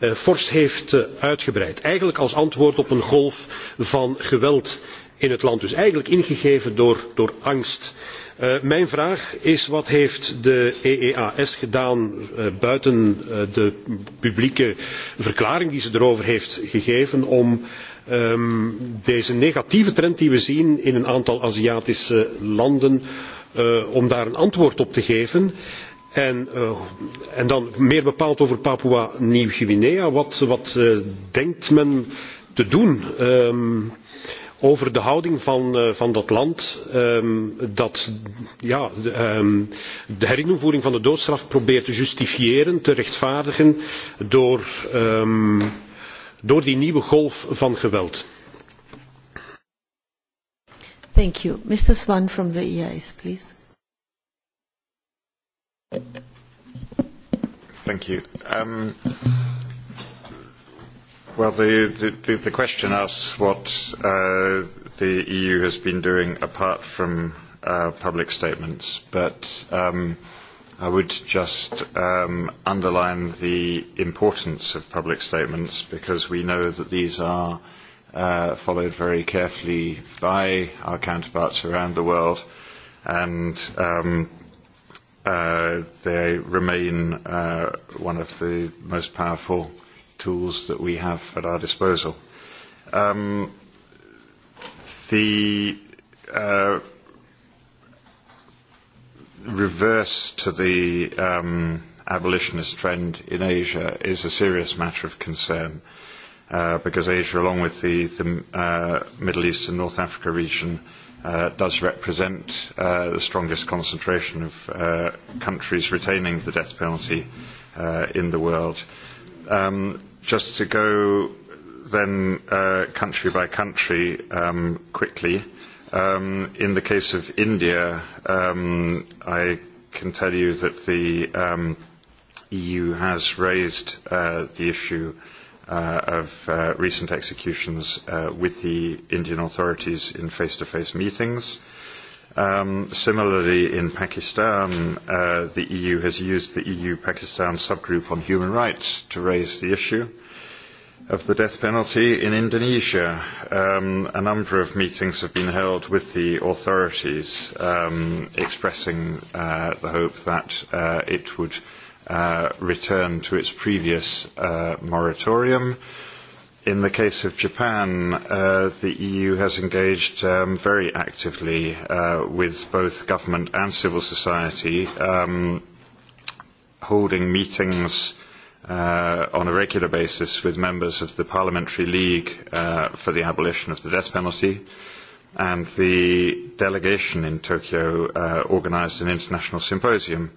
uh, fors heeft uh, uitgebreid. Eigenlijk als antwoord op een golf van geweld in het land. Dus eigenlijk ingegeven door, door angst. Uh, mijn vraag is wat heeft de EEAS gedaan uh, buiten uh, de publieke verklaring die ze erover heeft gegeven om um, deze negatieve trend die we zien in een aantal Aziatische landen om daar een antwoord op te geven En, uh, en dan meer bepaald over Papua Nieuw-Guinea. Wat, wat uh, denkt men te doen um, over de houding van, uh, van dat land um, dat ja, de, um, de herinvoering van de doodstraf probeert te justifiëren, te rechtvaardigen door, um, door die nieuwe golf van geweld. Thank you. Mr. Swan from the EIS, please. Thank you. Um, Well, the, the, the question asks what uh, the EU has been doing apart from uh, public statements, but um, I would just um, underline the importance of public statements because we know that these are uh, followed very carefully by our counterparts around the world and um, uh, they remain uh, one of the most powerful tools that we have at our disposal. Um, the uh, reverse to the um, abolitionist trend in Asia is a serious matter of concern uh, because Asia, along with the, the uh, Middle East and North Africa region, uh, does represent uh, the strongest concentration of uh, countries retaining the death penalty uh, in the world. Um, Just to go then uh, country by country um, quickly. Um, in the case of India, um, I can tell you that the um, EU has raised uh, the issue uh, of uh, recent executions uh, with the Indian authorities in face-to-face -face meetings. Um, similarly, in Pakistan, uh, the EU has used the EU-Pakistan subgroup on human rights to raise the issue of the death penalty in Indonesia. Um, a number of meetings have been held with the authorities um, expressing uh, the hope that uh, it would uh, return to its previous uh, moratorium In the case of Japan, uh, the EU has engaged um, very actively uh, with both government and civil society, um, holding meetings uh, on a regular basis with members of the Parliamentary League uh, for the abolition of the death penalty. And the delegation in Tokyo uh, organized an international symposium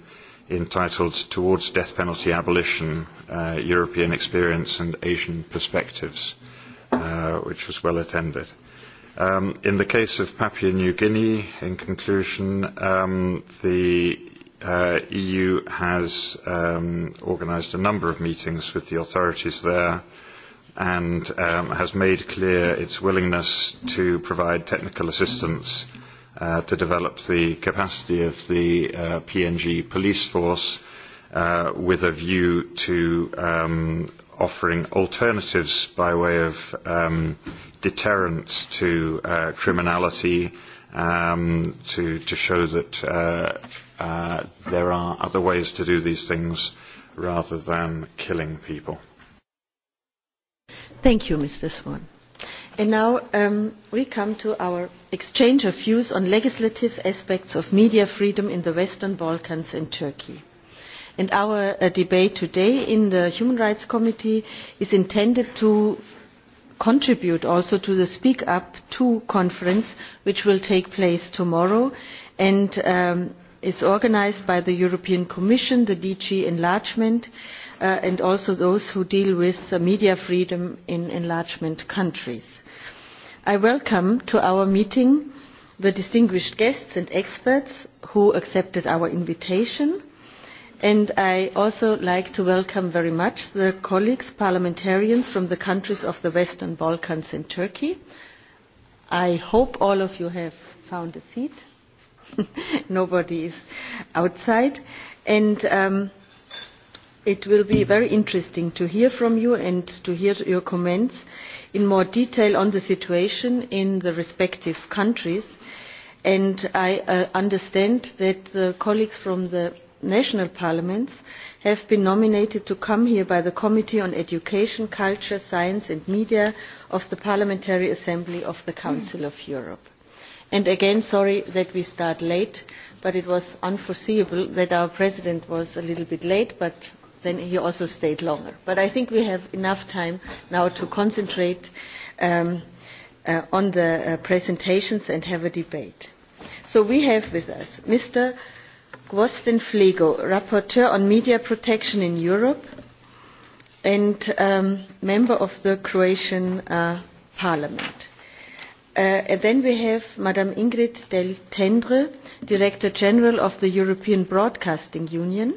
entitled Towards Death Penalty Abolition, uh, European Experience and Asian Perspectives, uh, which was well attended. Um, in the case of Papua New Guinea, in conclusion, um, the uh, EU has um, organised a number of meetings with the authorities there and um, has made clear its willingness to provide technical assistance uh, to develop the capacity of the uh, PNG police force uh, with a view to um, offering alternatives by way of um, deterrence to uh, criminality, um, to, to show that uh, uh, there are other ways to do these things rather than killing people. Thank you, Mr. Swan. And now um, we come to our exchange of views on legislative aspects of media freedom in the Western Balkans and Turkey. And our uh, debate today in the Human Rights Committee is intended to contribute also to the Speak Up 2 conference, which will take place tomorrow and um, is organized by the European Commission, the DG Enlargement, uh, and also those who deal with uh, media freedom in enlargement countries. I welcome to our meeting the distinguished guests and experts who accepted our invitation. And I also like to welcome very much the colleagues, parliamentarians from the countries of the Western Balkans and Turkey. I hope all of you have found a seat. Nobody is outside. And um, it will be very interesting to hear from you and to hear your comments in more detail on the situation in the respective countries. And I uh, understand that the colleagues from the national parliaments have been nominated to come here by the Committee on Education, Culture, Science and Media of the Parliamentary Assembly of the Council mm. of Europe. And again, sorry that we start late, but it was unforeseeable that our president was a little bit late, but then he also stayed longer. But I think we have enough time now to concentrate um, uh, on the uh, presentations and have a debate. So we have with us Mr. Gwostin Flego, Rapporteur on Media Protection in Europe and um, member of the Croatian uh, Parliament. Uh, and then we have Madame Ingrid Del Tendre, Director General of the European Broadcasting Union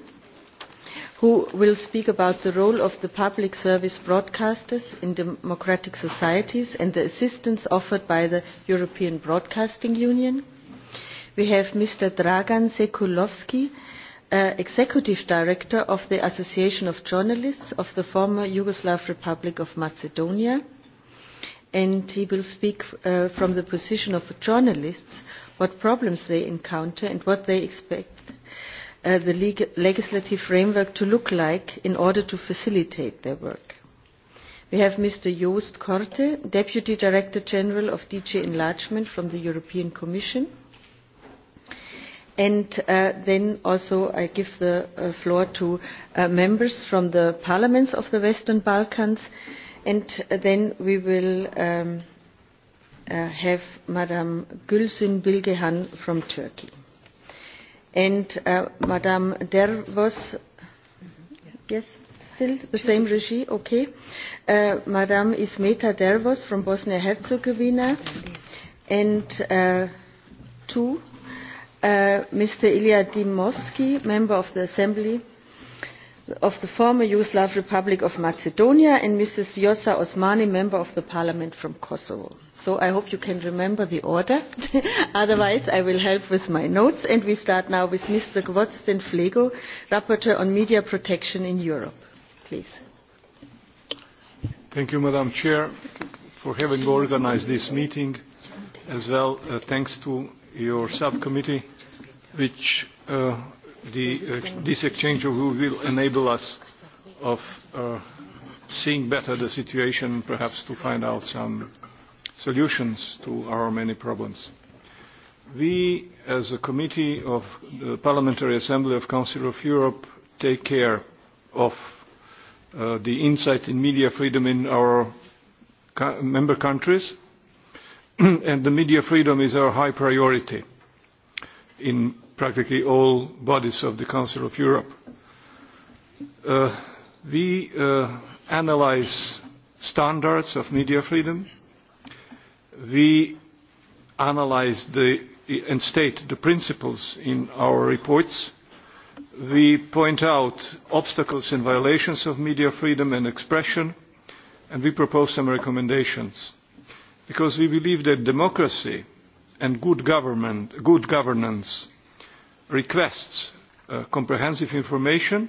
who will speak about the role of the public service broadcasters in democratic societies and the assistance offered by the European Broadcasting Union. We have Mr. Dragan Sekulovsky, uh, Executive Director of the Association of Journalists of the former Yugoslav Republic of Macedonia, and he will speak uh, from the position of journalists what problems they encounter and what they expect Uh, the leg legislative framework to look like in order to facilitate their work. We have Mr. Joost Korte, Deputy Director General of DG Enlargement from the European Commission. And uh, then also I give the uh, floor to uh, members from the parliaments of the Western Balkans. And then we will um, uh, have Madame Gülsün Bilgehan from Turkey. And uh, Madame Dervos, yes, still the same regime, okay. Uh, Madame Ismeta Dervos from Bosnia-Herzegovina, and uh, two, uh, Mr. Ilya Dimovsky, member of the Assembly of the former Yugoslav Republic of Macedonia and Mrs. Yossa Osmani, member of the parliament from Kosovo. So I hope you can remember the order. Otherwise, I will help with my notes. And we start now with Mr. Gwotsten Flego, Rapporteur on Media Protection in Europe. Please. Thank you, Madam Chair, for having organized this meeting, as well uh, thanks to your subcommittee, which uh, the, uh, this exchange of will enable us of uh, seeing better the situation, perhaps to find out some solutions to our many problems. We, as a committee of the Parliamentary Assembly of Council of Europe, take care of uh, the insight in media freedom in our member countries, and the media freedom is our high priority in practically all bodies of the Council of Europe. Uh, we uh, analyze standards of media freedom. We analyze the, and state the principles in our reports. We point out obstacles and violations of media freedom and expression, and we propose some recommendations. Because we believe that democracy and good, government, good governance requests uh, comprehensive information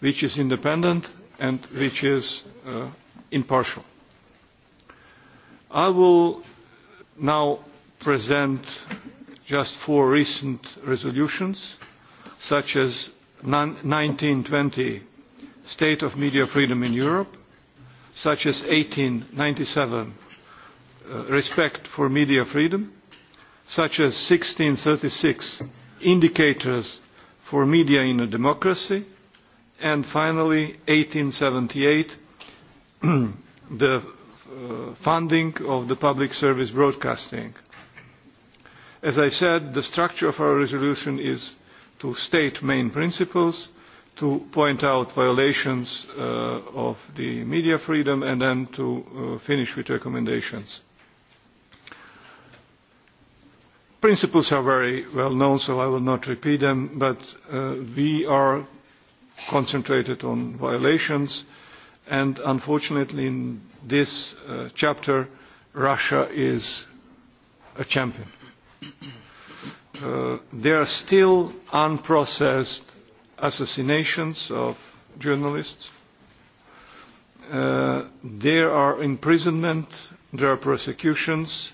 which is independent and which is uh, impartial. I will now present just four recent resolutions, such as 1920 State of Media Freedom in Europe, such as 1897 uh, Respect for Media Freedom, such as 1636 indicators for media in a democracy, and finally, 1878, the uh, funding of the public service broadcasting. As I said, the structure of our resolution is to state main principles, to point out violations uh, of the media freedom, and then to uh, finish with recommendations. principles are very well known, so I will not repeat them, but uh, we are concentrated on violations, and unfortunately in this uh, chapter, Russia is a champion. Uh, there are still unprocessed assassinations of journalists. Uh, there are imprisonment, there are prosecutions,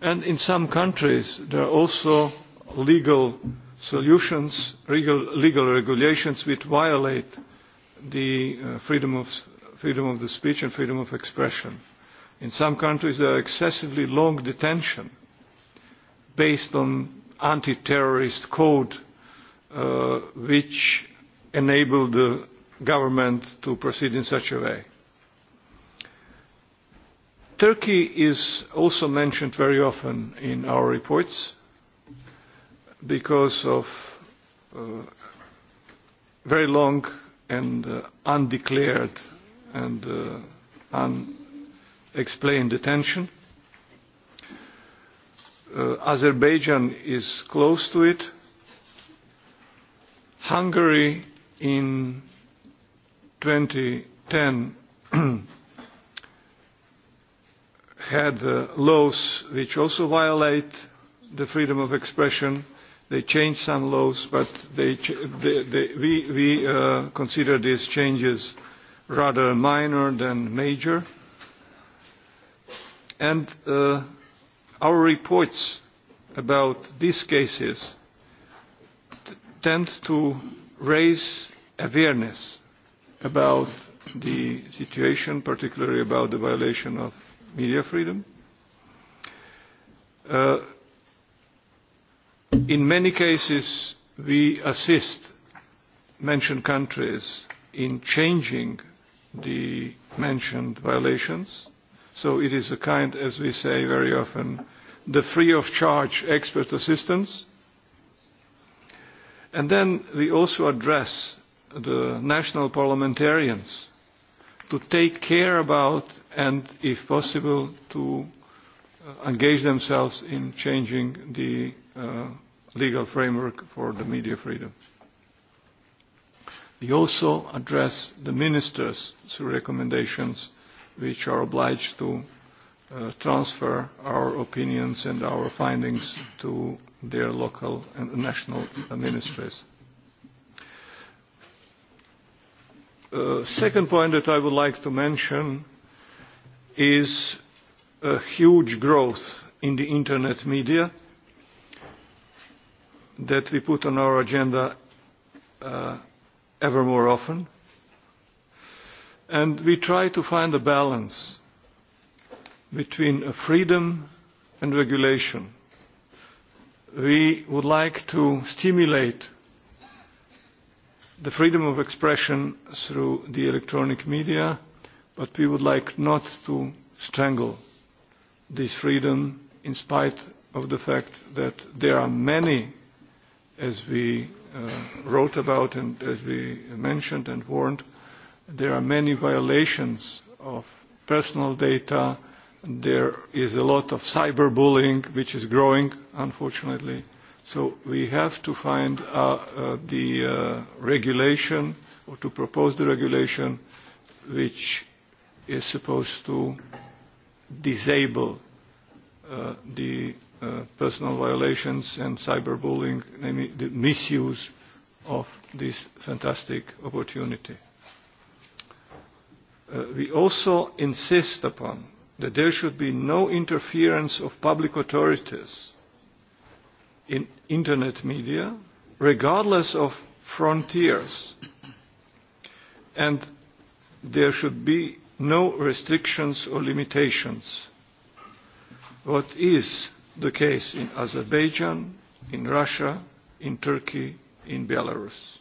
And in some countries, there are also legal solutions, legal, legal regulations which violate the uh, freedom, of, freedom of the speech and freedom of expression. In some countries, there are excessively long detention based on anti-terrorist code uh, which enable the government to proceed in such a way. Turkey is also mentioned very often in our reports because of uh, very long and uh, undeclared and uh, unexplained detention. Uh, Azerbaijan is close to it. Hungary in 2010 had uh, laws which also violate the freedom of expression. They changed some laws, but they ch they, they, we, we uh, consider these changes rather minor than major. And uh, our reports about these cases tend to raise awareness about the situation, particularly about the violation of media freedom. Uh, in many cases, we assist mentioned countries in changing the mentioned violations. So it is a kind, as we say very often, the free of charge expert assistance. And then we also address the national parliamentarians to take care about and, if possible, to uh, engage themselves in changing the uh, legal framework for the media freedom. We also address the ministers through recommendations which are obliged to uh, transfer our opinions and our findings to their local and national ministries. Uh, second point that I would like to mention is a huge growth in the internet media that we put on our agenda uh, ever more often. And we try to find a balance between a freedom and regulation. We would like to stimulate the freedom of expression through the electronic media But we would like not to strangle this freedom in spite of the fact that there are many, as we uh, wrote about and as we mentioned and warned, there are many violations of personal data. There is a lot of cyberbullying, which is growing, unfortunately. So we have to find uh, uh, the uh, regulation or to propose the regulation which is supposed to disable uh, the uh, personal violations and cyberbullying, namely the misuse of this fantastic opportunity. Uh, we also insist upon that there should be no interference of public authorities in internet media, regardless of frontiers. And there should be no restrictions or limitations. What is the case in Azerbaijan, in Russia, in Turkey, in Belarus?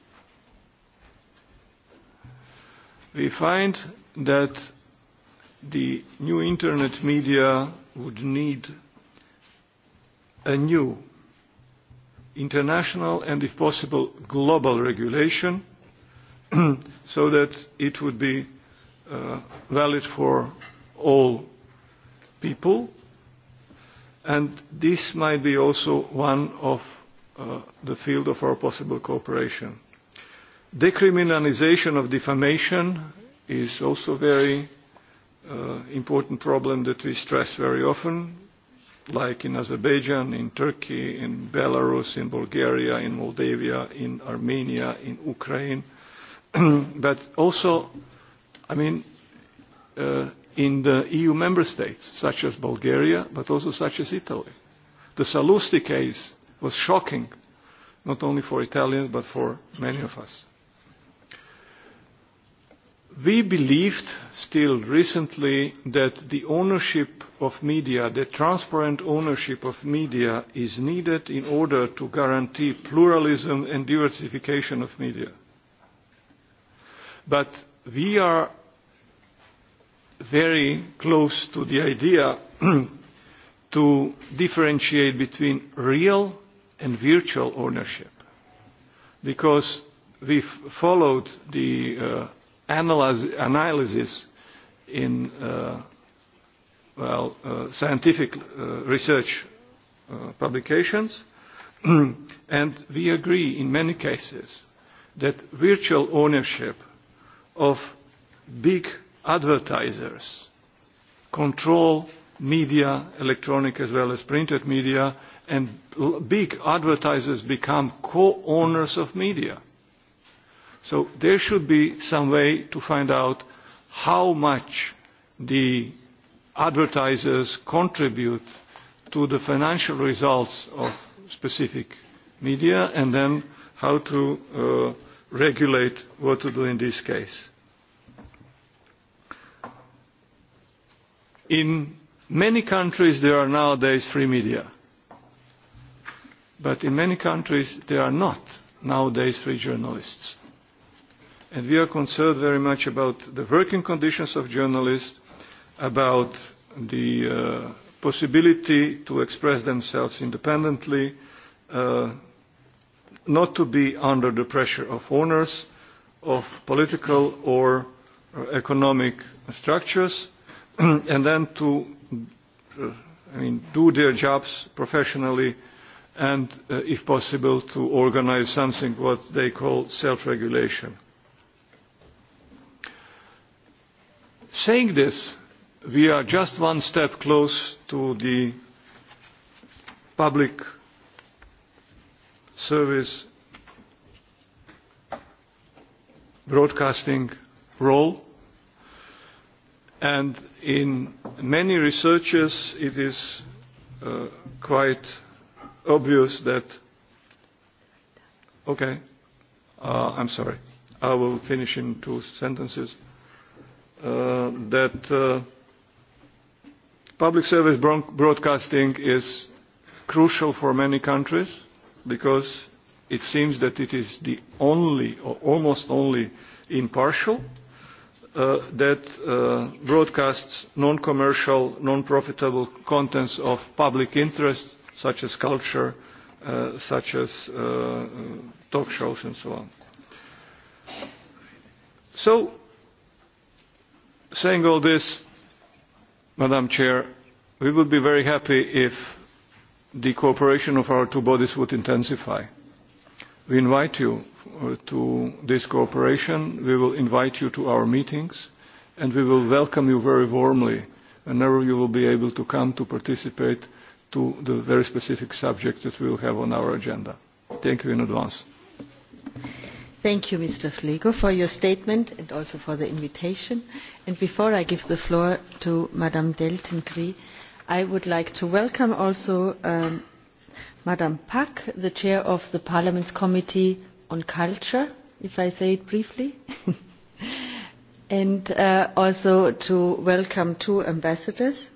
We find that the new internet media would need a new international and, if possible, global regulation so that it would be uh, valid for all people. And this might be also one of uh, the field of our possible cooperation. Decriminalization of defamation is also a very uh, important problem that we stress very often, like in Azerbaijan, in Turkey, in Belarus, in Bulgaria, in Moldavia, in Armenia, in Ukraine, but also I mean, uh, in the EU member states, such as Bulgaria, but also such as Italy. The Salusti case was shocking, not only for Italians, but for many of us. We believed still recently that the ownership of media, the transparent ownership of media is needed in order to guarantee pluralism and diversification of media. But we are very close to the idea to differentiate between real and virtual ownership because we followed the uh, analysis in uh, well, uh, scientific uh, research uh, publications and we agree in many cases that virtual ownership of big advertisers control media, electronic as well as printed media, and big advertisers become co-owners of media. So there should be some way to find out how much the advertisers contribute to the financial results of specific media and then how to uh, regulate what to do in this case. In many countries there are nowadays free media. But in many countries there are not nowadays free journalists. And we are concerned very much about the working conditions of journalists, about the uh, possibility to express themselves independently, uh, not to be under the pressure of owners, of political or uh, economic structures, and then to uh, I mean, do their jobs professionally and, uh, if possible, to organize something what they call self-regulation. Saying this, we are just one step close to the public service broadcasting role and in many researchers it is uh, quite obvious that okay uh, I'm sorry I will finish in two sentences uh, that uh, public service broadcasting is crucial for many countries because it seems that it is the only or almost only impartial uh, that uh, broadcasts non-commercial, non-profitable contents of public interest, such as culture, uh, such as uh, uh, talk shows and so on. So, saying all this, Madam Chair, we would be very happy if the cooperation of our two bodies would intensify. We invite you uh, to this cooperation. We will invite you to our meetings and we will welcome you very warmly whenever you will be able to come to participate to the very specific subjects that we will have on our agenda. Thank you in advance. Thank you, Mr. Flego, for your statement and also for the invitation. And before I give the floor to Madame Deltenkri, I would like to welcome also um, Madam Pak, the chair of the Parliament's Committee on Culture, if I say it briefly. and uh, also to welcome two ambassadors,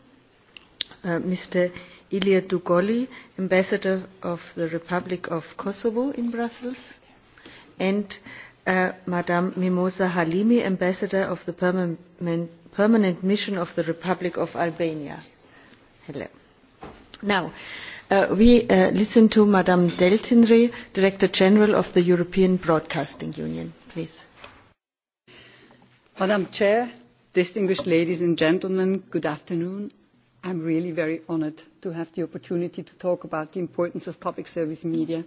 uh, Mr. Ilya Dugoli, Ambassador of the Republic of Kosovo in Brussels, and uh, Madame Mimosa Halimi, Ambassador of the Permanent, Permanent Mission of the Republic of Albania. Hello. Now, Uh, we uh, listen to Madame Deltinry, Director General of the European Broadcasting Union, please. Madam Chair, distinguished ladies and gentlemen, good afternoon. I'm really very honored to have the opportunity to talk about the importance of public service media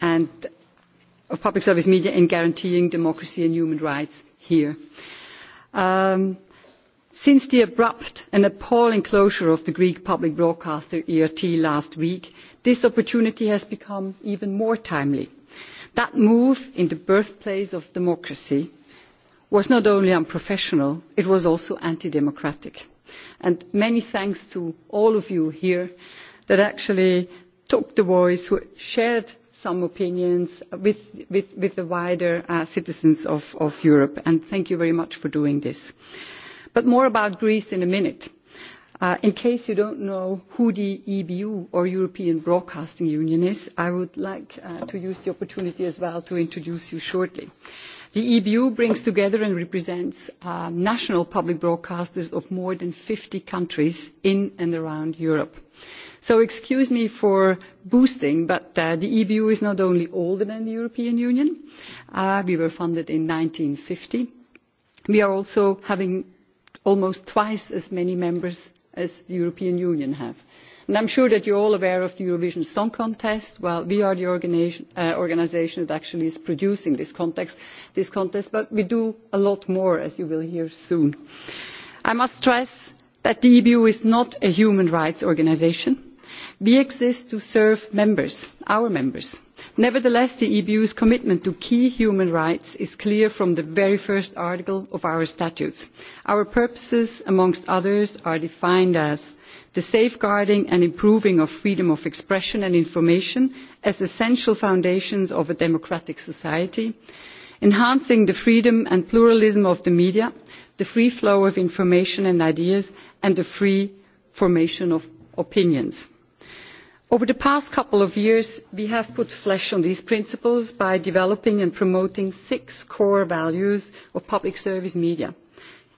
and of public service media in guaranteeing democracy and human rights here. Um, Since the abrupt and appalling closure of the Greek public broadcaster ERT last week, this opportunity has become even more timely. That move in the birthplace of democracy was not only unprofessional, it was also anti-democratic. And many thanks to all of you here that actually took the voice, who shared some opinions with, with, with the wider uh, citizens of, of Europe. And thank you very much for doing this. But more about Greece in a minute. Uh, in case you don't know who the EBU or European Broadcasting Union is, I would like uh, to use the opportunity as well to introduce you shortly. The EBU brings together and represents uh, national public broadcasters of more than 50 countries in and around Europe. So excuse me for boosting, but uh, the EBU is not only older than the European Union. Uh, we were funded in 1950. We are also having almost twice as many members as the European Union have. And I'm sure that you're all aware of the Eurovision Song Contest. Well, we are the organisation uh, organization that actually is producing this, context, this contest, but we do a lot more, as you will hear soon. I must stress that the EBU is not a human rights organization. We exist to serve members, our members Nevertheless, the EBU's commitment to key human rights is clear from the very first article of our statutes. Our purposes, amongst others, are defined as the safeguarding and improving of freedom of expression and information as essential foundations of a democratic society, enhancing the freedom and pluralism of the media, the free flow of information and ideas, and the free formation of opinions. Over the past couple of years, we have put flesh on these principles by developing and promoting six core values of public service media.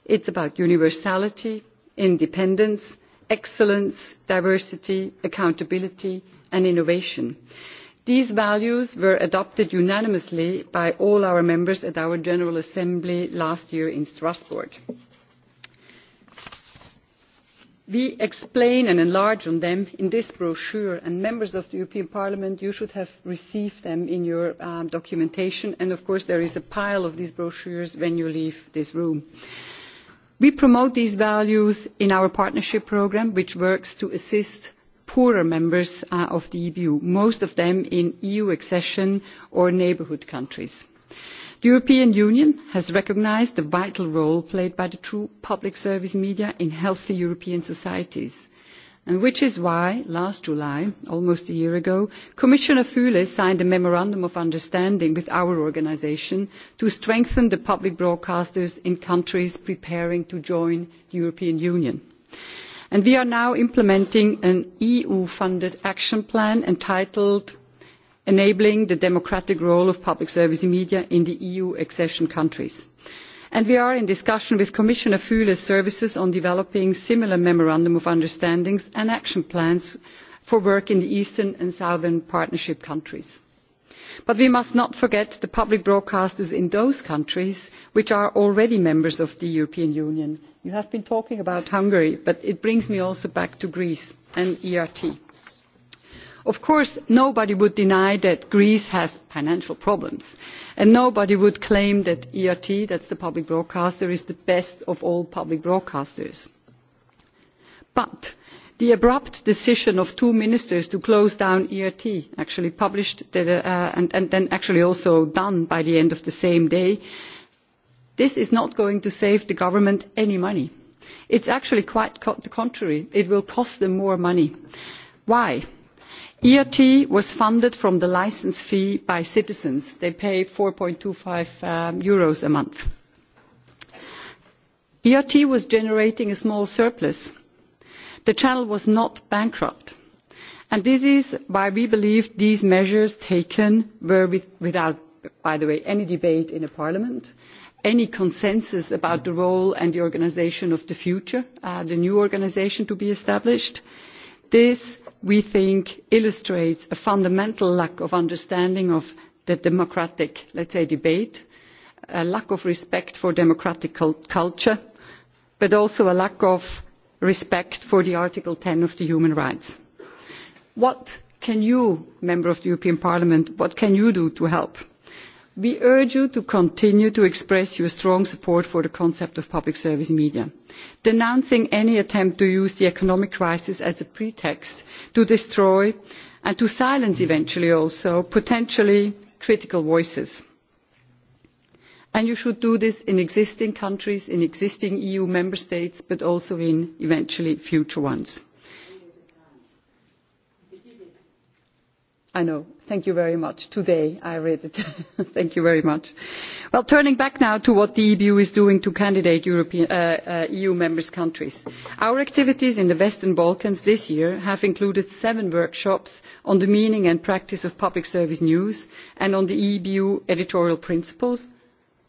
It's about universality, independence, excellence, diversity, accountability and innovation. These values were adopted unanimously by all our members at our General Assembly last year in Strasbourg. We explain and enlarge on them in this brochure, and members of the European Parliament, you should have received them in your um, documentation, and of course there is a pile of these brochures when you leave this room. We promote these values in our partnership programme, which works to assist poorer members uh, of the EU, most of them in EU accession or neighbourhood countries. The European Union has recognised the vital role played by the true public service media in healthy European societies. And which is why, last July, almost a year ago, Commissioner Fule signed a memorandum of understanding with our organisation to strengthen the public broadcasters in countries preparing to join the European Union. And we are now implementing an EU-funded action plan entitled enabling the democratic role of public service media in the EU accession countries. And we are in discussion with Commissioner Füle's services on developing similar memorandum of understandings and action plans for work in the Eastern and Southern Partnership countries. But we must not forget the public broadcasters in those countries which are already members of the European Union. You have been talking about Hungary, but it brings me also back to Greece and ERT. Of course, nobody would deny that Greece has financial problems, and nobody would claim that ERT, that's the public broadcaster, is the best of all public broadcasters. But the abrupt decision of two ministers to close down ERT, actually published the, uh, and, and then actually also done by the end of the same day, this is not going to save the government any money. It's actually quite co the contrary. It will cost them more money. Why? ERT was funded from the license fee by citizens. They pay 4.25 um, euros a month. ERT was generating a small surplus. The channel was not bankrupt. And this is why we believe these measures taken were with, without, by the way, any debate in the parliament, any consensus about the role and the organisation of the future, uh, the new organisation to be established. This we think illustrates a fundamental lack of understanding of the democratic, let's say, debate, a lack of respect for democratic cult culture, but also a lack of respect for the Article 10 of the human rights. What can you, Member of the European Parliament, what can you do to help? We urge you to continue to express your strong support for the concept of public service media, denouncing any attempt to use the economic crisis as a pretext to destroy and to silence eventually also potentially critical voices. And you should do this in existing countries, in existing EU member states, but also in eventually future ones. I know. Thank you very much. Today I read it. Thank you very much. Well, turning back now to what the EBU is doing to candidate European, uh, uh, EU member countries. Our activities in the Western Balkans this year have included seven workshops on the meaning and practice of public service news and on the EBU editorial principles,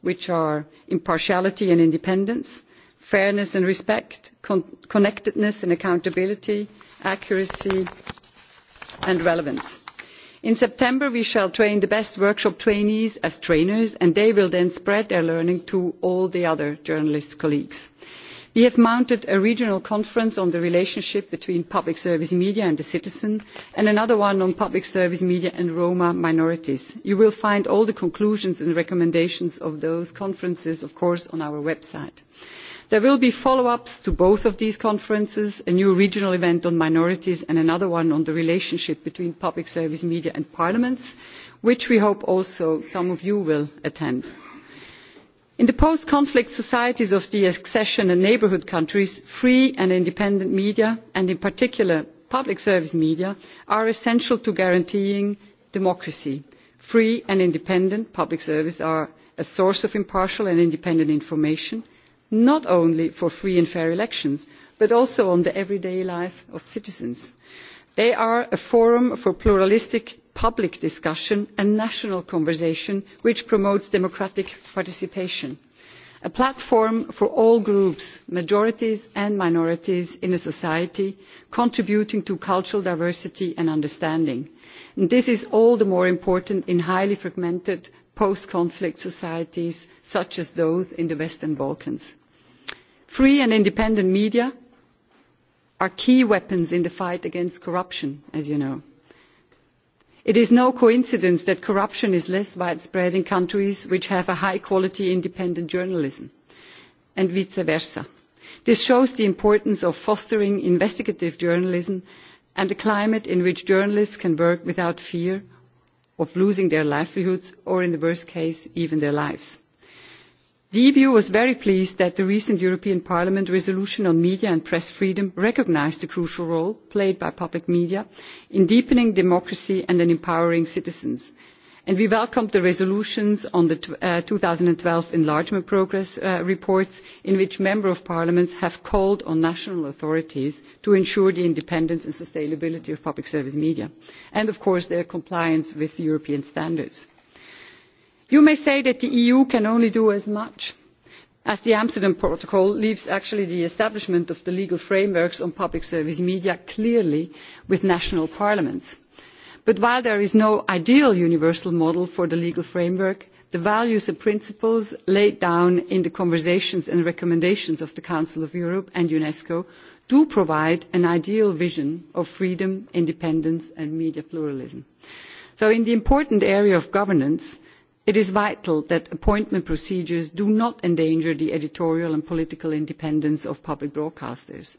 which are impartiality and independence, fairness and respect, con connectedness and accountability, accuracy and relevance in september we shall train the best workshop trainees as trainers and they will then spread their learning to all the other journalist colleagues. we have mounted a regional conference on the relationship between public service media and the citizen and another one on public service media and roma minorities. you will find all the conclusions and recommendations of those conferences of course on our website. There will be follow-ups to both of these conferences, a new regional event on minorities and another one on the relationship between public service media and parliaments, which we hope also some of you will attend. In the post-conflict societies of the accession and neighbourhood countries, free and independent media, and in particular public service media, are essential to guaranteeing democracy. Free and independent public service are a source of impartial and independent information, not only for free and fair elections, but also on the everyday life of citizens. They are a forum for pluralistic public discussion and national conversation which promotes democratic participation. A platform for all groups, majorities and minorities in a society, contributing to cultural diversity and understanding. And this is all the more important in highly fragmented post-conflict societies such as those in the Western Balkans. Free and independent media are key weapons in the fight against corruption, as you know. It is no coincidence that corruption is less widespread in countries which have a high quality independent journalism, and vice versa. This shows the importance of fostering investigative journalism and a climate in which journalists can work without fear of losing their livelihoods or, in the worst case, even their lives the EBU was very pleased that the recent european parliament resolution on media and press freedom recognised the crucial role played by public media in deepening democracy and in empowering citizens and we welcomed the resolutions on the uh, two twelve enlargement progress uh, reports in which member of parliaments have called on national authorities to ensure the independence and sustainability of public service media and of course their compliance with european standards. You may say that the EU can only do as much as the Amsterdam Protocol leaves actually the establishment of the legal frameworks on public service media clearly with national parliaments. But while there is no ideal universal model for the legal framework, the values and principles laid down in the conversations and recommendations of the Council of Europe and UNESCO do provide an ideal vision of freedom, independence and media pluralism. So in the important area of governance, It is vital that appointment procedures do not endanger the editorial and political independence of public broadcasters.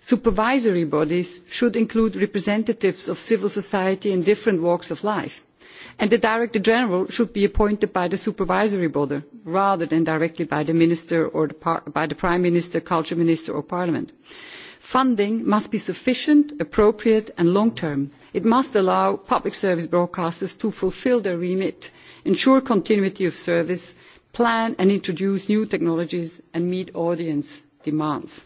Supervisory bodies should include representatives of civil society in different walks of life, and the Director General should be appointed by the supervisory body rather than directly by the Minister or the by the Prime Minister, Culture Minister or Parliament. Funding must be sufficient, appropriate and long-term. It must allow public service broadcasters to fulfil their remit ensure continuity of service, plan and introduce new technologies and meet audience demands.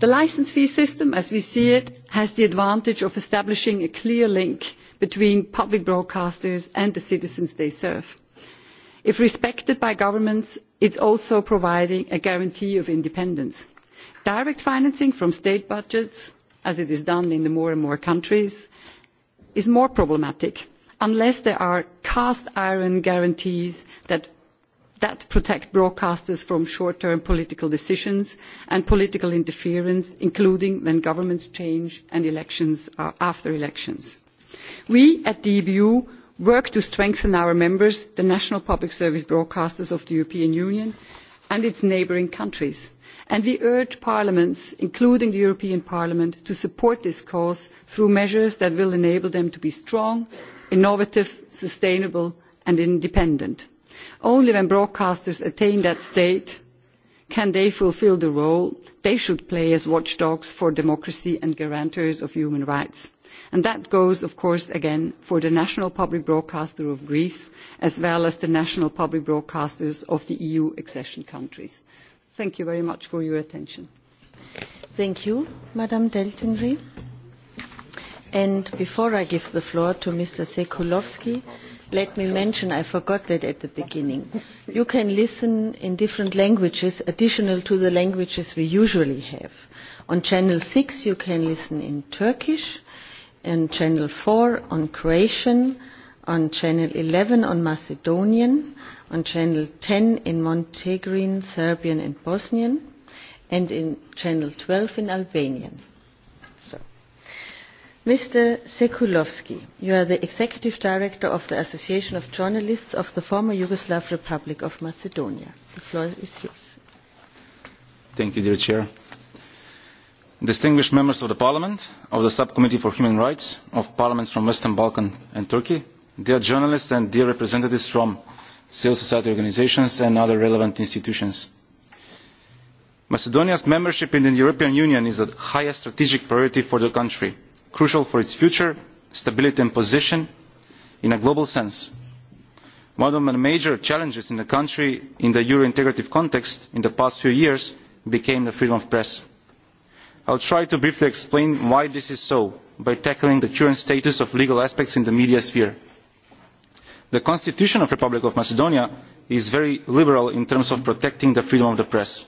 The licence fee system, as we see it, has the advantage of establishing a clear link between public broadcasters and the citizens they serve. If respected by governments, it is also providing a guarantee of independence. Direct financing from state budgets, as it is done in more and more countries, is more problematic unless there are cast iron guarantees that, that protect broadcasters from short term political decisions and political interference, including when governments change and elections are uh, after elections. We at the EBU work to strengthen our members, the national public service broadcasters of the European Union and its neighbouring countries and we urge parliaments including the european parliament to support this cause through measures that will enable them to be strong innovative, sustainable and independent. Only when broadcasters attain that state can they fulfil the role they should play as watchdogs for democracy and guarantors of human rights. And that goes, of course, again for the national public broadcaster of Greece as well as the national public broadcasters of the EU accession countries. Thank you very much for your attention. Thank you, Madam Deltenry. And before I give the floor to Mr. Sekulovsky, let me mention, I forgot that at the beginning, you can listen in different languages additional to the languages we usually have. On Channel 6 you can listen in Turkish, on Channel 4 on Croatian, on Channel 11 on Macedonian, on Channel 10 in Montenegrin, Serbian and Bosnian, and in Channel 12 in Albanian. So. Mr. Sekulovsky, you are the Executive Director of the Association of Journalists of the former Yugoslav Republic of Macedonia. The floor is yours. Thank you, dear Chair. Distinguished members of the Parliament, of the Subcommittee for Human Rights, of Parliaments from Western Balkan and Turkey, dear journalists and dear representatives from civil society organizations and other relevant institutions. Macedonia's membership in the European Union is the highest strategic priority for the country crucial for its future stability and position in a global sense. One of the major challenges in the country in the euro integrative context in the past few years became the freedom of press. I will try to briefly explain why this is so by tackling the current status of legal aspects in the media sphere. The Constitution of the Republic of Macedonia is very liberal in terms of protecting the freedom of the press.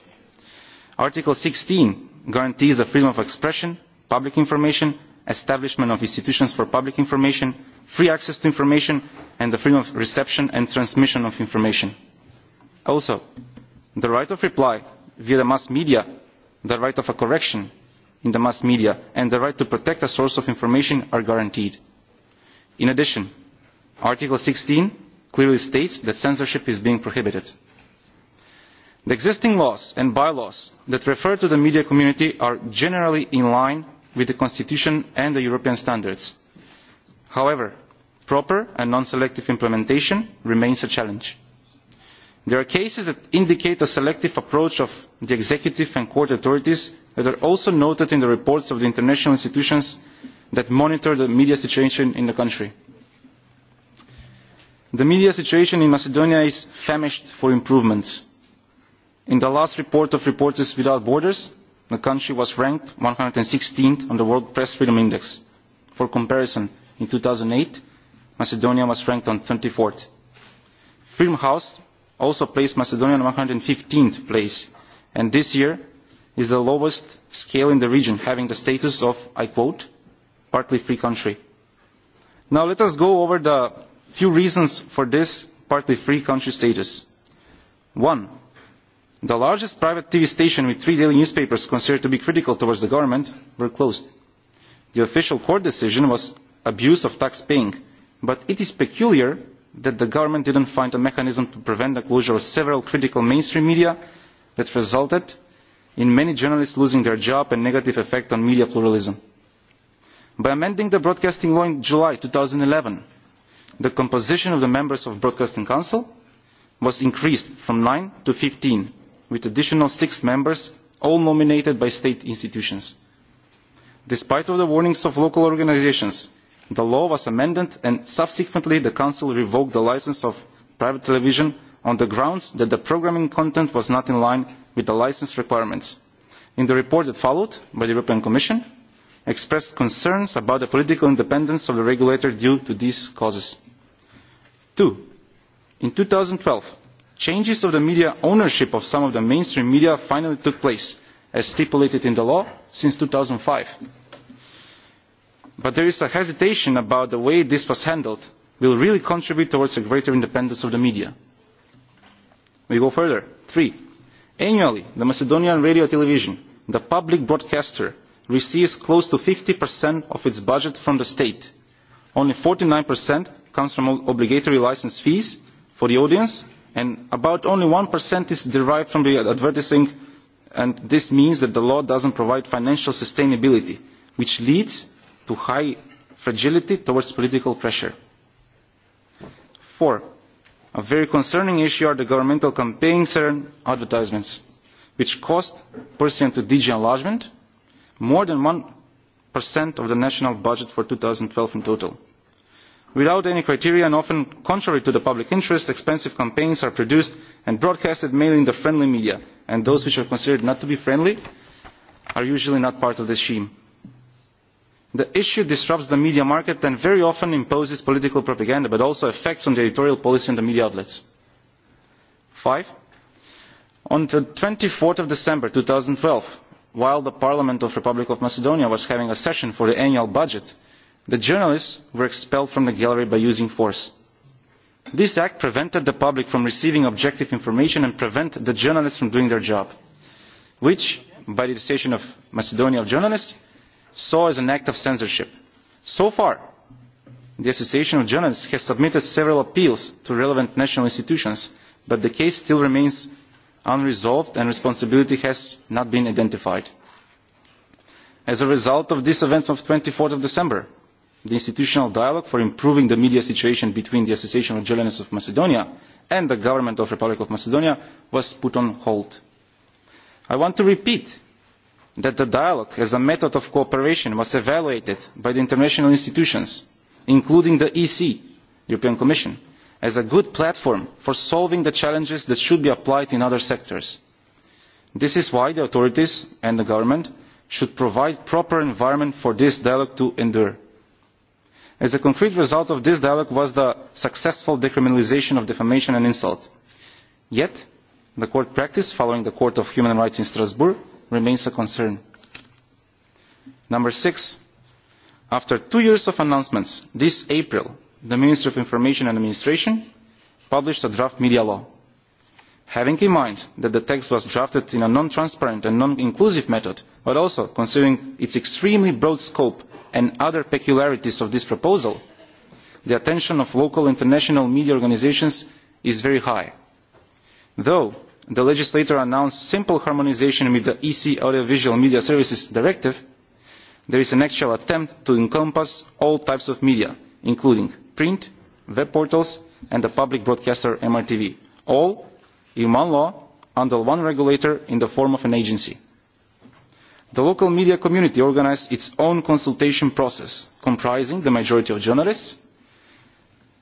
Article 16 guarantees the freedom of expression, public information establishment of institutions for public information, free access to information, and the freedom of reception and transmission of information. Also, the right of reply via the mass media, the right of a correction in the mass media, and the right to protect a source of information are guaranteed. In addition, Article 16 clearly states that censorship is being prohibited. The existing laws and bylaws that refer to the media community are generally in line with the Constitution and the European standards. However, proper and non-selective implementation remains a challenge. There are cases that indicate a selective approach of the executive and court authorities that are also noted in the reports of the international institutions that monitor the media situation in the country. The media situation in Macedonia is famished for improvements. In the last report of Reporters Without Borders, the country was ranked 116th on the World Press Freedom Index. For comparison, in 2008, Macedonia was ranked on 24th. Freedom House also placed Macedonia on 115th place, and this year is the lowest scale in the region, having the status of, I quote, partly free country. Now let us go over the few reasons for this partly free country status. One, The largest private TV station with three daily newspapers considered to be critical towards the government were closed. The official court decision was abuse of tax paying, but it is peculiar that the government didn't find a mechanism to prevent the closure of several critical mainstream media that resulted in many journalists losing their job and negative effect on media pluralism. By amending the broadcasting law in July 2011, the composition of the members of the Broadcasting Council was increased from 9 to 15 with additional six members, all nominated by state institutions. Despite of the warnings of local organizations, the law was amended and subsequently the Council revoked the license of private television on the grounds that the programming content was not in line with the license requirements. In the report that followed by the European Commission, expressed concerns about the political independence of the regulator due to these causes. Two, in 2012, changes of the media ownership of some of the mainstream media finally took place, as stipulated in the law, since 2005. But there is a hesitation about the way this was handled will really contribute towards a greater independence of the media. We go further. Three, annually, the Macedonian radio television, the public broadcaster, receives close to 50% of its budget from the state. Only 49% comes from obligatory license fees for the audience and about only 1% is derived from the advertising and this means that the law doesn't provide financial sustainability, which leads to high fragility towards political pressure. Four, a very concerning issue are the governmental campaigns and advertisements, which cost, pursuant to DG enlargement, more than 1% of the national budget for 2012 in total. Without any criteria and often contrary to the public interest, expensive campaigns are produced and broadcasted mainly in the friendly media, and those which are considered not to be friendly are usually not part of the scheme. The issue disrupts the media market and very often imposes political propaganda, but also effects on the editorial policy and the media outlets. Five, on the december two of December twelve, while the Parliament of the Republic of Macedonia was having a session for the annual budget, The journalists were expelled from the gallery by using force. This act prevented the public from receiving objective information and prevented the journalists from doing their job, which, by the decision of Macedonian journalists, saw as an act of censorship. So far, the Association of Journalists has submitted several appeals to relevant national institutions, but the case still remains unresolved and responsibility has not been identified. As a result of these events of 24th of December, the institutional dialogue for improving the media situation between the Association of Journalists of Macedonia and the government of the Republic of Macedonia was put on hold. I want to repeat that the dialogue as a method of cooperation was evaluated by the international institutions, including the EC, European Commission, as a good platform for solving the challenges that should be applied in other sectors. This is why the authorities and the government should provide proper environment for this dialogue to endure. As a concrete result of this dialogue was the successful decriminalization of defamation and insult. Yet, the court practice following the Court of Human Rights in Strasbourg remains a concern. Number six, after two years of announcements, this April, the Ministry of Information and Administration published a draft media law. Having in mind that the text was drafted in a non-transparent and non-inclusive method, but also considering its extremely broad scope and other peculiarities of this proposal, the attention of local international media organisations is very high. Though the legislator announced simple harmonisation with the EC Audiovisual Media Services Directive, there is an actual attempt to encompass all types of media, including print, web portals, and the public broadcaster MRTV, all in one law under one regulator in the form of an agency. The local media community organised its own consultation process, comprising the majority of journalists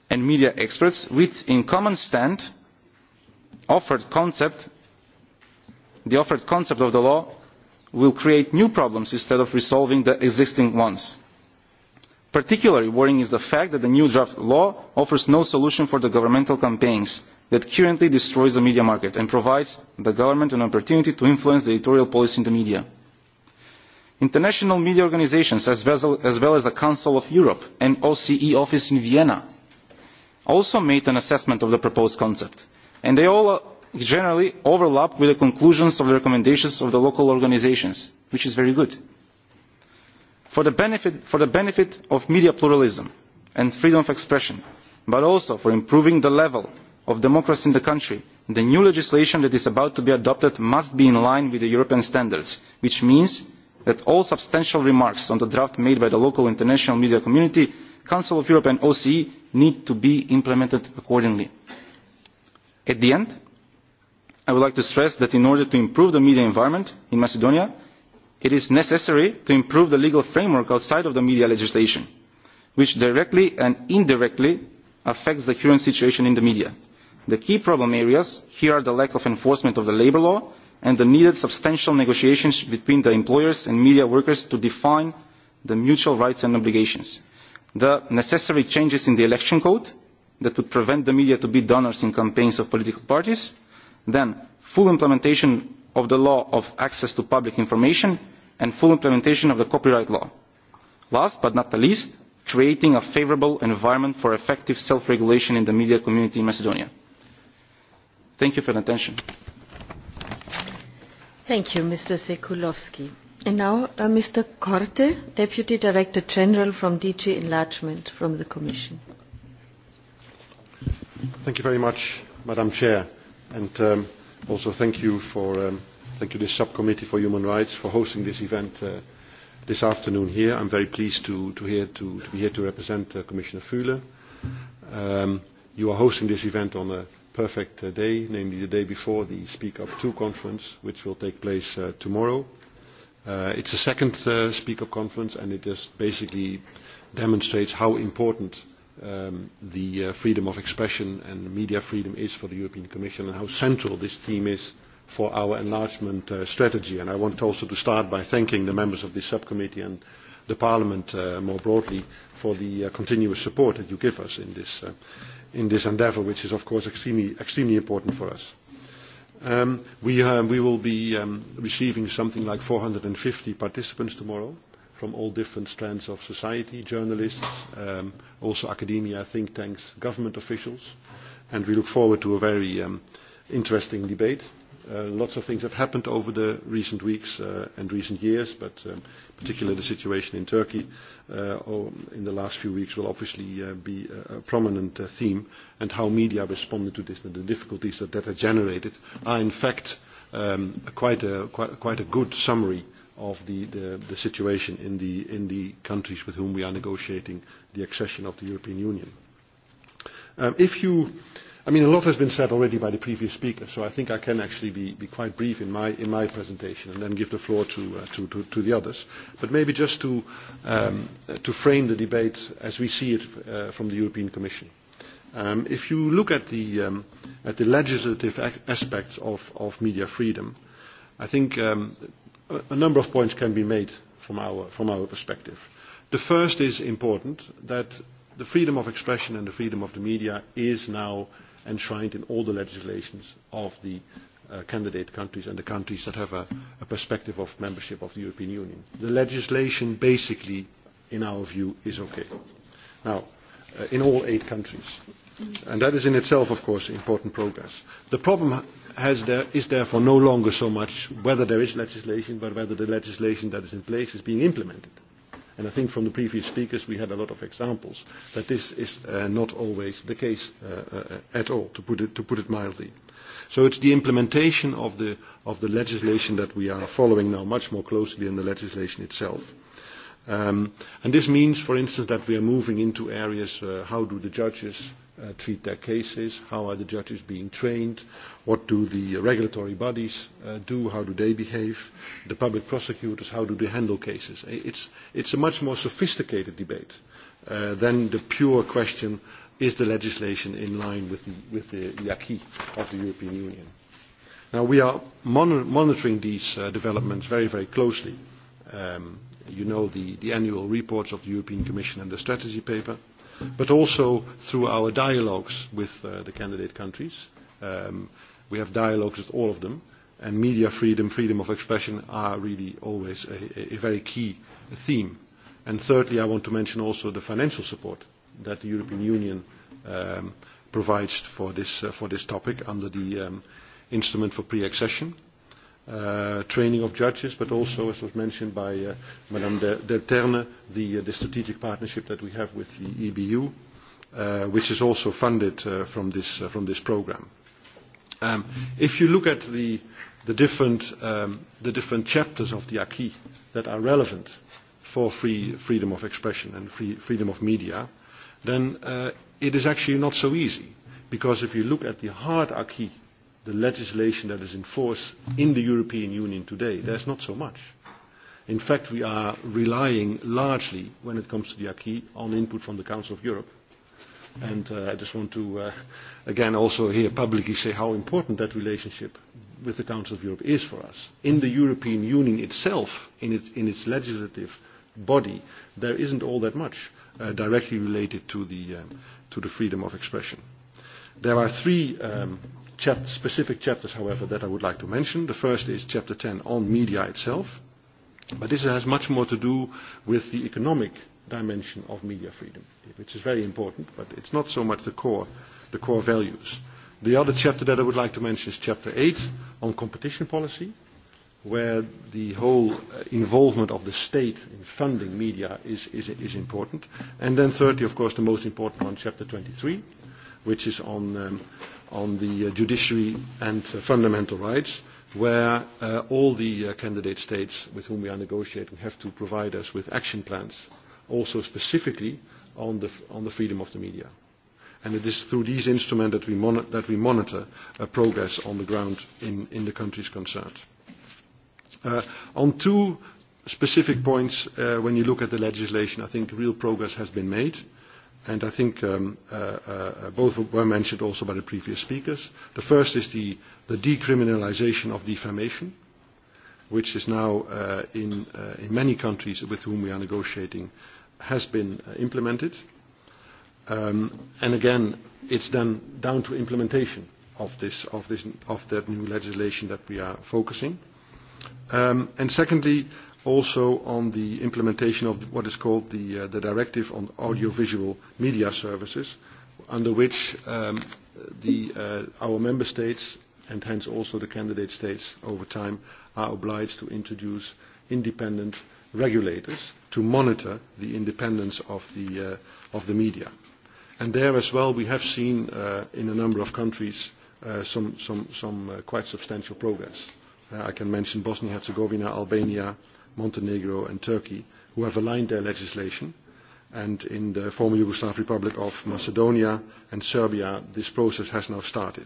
and media experts with in common stand offered concept, the offered concept of the law will create new problems instead of resolving the existing ones. Particularly worrying is the fact that the new draft law offers no solution for the governmental campaigns that currently destroys the media market and provides the government an opportunity to influence the editorial policy in the media. International media organisations, as well, as well as the Council of Europe and OCE office in Vienna also made an assessment of the proposed concept, and they all uh, generally overlap with the conclusions of the recommendations of the local organisations, which is very good. For the benefit, for the benefit of media pluralism and freedom of expression, but also for improving the level of democracy in the country, the new legislation that is about to be adopted must be in line with the European standards, which means that all substantial remarks on the draft made by the local international media community, Council of Europe and OCE need to be implemented accordingly. At the end, I would like to stress that in order to improve the media environment in Macedonia, it is necessary to improve the legal framework outside of the media legislation, which directly and indirectly affects the current situation in the media. The key problem areas here are the lack of enforcement of the labour law and the needed substantial negotiations between the employers and media workers to define the mutual rights and obligations. The necessary changes in the election code that would prevent the media to be donors in campaigns of political parties. Then, full implementation of the law of access to public information and full implementation of the copyright law. Last but not the least, creating a favourable environment for effective self-regulation in the media community in Macedonia. Thank you for your attention. Thank you, Mr. Sekulovsky. And now, uh, Mr. Korte, Deputy Director General from DG Enlargement from the Commission. Thank you very much, Madam Chair, and um, also thank you for um, thank you this subcommittee for human rights for hosting this event uh, this afternoon here. I'm very pleased to, to, hear to, to be here to represent uh, Commissioner Fule. Um, you are hosting this event on a perfect uh, day, namely the day before the Speak Up 2 conference, which will take place uh, tomorrow. Uh, it's the second uh, Speak Up conference, and it just basically demonstrates how important um, the uh, freedom of expression and media freedom is for the European Commission and how central this theme is for our enlargement uh, strategy. And I want also to start by thanking the members of this subcommittee and the Parliament uh, more broadly for the uh, continuous support that you give us in this. Uh, in this endeavour, which is of course extremely, extremely important for us. Um, we, um, we will be um, receiving something like 450 participants tomorrow from all different strands of society, journalists, um, also academia, think tanks, government officials, and we look forward to a very um, interesting debate. Uh, lots of things have happened over the recent weeks uh, and recent years, but um, particularly the situation in Turkey uh, or in the last few weeks will obviously uh, be a, prominent uh, theme, and how media responded to this and the difficulties that that has generated are in fact um, quite, a, quite, quite a good summary of the, the, the situation in the, in the countries with whom we are negotiating the accession of the European Union. Um, if you I mean, a lot has been said already by the previous speaker, so I think I can actually be, be quite brief in my, in my presentation and then give the floor to, uh, to, to, to the others. But maybe just to, um, to frame the debate as we see it uh, from the European Commission. Um, if you look at the, um, at the legislative aspects of, of media freedom, I think um, a, a number of points can be made from our, from our perspective. The first is important that the freedom of expression and the freedom of the media is now enshrined in all the legislations of the uh, candidate countries and the countries that have a, a perspective of membership of the European Union. The legislation basically, in our view, is okay. Now, uh, in all eight countries. And that is in itself, of course, important progress. The problem has there, is therefore no longer so much whether there is legislation, but whether the legislation that is in place is being implemented. And I think from the previous speakers we had a lot of examples that this is uh, not always the case uh, uh, at all, to put, it, to put it mildly. So it's the implementation of the, of the legislation that we are following now much more closely than the legislation itself. Um, and this means, for instance, that we are moving into areas, uh, how do the judges uh, treat their cases, how are the judges being trained, what do the regulatory bodies uh, do, how do they behave, the public prosecutors, how do they handle cases. It's, it's a much more sophisticated debate uh, than the pure question, is the legislation in line with the, with the, the acquis of the European Union. Now, we are mon monitoring these uh, developments very, very closely. Um, you know the, the annual reports of the European Commission and the strategy paper, but also through our dialogues with uh, the candidate countries. Um, we have dialogues with all of them, and media freedom, freedom of expression are really always a, a very key theme. And thirdly, I want to mention also the financial support that the European Union um, provides for this, uh, for this topic under the um, Instrument for Pre-Accession uh, training of judges, but also, as was mentioned by uh, Madame del Terne, the, uh, the strategic partnership that we have with the EBU, uh, which is also funded uh, from, this, uh, from this program. Um, if you look at the, the, different, um, the different chapters of the acquis that are relevant for free, freedom of expression and free, freedom of media, then uh, it is actually not so easy, because if you look at the hard acquis the legislation that is in force in the European Union today, there's not so much. In fact, we are relying largely, when it comes to the acquis, on input from the Council of Europe. And uh, I just want to, uh, again, also here publicly say how important that relationship with the Council of Europe is for us. In the European Union itself, in its, in its legislative body, there isn't all that much uh, directly related to the, um, to the freedom of expression. There are three um, chap specific chapters, however, that I would like to mention. The first is Chapter 10 on media itself, but this has much more to do with the economic dimension of media freedom, which is very important, but it's not so much the core, the core values. The other chapter that I would like to mention is Chapter 8 on competition policy, where the whole involvement of the state in funding media is, is, is important. And then thirdly, of course, the most important one, Chapter 23, which is on um, on the uh, judiciary and uh, fundamental rights, where uh, all the uh, candidate states with whom we are negotiating have to provide us with action plans, also specifically on the, on the freedom of the media. And it is through these instruments that we, mon that we monitor uh, progress on the ground in, in the countries concerned. Uh, on two specific points, uh, when you look at the legislation, I think real progress has been made. Uh, and I think um, uh, uh, both were mentioned also by the previous speakers. The first is the, the decriminalization of defamation, which is now uh, in, uh, in many countries with whom we are negotiating has been uh, implemented. Um, and again, it's then down to implementation of, this, of, this, of that new legislation that we are focusing. Um, and secondly, also on the implementation of what is called the, uh, the Directive on Audiovisual Media Services, under which um, the, uh, our member states and hence also the candidate states over time are obliged to introduce independent regulators to monitor the independence of the, uh, of the media. And there as well we have seen uh, in a number of countries uh, some, some, some uh, quite substantial progress. Uh, I can mention Bosnia-Herzegovina, Albania, Montenegro and Turkey, who have aligned their legislation. And in the former Yugoslav Republic of Macedonia and Serbia, this process has now started.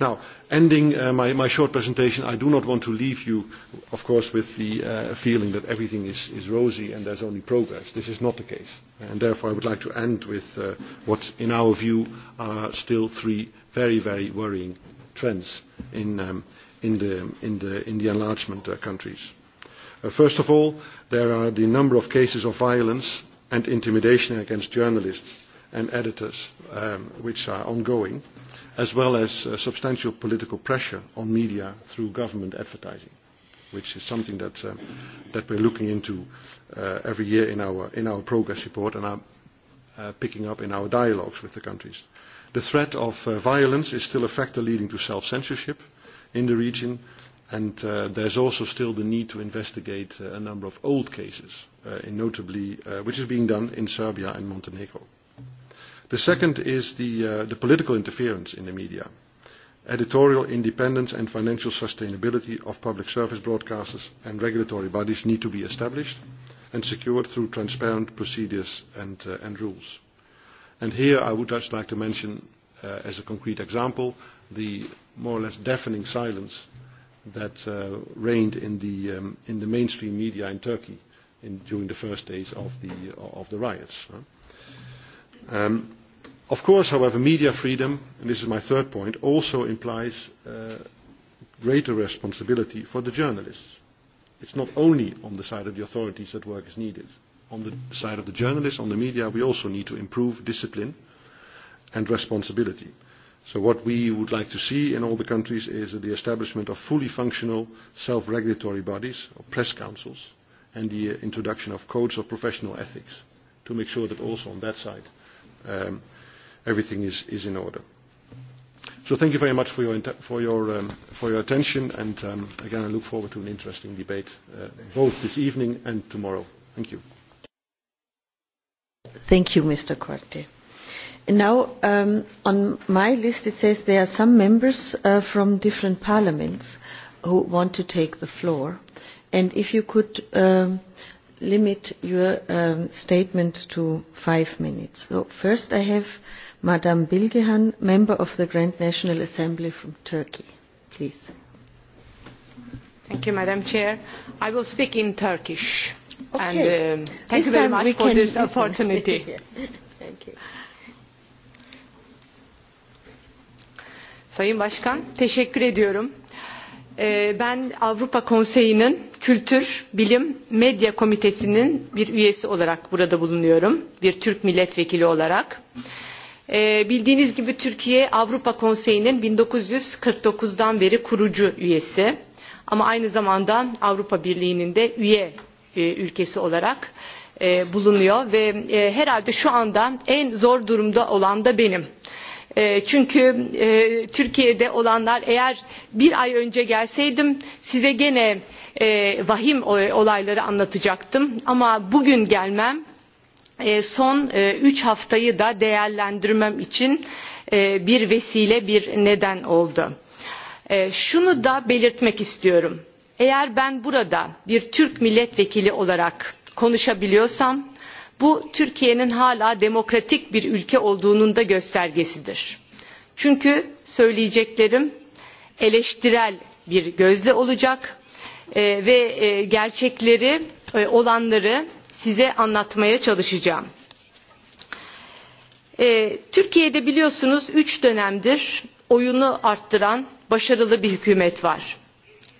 Now, ending uh, my, my short presentation, I do not want to leave you, of course, with the uh, feeling that everything is, is rosy and there's only progress. This is not the case. And therefore, I would like to end with uh, what, in our view, are still three very, very worrying trends in, um, in, the, in, the, in the enlargement uh, countries. Uh, first of all, there are the number of cases of violence and intimidation against journalists and editors, um, which are ongoing, as well as uh, substantial political pressure on media through government advertising, which is something that, um, that we're looking into uh, every year in our, in our progress report and are uh, picking up in our dialogues with the countries. The threat of uh, violence is still a factor leading to self-censorship in the region, And uh, there's also still the need to investigate uh, a number of old cases, uh, in notably, uh, which is being done in Serbia and Montenegro. The second is the, uh, the political interference in the media, editorial independence and financial sustainability of public service broadcasters and regulatory bodies need to be established and secured through transparent procedures and, uh, and rules. And here I would just like to mention, uh, as a concrete example, the more or less deafening silence that uh, reigned in the, um, in the mainstream media in Turkey in, during the first days of the, of the riots. Um, of course, however, media freedom, and this is my third point, also implies uh, greater responsibility for the journalists. It's not only on the side of the authorities that work is needed. On the side of the journalists, on the media, we also need to improve discipline and responsibility. So what we would like to see in all the countries is the establishment of fully functional self-regulatory bodies or press councils and the uh, introduction of codes of professional ethics to make sure that also on that side um, everything is, is in order. So thank you very much for your, for your, um, for your attention and um, again I look forward to an interesting debate uh, both this evening and tomorrow. Thank you. Thank you, Mr. Corte. Now, um, on my list it says there are some members uh, from different parliaments who want to take the floor. And if you could um, limit your um, statement to five minutes. So first I have Madame Bilgehan, member of the Grand National Assembly from Turkey. Please. Thank you, Madam Chair. I will speak in Turkish. Okay. And um, thank this you very much for this opportunity. Thank you. Sayın Başkan, teşekkür ediyorum. Ben Avrupa Konseyi'nin Kültür, Bilim, Medya Komitesi'nin bir üyesi olarak burada bulunuyorum. Bir Türk milletvekili olarak. Bildiğiniz gibi Türkiye Avrupa Konseyi'nin 1949'dan beri kurucu üyesi. Ama aynı zamanda Avrupa Birliği'nin de üye e, ülkesi olarak e, bulunuyor. Ve e, herhalde şu anda en zor durumda olan da benim E, çünkü e, Türkiye'de olanlar eğer bir ay önce gelseydim size gene e, vahim olayları anlatacaktım ama bugün gelmem e, son e, haftayı da değerlendirmem için e, bir vesile bir neden oldu. E, şunu da belirtmek istiyorum. Eğer ben burada bir Türk milletvekili olarak konuşabiliyorsam Bu Türkiye'nin hala demokratik bir ülke olduğunun da göstergesidir. Çünkü söyleyeceklerim eleştirel bir gözle olacak e, ve e, gerçekleri e, olanları size anlatmaya çalışacağım. E, Türkiye'de biliyorsunuz üç dönemdir oyunu arttıran başarılı bir hükümet var.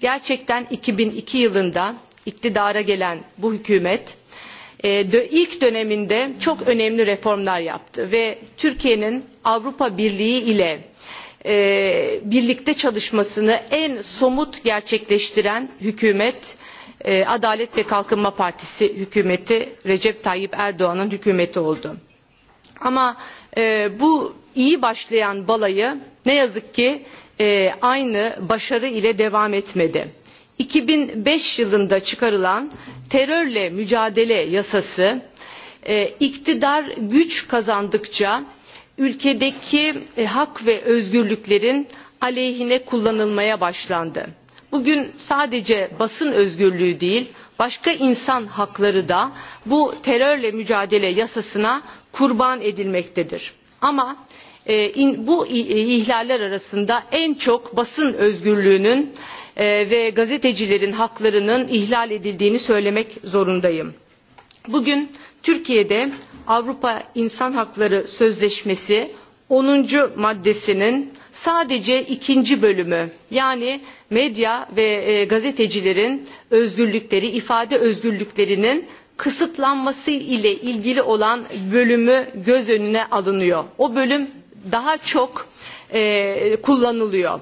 Gerçekten 2002 yılında iktidara gelen bu hükümet de ilk döneminde çok önemli reformlar yaptı ve Türkiye'nin Avrupa Birliği ile e, birlikte çalışmasını en somut gerçekleştiren hükümet e, Adalet ve Kalkınma Partisi hükümeti Recep Tayyip Erdoğan'ın hükümeti oldu. Ama e, bu iyi başlayan balayı ne yazık ki e, aynı başarı ile devam etmedi. 2005 yılında çıkarılan terörle mücadele yasası e, iktidar güç kazandıkça ülkedeki e, hak ve özgürlüklerin aleyhine kullanılmaya başlandı. Bugün sadece basın özgürlüğü değil, başka insan hakları da bu terörle mücadele yasasına kurban edilmektedir. Ama e, in, bu ihlaller arasında en çok basın özgürlüğünün e, ve gazetecilerin haklarının ihlal edildiğini söylemek zorundayım. Bugün Türkiye'de Avrupa İnsan Hakları Sözleşmesi 10. maddesinin sadece ikinci bölümü yani medya ve e, gazetecilerin özgürlükleri, ifade özgürlüklerinin kısıtlanması ile ilgili olan bölümü göz önüne alınıyor. O bölüm daha çok e, kullanılıyor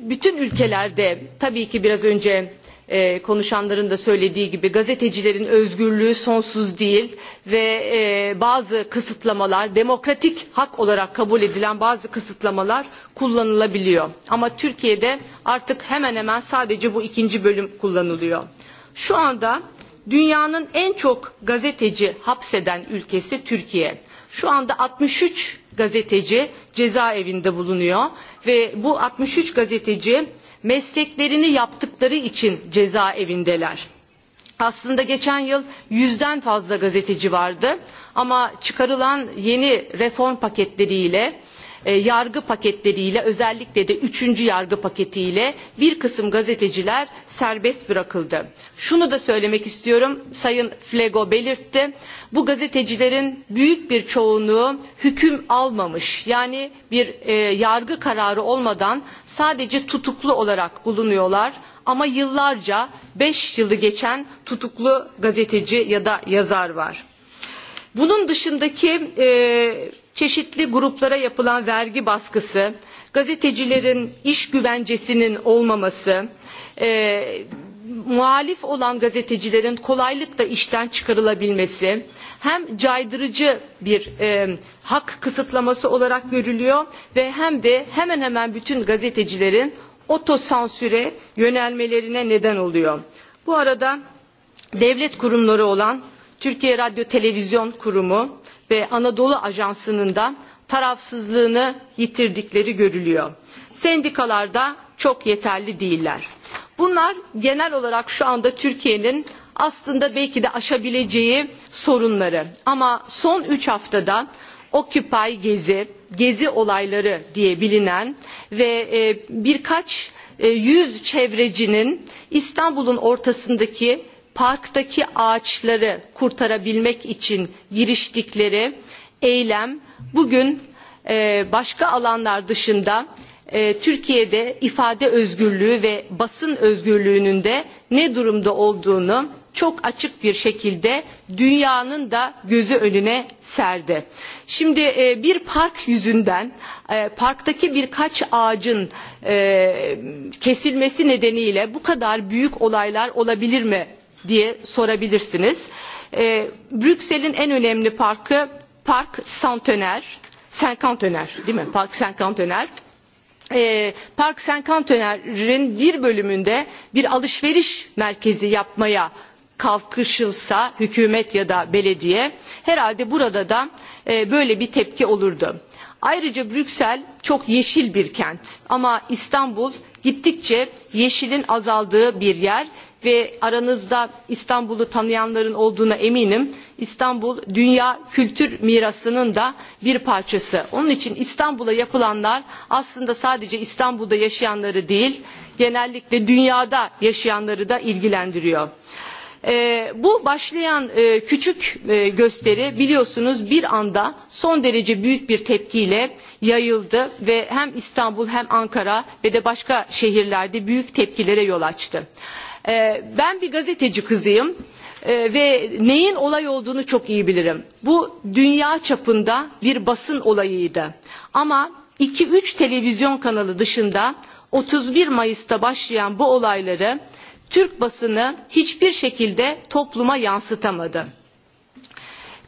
bütün ülkelerde tabii ki biraz önce e, konuşanların da söylediği gibi gazetecilerin özgürlüğü sonsuz değil ve e, bazı kısıtlamalar demokratik hak olarak kabul edilen bazı kısıtlamalar kullanılabiliyor. Ama Türkiye'de artık hemen hemen sadece bu ikinci bölüm kullanılıyor. Şu anda dünyanın en çok gazeteci hapseden ülkesi Türkiye. Şu anda 63 gazeteci cezaevinde bulunuyor ve bu 63 gazeteci mesleklerini yaptıkları için cezaevindeler. Aslında geçen yıl yüzden fazla gazeteci vardı ama çıkarılan yeni reform paketleriyle E, yargı paketleriyle özellikle de üçüncü yargı paketiyle bir kısım gazeteciler serbest bırakıldı. Şunu da söylemek istiyorum Sayın Flego belirtti bu gazetecilerin büyük bir çoğunluğu hüküm almamış yani bir e, yargı kararı olmadan sadece tutuklu olarak bulunuyorlar ama yıllarca beş yılı geçen tutuklu gazeteci ya da yazar var. Bunun dışındaki e, çeşitli gruplara yapılan vergi baskısı, gazetecilerin iş güvencesinin olmaması, e, muhalif olan gazetecilerin kolaylıkla işten çıkarılabilmesi hem caydırıcı bir e, hak kısıtlaması olarak görülüyor ve hem de hemen hemen bütün gazetecilerin otosansüre yönelmelerine neden oluyor. Bu arada devlet kurumları olan Türkiye Radyo Televizyon Kurumu, ve Anadolu Ajansı'nın da tarafsızlığını yitirdikleri görülüyor. Sendikalarda çok yeterli değiller. Bunlar genel olarak şu anda Türkiye'nin aslında belki de aşabileceği sorunları. Ama son üç haftada Occupy Gezi, Gezi olayları diye bilinen ve e, birkaç e, yüz çevrecinin İstanbul'un ortasındaki parktaki ağaçları kurtarabilmek için giriştikleri eylem bugün e, başka alanlar dışında e, Türkiye'de ifade özgürlüğü ve basın özgürlüğünün de ne durumda olduğunu çok açık bir şekilde dünyanın da gözü önüne serdi. Şimdi e, bir park yüzünden e, parktaki birkaç ağacın e, kesilmesi nedeniyle bu kadar büyük olaylar olabilir mi diye sorabilirsiniz. E, Brüksel'in en önemli parkı Park saint Senkantener değil mi? Park saint Senkantener. Ee, Park saint Senkantener'in bir bölümünde bir alışveriş merkezi yapmaya kalkışılsa hükümet ya da belediye herhalde burada da e, böyle bir tepki olurdu. Ayrıca Brüksel çok yeşil bir kent ama İstanbul gittikçe yeşilin azaldığı bir yer ve aranızda İstanbul'u tanıyanların olduğuna eminim. İstanbul dünya kültür mirasının da bir parçası. Onun için İstanbul'a yapılanlar aslında sadece İstanbul'da yaşayanları değil, genellikle dünyada yaşayanları da ilgilendiriyor. E, bu başlayan e, küçük e, gösteri biliyorsunuz bir anda son derece büyük bir tepkiyle yayıldı ve hem İstanbul hem Ankara ve de başka şehirlerde büyük tepkilere yol açtı. Ben bir gazeteci kızıyım ve neyin olay olduğunu çok iyi bilirim. Bu dünya çapında bir basın olayıydı. Ama 2-3 televizyon kanalı dışında 31 Mayıs'ta başlayan bu olayları Türk basını hiçbir şekilde topluma yansıtamadı.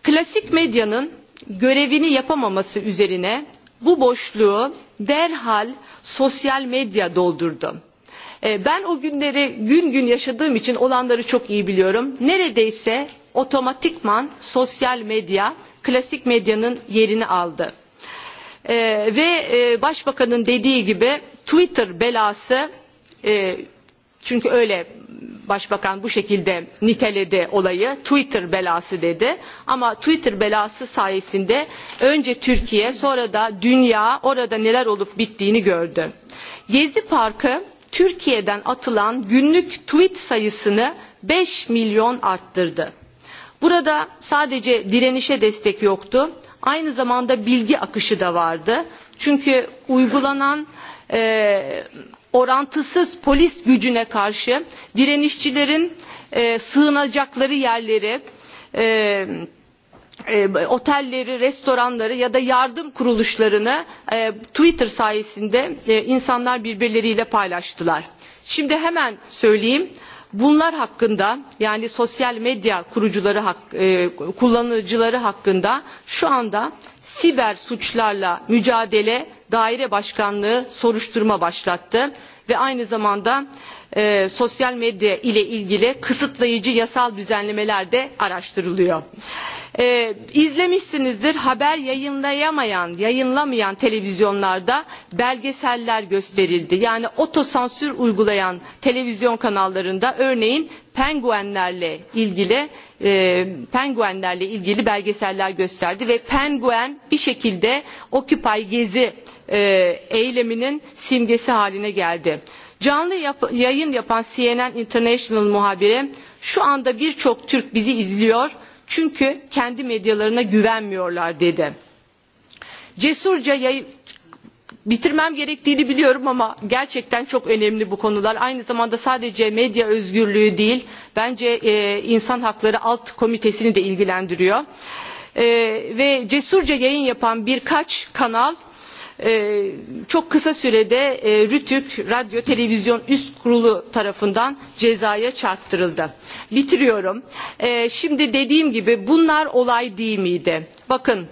Klasik medyanın görevini yapamaması üzerine bu boşluğu derhal sosyal medya doldurdu. E, ben o günleri gün gün yaşadığım için olanları çok iyi biliyorum. Neredeyse otomatikman sosyal medya klasik medyanın yerini aldı. Ee, ve e, başbakanın dediği gibi Twitter belası e, çünkü öyle başbakan bu şekilde niteledi olayı Twitter belası dedi ama Twitter belası sayesinde önce Türkiye sonra da dünya orada neler olup bittiğini gördü. Gezi Parkı Türkiye'den atılan günlük tweet sayısını 5 milyon arttırdı. Burada sadece direnişe destek yoktu. Aynı zamanda bilgi akışı da vardı. Çünkü uygulanan e, orantısız polis gücüne karşı direnişçilerin e, sığınacakları yerleri, e, e, otelleri, restoranları ya da yardım kuruluşlarını e, Twitter sayesinde e, insanlar birbirleriyle paylaştılar. Şimdi hemen söyleyeyim. Bunlar hakkında yani sosyal medya kurucuları hak, e, kullanıcıları hakkında şu anda siber suçlarla mücadele daire başkanlığı soruşturma başlattı ve aynı zamanda e, sosyal medya ile ilgili kısıtlayıcı yasal düzenlemeler de araştırılıyor e, izlemişsinizdir haber yayınlayamayan, yayınlamayan televizyonlarda belgeseller gösterildi. Yani otosansür uygulayan televizyon kanallarında örneğin penguenlerle ilgili e, penguenlerle ilgili belgeseller gösterdi ve penguen bir şekilde Occupy Gezi e, eyleminin simgesi haline geldi. Canlı yap yayın yapan CNN International muhabiri şu anda birçok Türk bizi izliyor Çünkü kendi medyalarına güvenmiyorlar dedi. Cesurca yayın, bitirmem gerektiğini biliyorum ama gerçekten çok önemli bu konular. Aynı zamanda sadece medya özgürlüğü değil, bence e, insan hakları alt komitesini de ilgilendiriyor. E, ve cesurca yayın yapan birkaç kanal e, çok kısa sürede e, Rütük Radyo Televizyon Üst Kurulu tarafından cezaya çarptırıldı. Bitiriyorum. E, şimdi dediğim gibi bunlar olay değil miydi? Bakın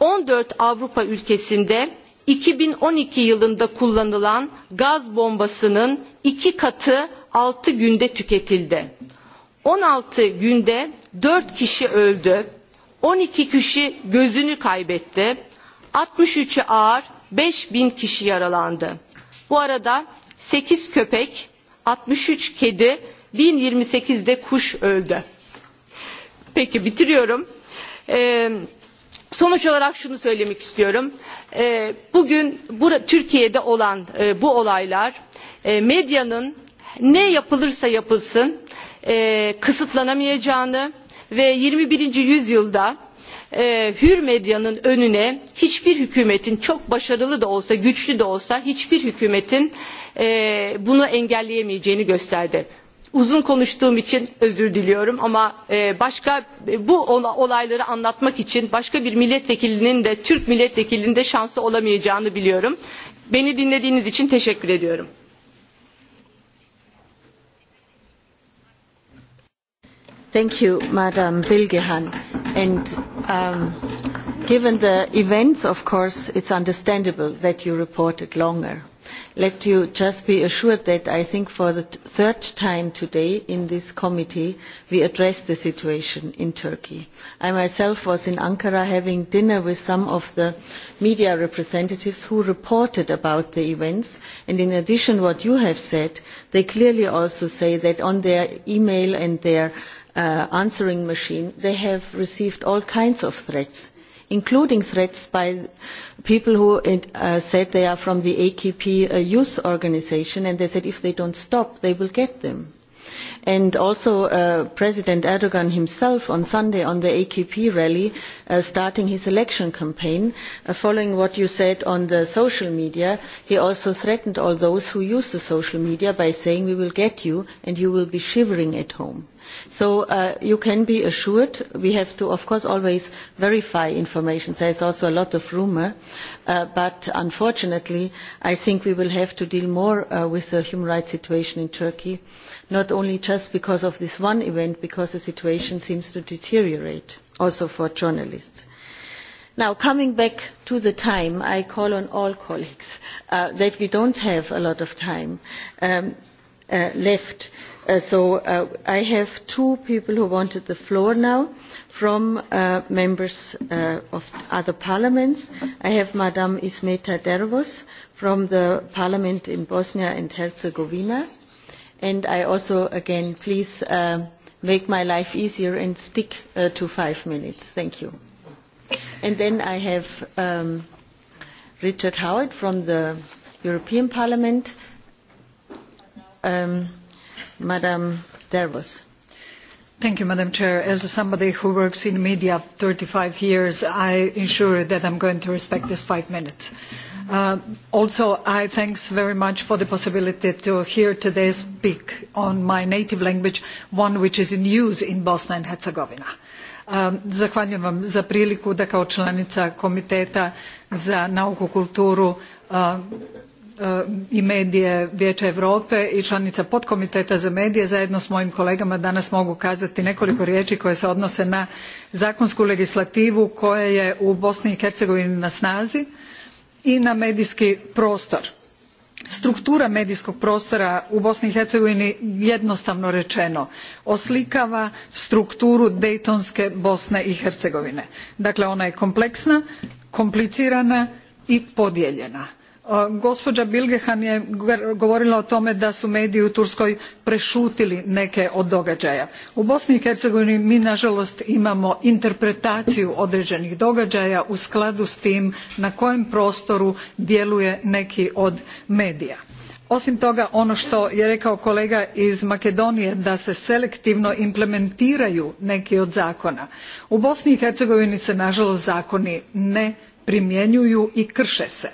14 Avrupa ülkesinde 2012 yılında kullanılan gaz bombasının iki katı 6 günde tüketildi. 16 günde 4 kişi öldü, 12 kişi gözünü kaybetti, 63'ü ağır, 5 bin kişi yaralandı. Bu arada 8 köpek, 63 kedi, 1028 de kuş öldü. Peki bitiriyorum. Ee, sonuç olarak şunu söylemek istiyorum. Ee, bugün bura, Türkiye'de olan e, bu olaylar e, medyanın ne yapılırsa yapılsın e, kısıtlanamayacağını ve 21. yüzyılda e, hür medyanın önüne hiçbir hükümetin çok başarılı da olsa güçlü de olsa hiçbir hükümetin e, bunu engelleyemeyeceğini gösterdi. Uzun konuştuğum için özür diliyorum ama e, başka e, bu olayları anlatmak için başka bir milletvekilinin de Türk milletvekilinin de şansı olamayacağını biliyorum. Beni dinlediğiniz için teşekkür ediyorum. Thank you, Madam Bilgehan. And um, given the events, of course, it's understandable that you reported longer. Let you just be assured that I think for the third time today in this committee we addressed the situation in Turkey. I myself was in Ankara having dinner with some of the media representatives who reported about the events and in addition to what you have said, they clearly also say that on their email and their uh, answering machine, they have received all kinds of threats, including threats by people who uh, said they are from the AKP uh, youth organization, and they said if they don't stop, they will get them. And also uh, President Erdogan himself on Sunday on the AKP rally uh, starting his election campaign, uh, following what you said on the social media, he also threatened all those who use the social media by saying we will get you and you will be shivering at home. So uh, you can be assured, we have to of course always verify information. There is also a lot of rumor, uh, but unfortunately I think we will have to deal more uh, with the human rights situation in Turkey, not only just because of this one event, because the situation seems to deteriorate, also for journalists. Now, coming back to the time, I call on all colleagues uh, that we don't have a lot of time. Um, uh, left. Uh, so uh, I have two people who wanted the floor now from uh, members uh, of other parliaments. I have Madame Ismeta Dervos from the parliament in Bosnia and Herzegovina. And I also, again, please uh, make my life easier and stick uh, to five minutes. Thank you. And then I have um, Richard Howard from the European Parliament, um, Madam Dervos. Thank you, Madam Chair. As somebody who works in media 35 years, I ensure that I'm going to respect this five minutes. Uh, also, I thanks very much for the possibility to hear today speak on my native language, one which is in use in Bosnia and Herzegovina. Um, zahvaljujem vam za priliku da kao članica Komiteta za nauku, kulturu, uh, E, i medije Vijeća Europe i članica podkomiteta za medije zajedno s mojim kolegama danas mogu kazati nekoliko riječi koje se odnose na zakonsku legislativu koja je u Bosni i Hercegovini na snazi i na medijski prostor. Struktura medijskog prostora u Bosni i Hercegovini jednostavno rečeno oslikava strukturu Dejtonske Bosne i Hercegovine. Dakle, ona je kompleksna, komplicirana i podijeljena Gospođa Bilgehan je govorila o tome da su mediji u Turskoj prešutili neke od događaja. U Bosni i Hercegovini mi nažalost imamo interpretaciju određenih događaja u skladu s tim na kojem prostoru djeluje neki od medija. Osim toga, ono što je rekao kolega iz Makedonije, da se selektivno implementiraju neki od zakona. U Bosni i Hercegovini se, nažalost, zakoni ne primjenjuju i krše se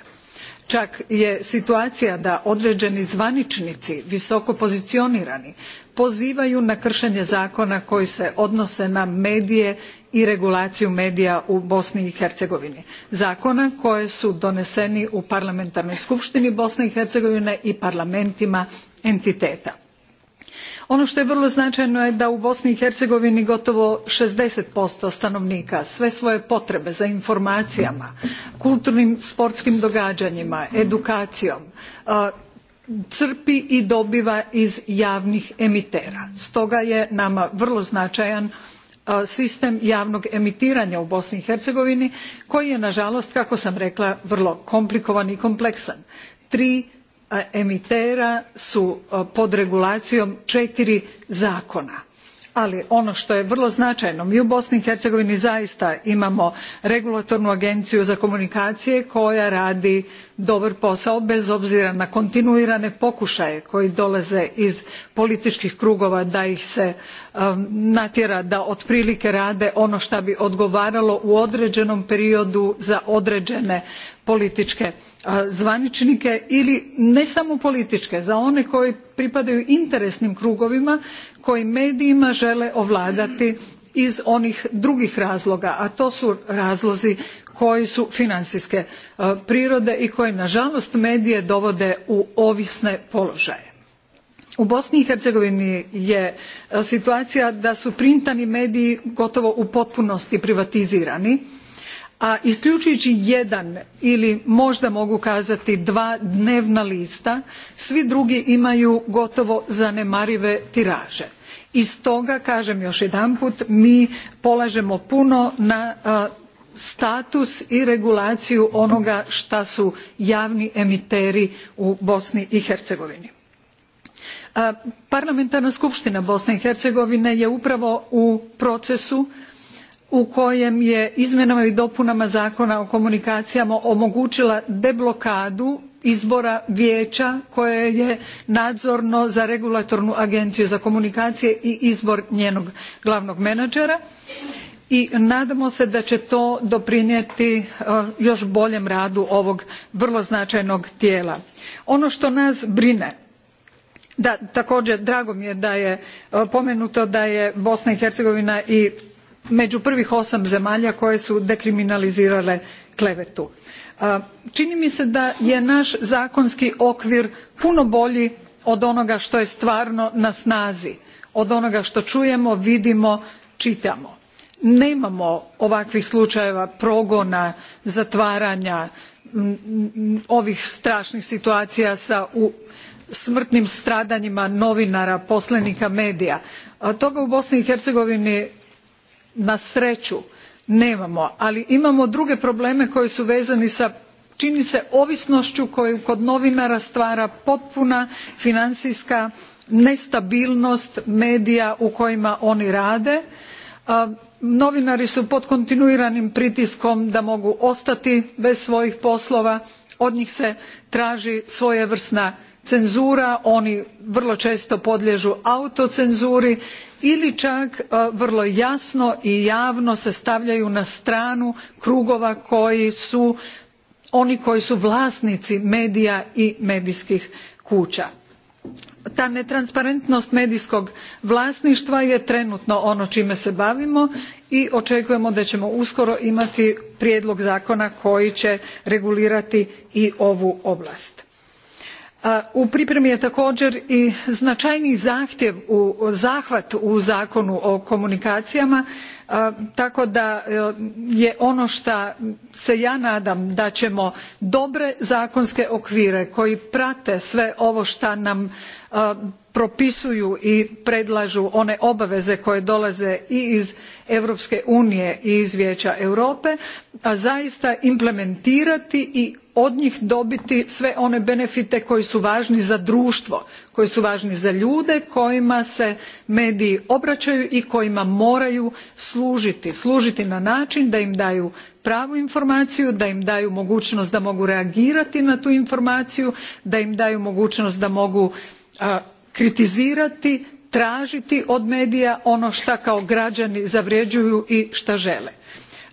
Čak je situacija da određeni zvaničnici, visoko pozicionirani, pozivaju na kršenje zakona koji se odnose na medije i regulaciju medija u Bosni i Hercegovini. Zakona koje su doneseni u Parlamentarnoj skupštini Bosne i Hercegovine i parlamentima entiteta Ono što je vrlo značajno je da u Bosni i Hercegovini gotovo 60% stanovnika sve svoje potrebe za informacijama, kulturnim sportskim događanjima, edukacijom, crpi i dobiva iz javnih emitera. Stoga je nama vrlo značajan sistem javnog emitiranja u Bosni i Hercegovini koji je nažalost, kako sam rekla, vrlo komplikovan i kompleksan. Tri emitera su pod regulacijom četiri zakona ali ono što je vrlo značajno mi u bosni i hercegovini zaista imamo regulatornu agenciju za komunikacije koja radi dobar posao bez obzira na kontinuirane pokušaje koji dolaze iz političkih krugova da ih se um, natjera da otprilike rade ono što bi odgovaralo u određenom periodu za određene političke zvaničnike ili ne samo političke za one koji pripadaju interesnim krugovima koji medijima žele ovladati iz onih drugih razloga a to su razlozi koji su financijske prirode i koji nažalost medije dovode u ovisne položaje. U Bosni i Hercegovini je situacija da su printani mediji gotovo u potpunosti privatizirani a isključujući jedan ili možda mogu kazati dva dnevna lista svi drugi imaju gotovo zanemarive tiraže i stoga kažem još jedanput mi polažemo puno na a, status i regulaciju onoga šta su javni emiteri u bosni i hercegovini. parlamentarna skupština bosne i hercegovine je upravo u procesu u kojem je izmjenama i dopunama zakona o komunikacijama omogućila deblokadu izbora vijeća koje je nadzorno za regulatornu agenciju za komunikacije i izbor njenog glavnog menadžera i nadamo se da će to doprinijeti e, još boljem radu ovog vrlo značajnog tijela. ono što nas brine da također drago mi je da je e, pomenuto da je bosna i hercegovina i među prvih osam zemalja koje su dekriminalizirale klevetu. Čini mi se da je naš zakonski okvir puno bolji od onoga što je stvarno na snazi, od onoga što čujemo, vidimo, čitamo. Nemamo ovakvih slučajeva progona, zatvaranja, ovih strašnih situacija sa u smrtnim stradanjima novinara, poslenika medija. toga u Bosni i Hercegovini na sreću nemamo ali imamo druge probleme koji su vezani sa čini se ovisnošću koju kod novinara stvara potpuna financijska nestabilnost medija u kojima oni rade novinari su pod kontinuiranim pritiskom da mogu ostati bez svojih poslova od njih se traži svojevrsna cenzura oni vrlo često podliježu autocenzuri ili čak e, vrlo jasno i javno se stavljaju na stranu krugova koji su oni koji su vlasnici medija i medijskih kuća. Ta netransparentnost medijskog vlasništva je trenutno ono čime se bavimo i očekujemo da ćemo uskoro imati prijedlog zakona koji će regulirati i ovu oblast U pripremi je također i značajni zahtjev u zahvat u zakonu o komunikacijama, tako da e, je ono što se ja nadam da ćemo dobre zakonske okvire koji prate sve ovo što nam e, propisuju i predlažu one obaveze koje dolaze i iz Europske unije i iz Vijeća Europe, a zaista implementirati i od njih dobiti sve one benefite koji su važni za društvo, koji su važni za ljude kojima se mediji obraćaju i kojima moraju služiti. Služiti na način da im daju pravu informaciju, da im daju mogućnost da mogu reagirati na tu informaciju, da im daju mogućnost da mogu a, kritizirati, tražiti od medija ono što kao građani zavređuju i što žele.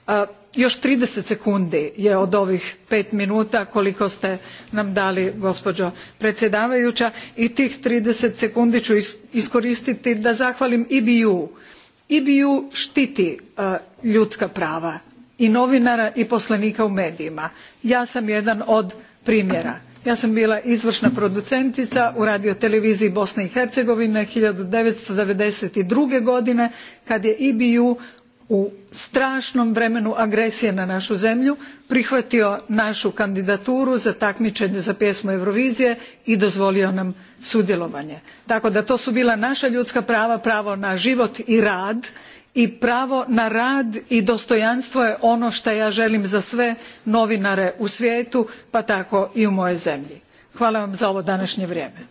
A, još 30 sekundi je od ovih pet minuta koliko ste nam dali gospođo predsjedavajuća i tih 30 sekundi ću iskoristiti da zahvalim EBU. EBU štiti uh, ljudska prava i novinara i poslanika u medijima. Ja sam jedan od primjera. Ja sam bila izvršna producentica u radioteleviziji Bosne i Hercegovine 1992. godine kad je EBU u strašnom vremenu agresije na našu zemlju prihvatio našu kandidaturu za takmičenje za pjesmu Eurovizije i dozvolio nam sudjelovanje. Tako da to su bila naša ljudska prava, pravo na život i rad i pravo na rad i dostojanstvo je ono što ja želim za sve novinare u svijetu, pa tako i u mojoj zemlji. Hvala vam za ovo današnje vrijeme.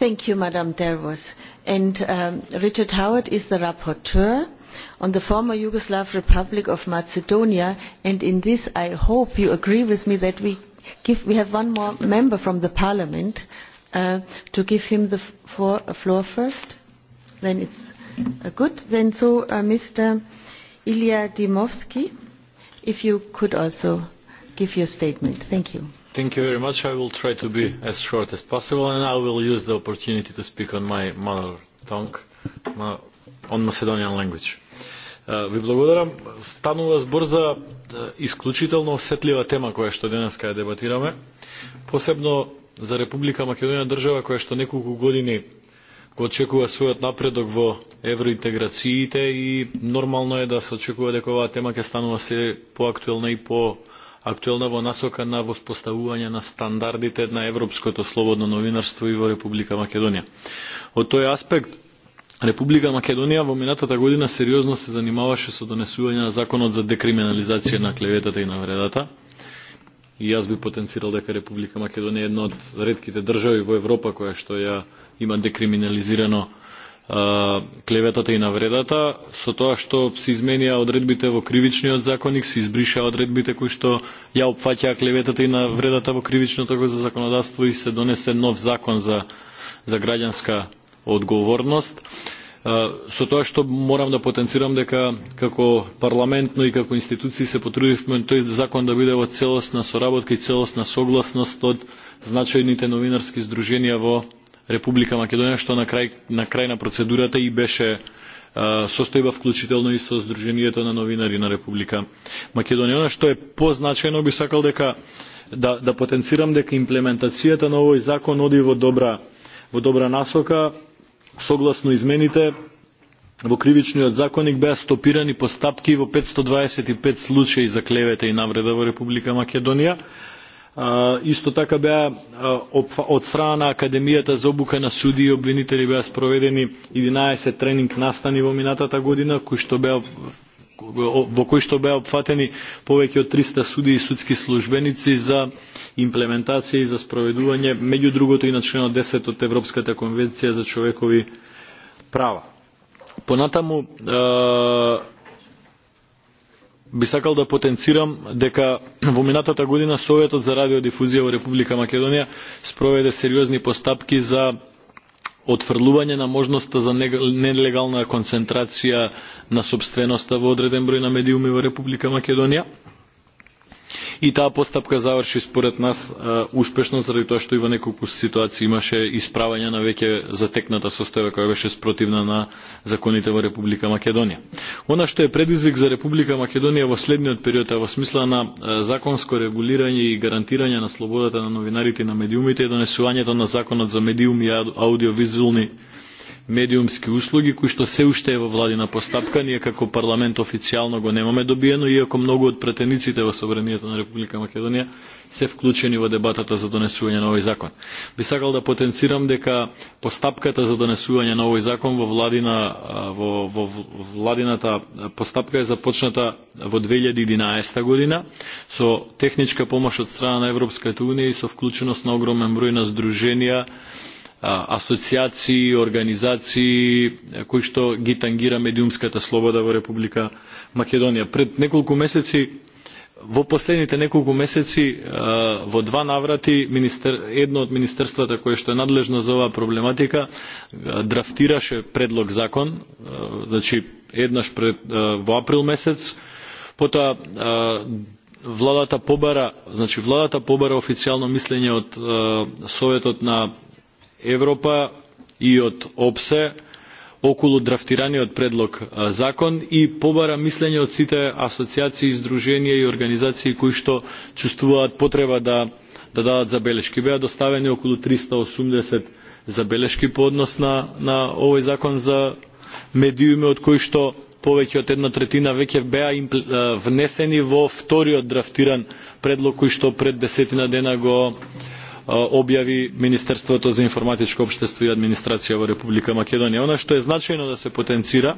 Thank you, Madam Dervos. And um, Richard Howard is the rapporteur on the former Yugoslav Republic of Macedonia. And in this, I hope you agree with me that we, give, we have one more member from the parliament uh, to give him the floor, floor first. Then it's uh, good. Then so, uh, Mr. Ilya Dimovsky, if you could also give your statement. Thank you. Thank you very much. I will try to be as short as possible and I will use the opportunity to speak on my mother tongue, on Macedonian language. Ви uh, благодарам. Станува збор за исклучително осетлива тема која што денес ја дебатираме, посебно за Република Македонија држава која што неколку години го очекува својот напредок во евроинтеграциите и нормално е да се очекува дека оваа тема ќе станува се поактуелна и по Актуелна во насока на воспоставување на стандардите на европското слободно новинарство и во Република Македонија. Од тој аспект, Република Македонија во минатата година сериозно се занимаваше со донесување на законот за декриминализација на клеветата и на вредата. И јас би потенцирал дека Република Македонија е една од редките држави во Европа која што ја има декриминализирано клеветата и навредата со тоа што се изменија одредбите во кривичниот законник, се избриша одредбите кои што ја опфаќаа клеветата и на вредата во кривичното за законодавство и се донесе нов закон за, за граѓанска одговорност. Со тоа што морам да потенцирам дека како парламентно и како институции се потрудивме тој закон да биде во целосна соработка и целосна согласност од значајните новинарски здруженија во Република Македония, што на крај на, крај на процедурата и беше состојба вклучително и со Сдруженијето на новинари на Република Македонија. Она што е позначајно би сакал дека да, да потенцирам дека имплементацијата на овој закон оди во добра, во добра насока, согласно измените во кривичниот законник беа стопирани постапки во 525 случаи за клевета и навреда во Република Македонија, Isto така беа od strana Akademija ta zobuka na sudi i obvinitelji обвинители sprovedeni 11 trening nastani vo minatata godina, koji što беа во кој што беа опфатени повеќе од 300 суди и судски службеници за имплементација и за спроведување, меѓу другото и на членот 10 од Европската конвенција за човекови права. Понатаму, би сакал да потенцирам дека во минатата година Советот за радиодифузија во Република Македонија спроведе сериозни постапки за отфрлување на можноста за нелегална концентрација на собственоста во одреден број на медиуми во Република Македонија Ta таа završi spored според нас zaradi to, тоа што и во неколку ситуации имаше исправање на веќе затекната состојба која беше спротивна на законите во Република Македонија. Она што е предизвик за Република Македонија во следниот период е во смисла на законско i и na на na на новинарите и на медиумите и to на законот за медиуми и аудиовизуални медиумски услуги, кои што се уште е во владина постапка. Ние како парламент официјално го немаме добиено, иако многу од претениците во Собранието на Република Македонија се вклучени во дебатата за донесување на овој закон. Би сакал да потенцирам дека постапката за донесување на овој закон во, владина, во, во владината постапка е започната во 2011 година со техничка помош од страна на Европската Унија и со вклученост на огромен број на здруженија асоциации, организации, кои што ги тангира медиумската слобода во Република Македонија. Пред неколку месеци, во последните неколку месеци, во два наврати, министер, едно од министерствата кое што е надлежно за оваа проблематика, драфтираше предлог закон, значи еднаш пред, во април месец, потоа владата побара, значи владата побара официјално мислење од Советот на Европа и од ОПСЕ околу драфтираниот предлог закон и побара мислење од сите асоциации, издруженија и организации кои што чувствуваат потреба да да дадат забелешки. Беа доставени околу 380 забелешки по однос на, на овој закон за медиуми од кои што повеќе од една третина веќе беа внесени во вториот драфтиран предлог кој што пред десетина дена го objavi to za informatičko obštestvo i administracija v Republika Makedonija. Ono što je značajno da se potencira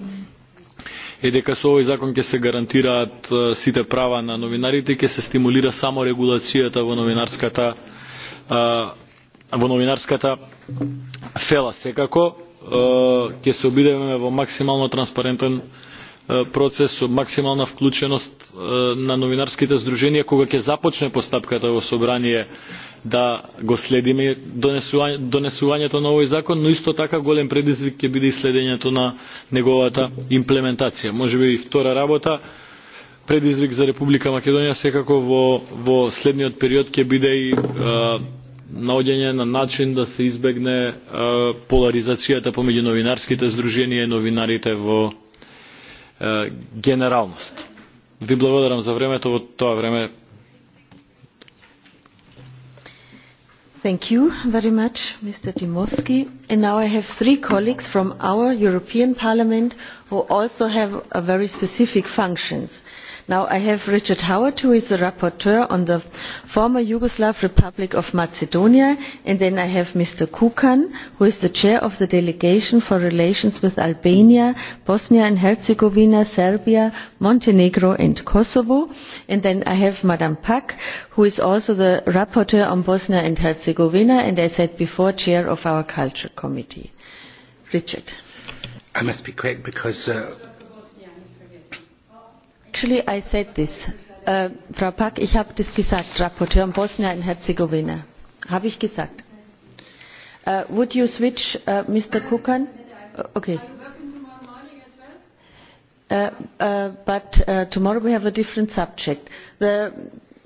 е дека со овој закон ќе се гарантираат сите права на новинарите, ќе се стимулира само регулацијата во новинарската во новинарската фела. Секако ќе се обидеме во максимално транспарентен процесу, максимална вклученост на новинарските здруженија кога ќе започне постапката во собрание да го следиме донесувањето на овој закон, но исто така голем предизвик ќе биде и следењето на неговата имплементација. Може би и втора работа, предизвик за Република Македонија секако во, во следниот период ќе биде и наоѓање на начин да се избегне поларизацијата помеѓу новинарските здруженија и новинарите во генералност. Ви благодарам за времето, во тоа време Thank you very much, Mr. Dimovsky. And now I have three colleagues from our European Parliament who also have a very specific functions. Now I have Richard Howard, who is the rapporteur on the former Yugoslav Republic of Macedonia, and then I have Mr. Kukan, who is the chair of the delegation for relations with Albania, Bosnia and Herzegovina, Serbia, Montenegro, and Kosovo. And then I have Madame Pak, who is also the rapporteur on Bosnia and Herzegovina, and as I said before, chair of our culture committee. Richard. I must be quick because. Uh Actually, I said this. Uh, Frau Pack, ich habe das gesagt, Rapporteur in Bosnien und Herzegowina. Habe ich gesagt. Uh, would you switch, uh, äh, Mr. Kukan? Uh, okay. Uh, uh, but uh, tomorrow we have a different subject. The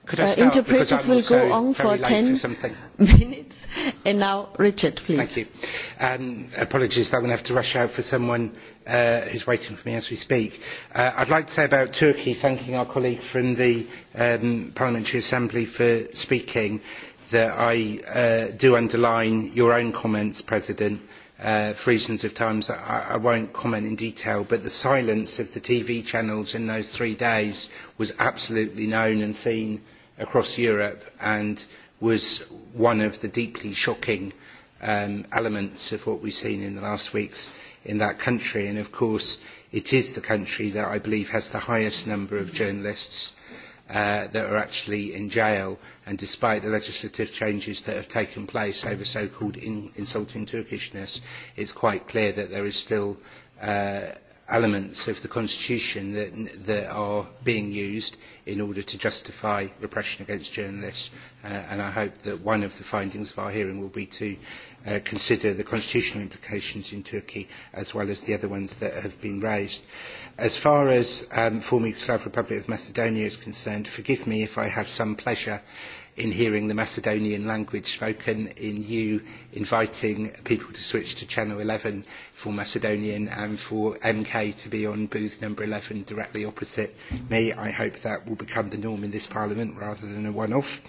uh, interpreters will go on for 10 minutes. And now, Richard, please. Thank you. Um, apologies, I'm going to have to rush out for someone uh, who's waiting for me as we speak. Uh, I'd like to say about Turkey, thanking our colleague from the um, Parliamentary Assembly for speaking, that I uh, do underline your own comments, President, uh, for reasons of time, so I, I won't comment in detail, but the silence of the TV channels in those three days was absolutely known and seen across Europe and was one of the deeply shocking um, elements of what we've seen in the last weeks in that country. And of course, it is the country that I believe has the highest number of journalists uh, that are actually in jail. And despite the legislative changes that have taken place over so-called in insulting Turkishness, it's quite clear that there is still uh, elements of the Constitution that, that are being used in order to justify repression against journalists. Uh, and I hope that one of the findings of our hearing will be to uh, consider the constitutional implications in Turkey as well as the other ones that have been raised. As far as um, former Yugoslav Republic of Macedonia is concerned, forgive me if I have some pleasure in hearing the Macedonian language spoken, in you inviting people to switch to Channel 11 for Macedonian and for MK to be on booth number 11 directly opposite me. I hope that will become the norm in this Parliament rather than a one-off.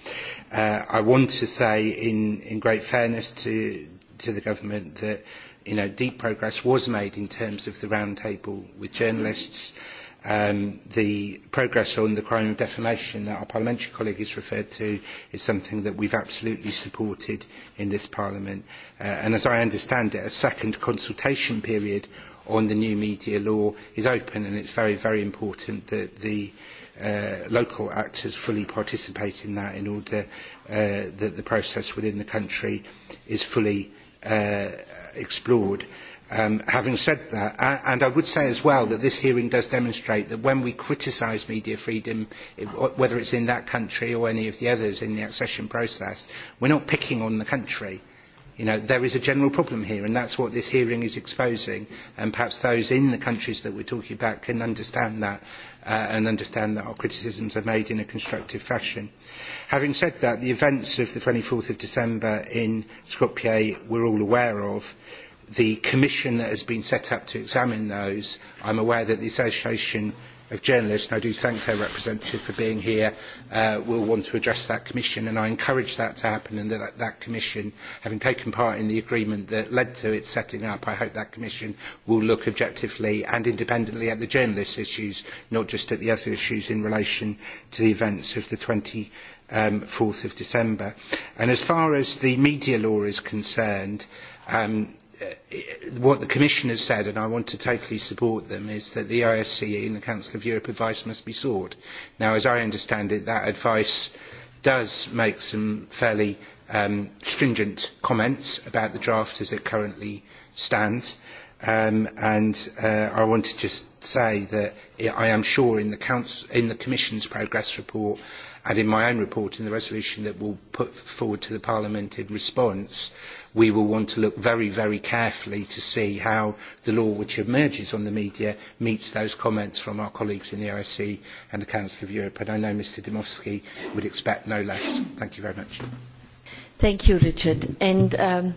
Uh, I want to say in, in great fairness to, to the government that you know, deep progress was made in terms of the roundtable with journalists. Mm -hmm um, the progress on the crime of defamation that our parliamentary colleague has referred to is something that we've absolutely supported in this parliament. Uh, and as I understand it, a second consultation period on the new media law is open and it's very, very important that the uh, local actors fully participate in that in order uh, that the process within the country is fully uh, explored. Um, having said that, I, and I would say as well that this hearing does demonstrate that when we criticise media freedom, it, whether it's in that country or any of the others in the accession process, we're not picking on the country. You know, there is a general problem here, and that's what this hearing is exposing, and perhaps those in the countries that we're talking about can understand that uh, and understand that our criticisms are made in a constructive fashion. Having said that, the events of the 24th of December in Skopje we're all aware of the commission that has been set up to examine those. I'm aware that the Association of Journalists, and I do thank their representative for being here, uh, will want to address that commission, and I encourage that to happen, and that that commission, having taken part in the agreement that led to its setting up, I hope that commission will look objectively and independently at the journalists' issues, not just at the other issues in relation to the events of the 20 um, 4th of December. And as far as the media law is concerned, um, Uh, what the Commission has said, and I want to totally support them, is that the ISCE and the Council of Europe advice must be sought. Now, as I understand it, that advice does make some fairly um, stringent comments about the draft as it currently stands. Um, and uh, I want to just say that I am sure in the, Council, in the Commission's progress report and in my own report in the resolution that will put forward to the Parliament in response, we will want to look very, very carefully to see how the law which emerges on the media meets those comments from our colleagues in the OSC and the Council of Europe. And I know Mr. Dimofsky would expect no less. Thank you very much. Thank you, Richard. And um,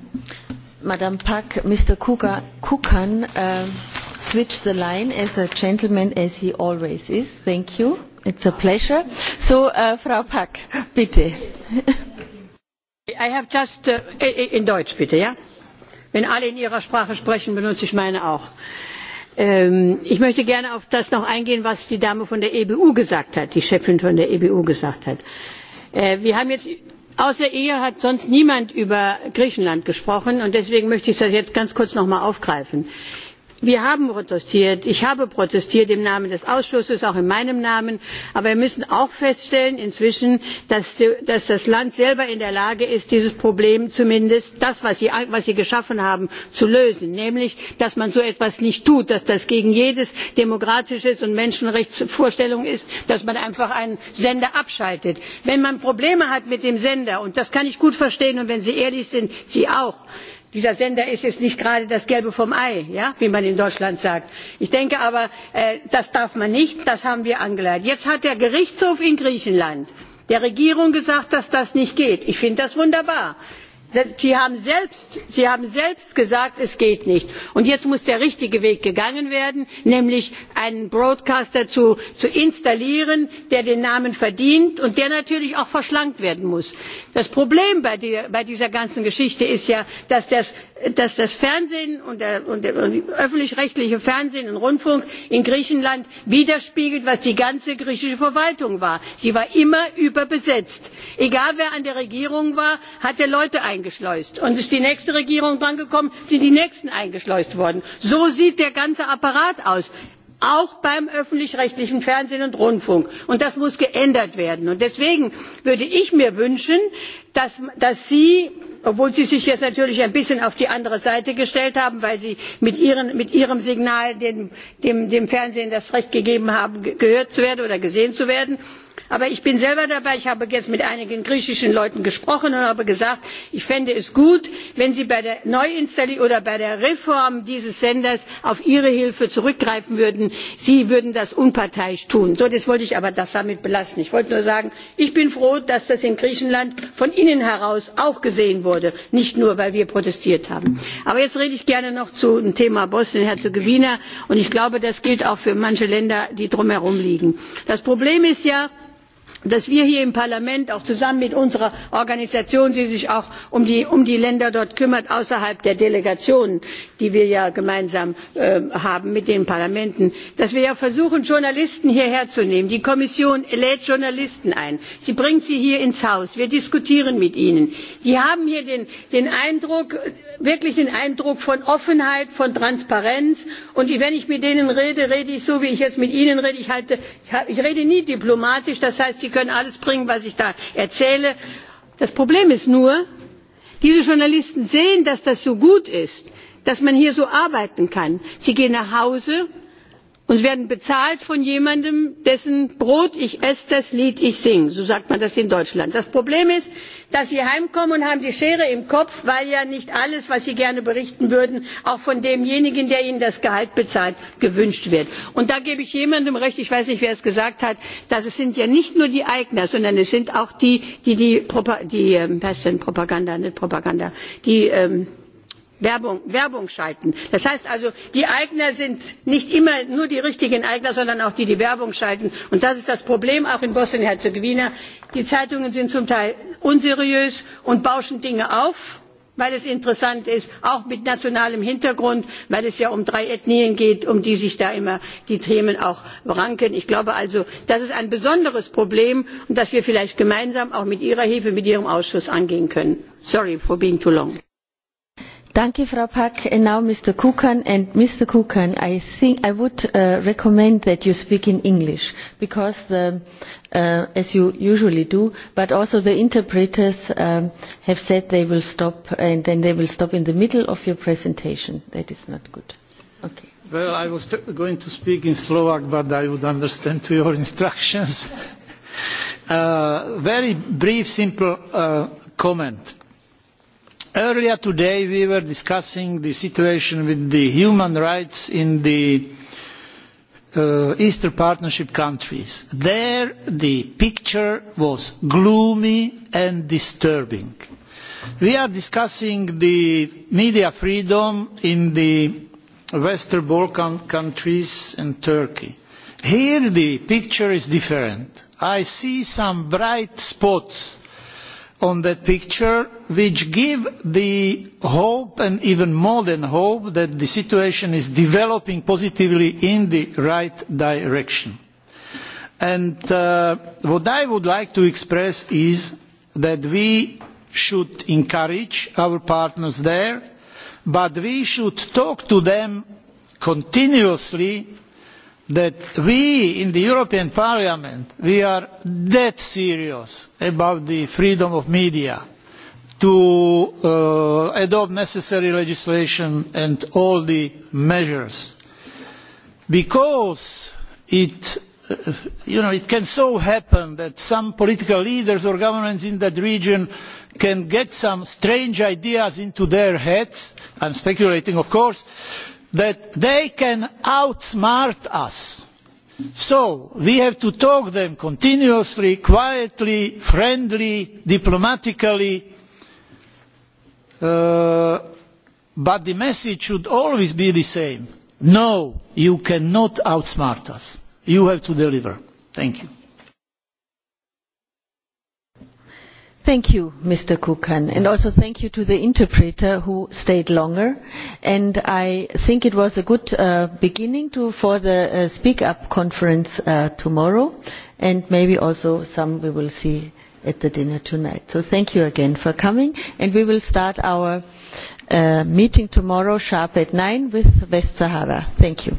Madam Pak, Mr. Kuka, Kukan uh, um, switched the line as a gentleman, as he always is. Thank you. It's a pleasure. So, uh, Frau Pak, bitte. I have just, uh, in Deutsch bitte, ja? Wenn alle in ihrer Sprache sprechen, benutze ich meine auch. Ähm, ich möchte gerne auf das noch eingehen, was die Dame von der EBU gesagt hat, die Chefin von der EBU gesagt hat. Äh, wir haben jetzt, außer ihr hat sonst niemand über Griechenland gesprochen und deswegen möchte ich das jetzt ganz kurz noch mal aufgreifen. Äh, Wir haben protestiert. Ich habe protestiert im Namen des Ausschusses, auch in meinem Namen. Aber wir müssen auch feststellen inzwischen, dass, dass das Land selber in der Lage ist, dieses Problem zumindest, das, was sie, was sie geschaffen haben, zu lösen. Nämlich, dass man so etwas nicht tut, dass das gegen jedes demokratisches und Menschenrechtsvorstellung ist, dass man einfach einen Sender abschaltet. Wenn man Probleme hat mit dem Sender, und das kann ich gut verstehen, und wenn Sie ehrlich sind, Sie auch, Dieser Sender ist jetzt nicht gerade das Gelbe vom Ei, ja, wie man in Deutschland sagt. Ich denke aber, äh, das darf man nicht, das haben wir angeleitet. Jetzt hat der Gerichtshof in Griechenland der Regierung gesagt, dass das nicht geht. Ich finde das wunderbar Sie haben, selbst, Sie haben selbst gesagt, es geht nicht. Und jetzt muss der richtige Weg gegangen werden, nämlich einen Broadcaster zu, zu installieren, der den Namen verdient und der natürlich auch verschlankt werden muss. Das Problem bei, der, bei dieser ganzen Geschichte ist ja, dass das, dass das Fernsehen und, der, und, der, und öffentlich-rechtliche Fernsehen und Rundfunk in Griechenland widerspiegelt, was die ganze griechische Verwaltung war. Sie war immer überbesetzt. Egal wer an der Regierung war, hatte Leute eingestellt eingeschleust. Und ist die nächste Regierung drangekommen, sind die nächsten eingeschleust worden. So sieht der ganze Apparat aus auch beim öffentlich rechtlichen fernsehen und rundfunk und das muss geändert werden. Und deswegen würde ich mir wünschen dass, dass sie obwohl sie sich jetzt natürlich ein bisschen auf die andere seite gestellt haben weil sie mit, ihren, mit ihrem signal dem, dem, dem fernsehen das recht gegeben haben gehört zu werden oder gesehen zu werden Aber ich bin selber dabei, ich habe jetzt mit einigen griechischen Leuten gesprochen und habe gesagt, ich fände es gut, wenn Sie bei der Neuinstallierung oder bei der Reform dieses Senders auf Ihre Hilfe zurückgreifen würden. Sie würden das unparteiisch tun. So, das wollte ich aber das damit belassen. Ich wollte nur sagen, ich bin froh, dass das in Griechenland von innen heraus auch gesehen wurde, nicht nur, weil wir protestiert haben. Aber jetzt rede ich gerne noch zu dem Thema Bosnien-Herzegowina und ich glaube, das gilt auch für manche Länder, die drumherum liegen. Das Problem ist ja, dass wir hier im Parlament auch zusammen mit unserer Organisation, die sich auch um die, um die Länder dort kümmert, außerhalb der Delegationen, die wir ja gemeinsam äh, haben mit den Parlamenten, dass wir ja versuchen, Journalisten hierher zu nehmen. Die Kommission lädt Journalisten ein. Sie bringt sie hier ins Haus. Wir diskutieren mit ihnen. Die haben hier den, den Eindruck, wirklich den Eindruck von Offenheit, von Transparenz. Und wenn ich mit denen rede, rede ich so, wie ich jetzt mit Ihnen rede. Ich, halte, ich rede nie diplomatisch. Das heißt, Sie können alles bringen, was ich da erzähle. Das Problem ist nur, diese Journalisten sehen, dass das so gut ist, dass man hier so arbeiten kann. Sie gehen nach Hause und werden bezahlt von jemandem, dessen Brot ich esse, das Lied ich singe. So sagt man das in Deutschland. Das Problem ist, dass sie heimkommen und haben die Schere im Kopf, weil ja nicht alles, was sie gerne berichten würden, auch von demjenigen, der ihnen das Gehalt bezahlt, gewünscht wird. Und da gebe ich jemandem recht, ich weiß nicht, wer es gesagt hat, dass es sind ja nicht nur die Eigner, sondern es sind auch die, die die, Propa die, ähm, Propaganda, nicht Propaganda, die ähm, Werbung, Werbung schalten. Das heißt also, die Eigner sind nicht immer nur die richtigen Eigner, sondern auch die, die Werbung schalten. Und das ist das Problem auch in Bosnien-Herzegowina. Die Zeitungen sind zum Teil unseriös und bauschen Dinge auf, weil es interessant ist, auch mit nationalem Hintergrund, weil es ja um drei Ethnien geht, um die sich da immer die Themen auch ranken. Ich glaube also, das ist ein besonderes Problem und das wir vielleicht gemeinsam auch mit Ihrer Hilfe, mit Ihrem Ausschuss angehen können. Sorry for being too long. Thank you, Frau Pack. And now Mr. Kukan. And Mr. Kukan, I think I would uh, recommend that you speak in English because the, uh, as you usually do, but also the interpreters um, have said they will stop and then they will stop in the middle of your presentation. That is not good. Okay. Well, I was going to speak in Slovak, but I would understand to your instructions. uh, very brief, simple uh, comment Earlier today we were discussing the situation with the human rights in the uh, Eastern Partnership countries. There the picture was gloomy and disturbing. We are discussing the media freedom in the Western Balkan countries and Turkey. Here the picture is different. I see some bright spots on that picture which give the hope and even more than hope that the situation is developing positively in the right direction. And uh, what I would like to express is that we should encourage our partners there, but we should talk to them continuously that we in the European Parliament, we are that serious about the freedom of media to uh, adopt necessary legislation and all the measures. Because it, uh, you know, it can so happen that some political leaders or governments in that region can get some strange ideas into their heads, I'm speculating of course, that they can outsmart us. So we have to talk to them continuously, quietly, friendly, diplomatically. Uh, but the message should always be the same. No, you cannot outsmart us. You have to deliver. Thank you. Thank you, Mr. Kukan, and also thank you to the interpreter who stayed longer. And I think it was a good uh, beginning to, for the uh, Speak Up conference uh, tomorrow, and maybe also some we will see at the dinner tonight. So thank you again for coming, and we will start our uh, meeting tomorrow sharp at 9 with West Sahara. Thank you.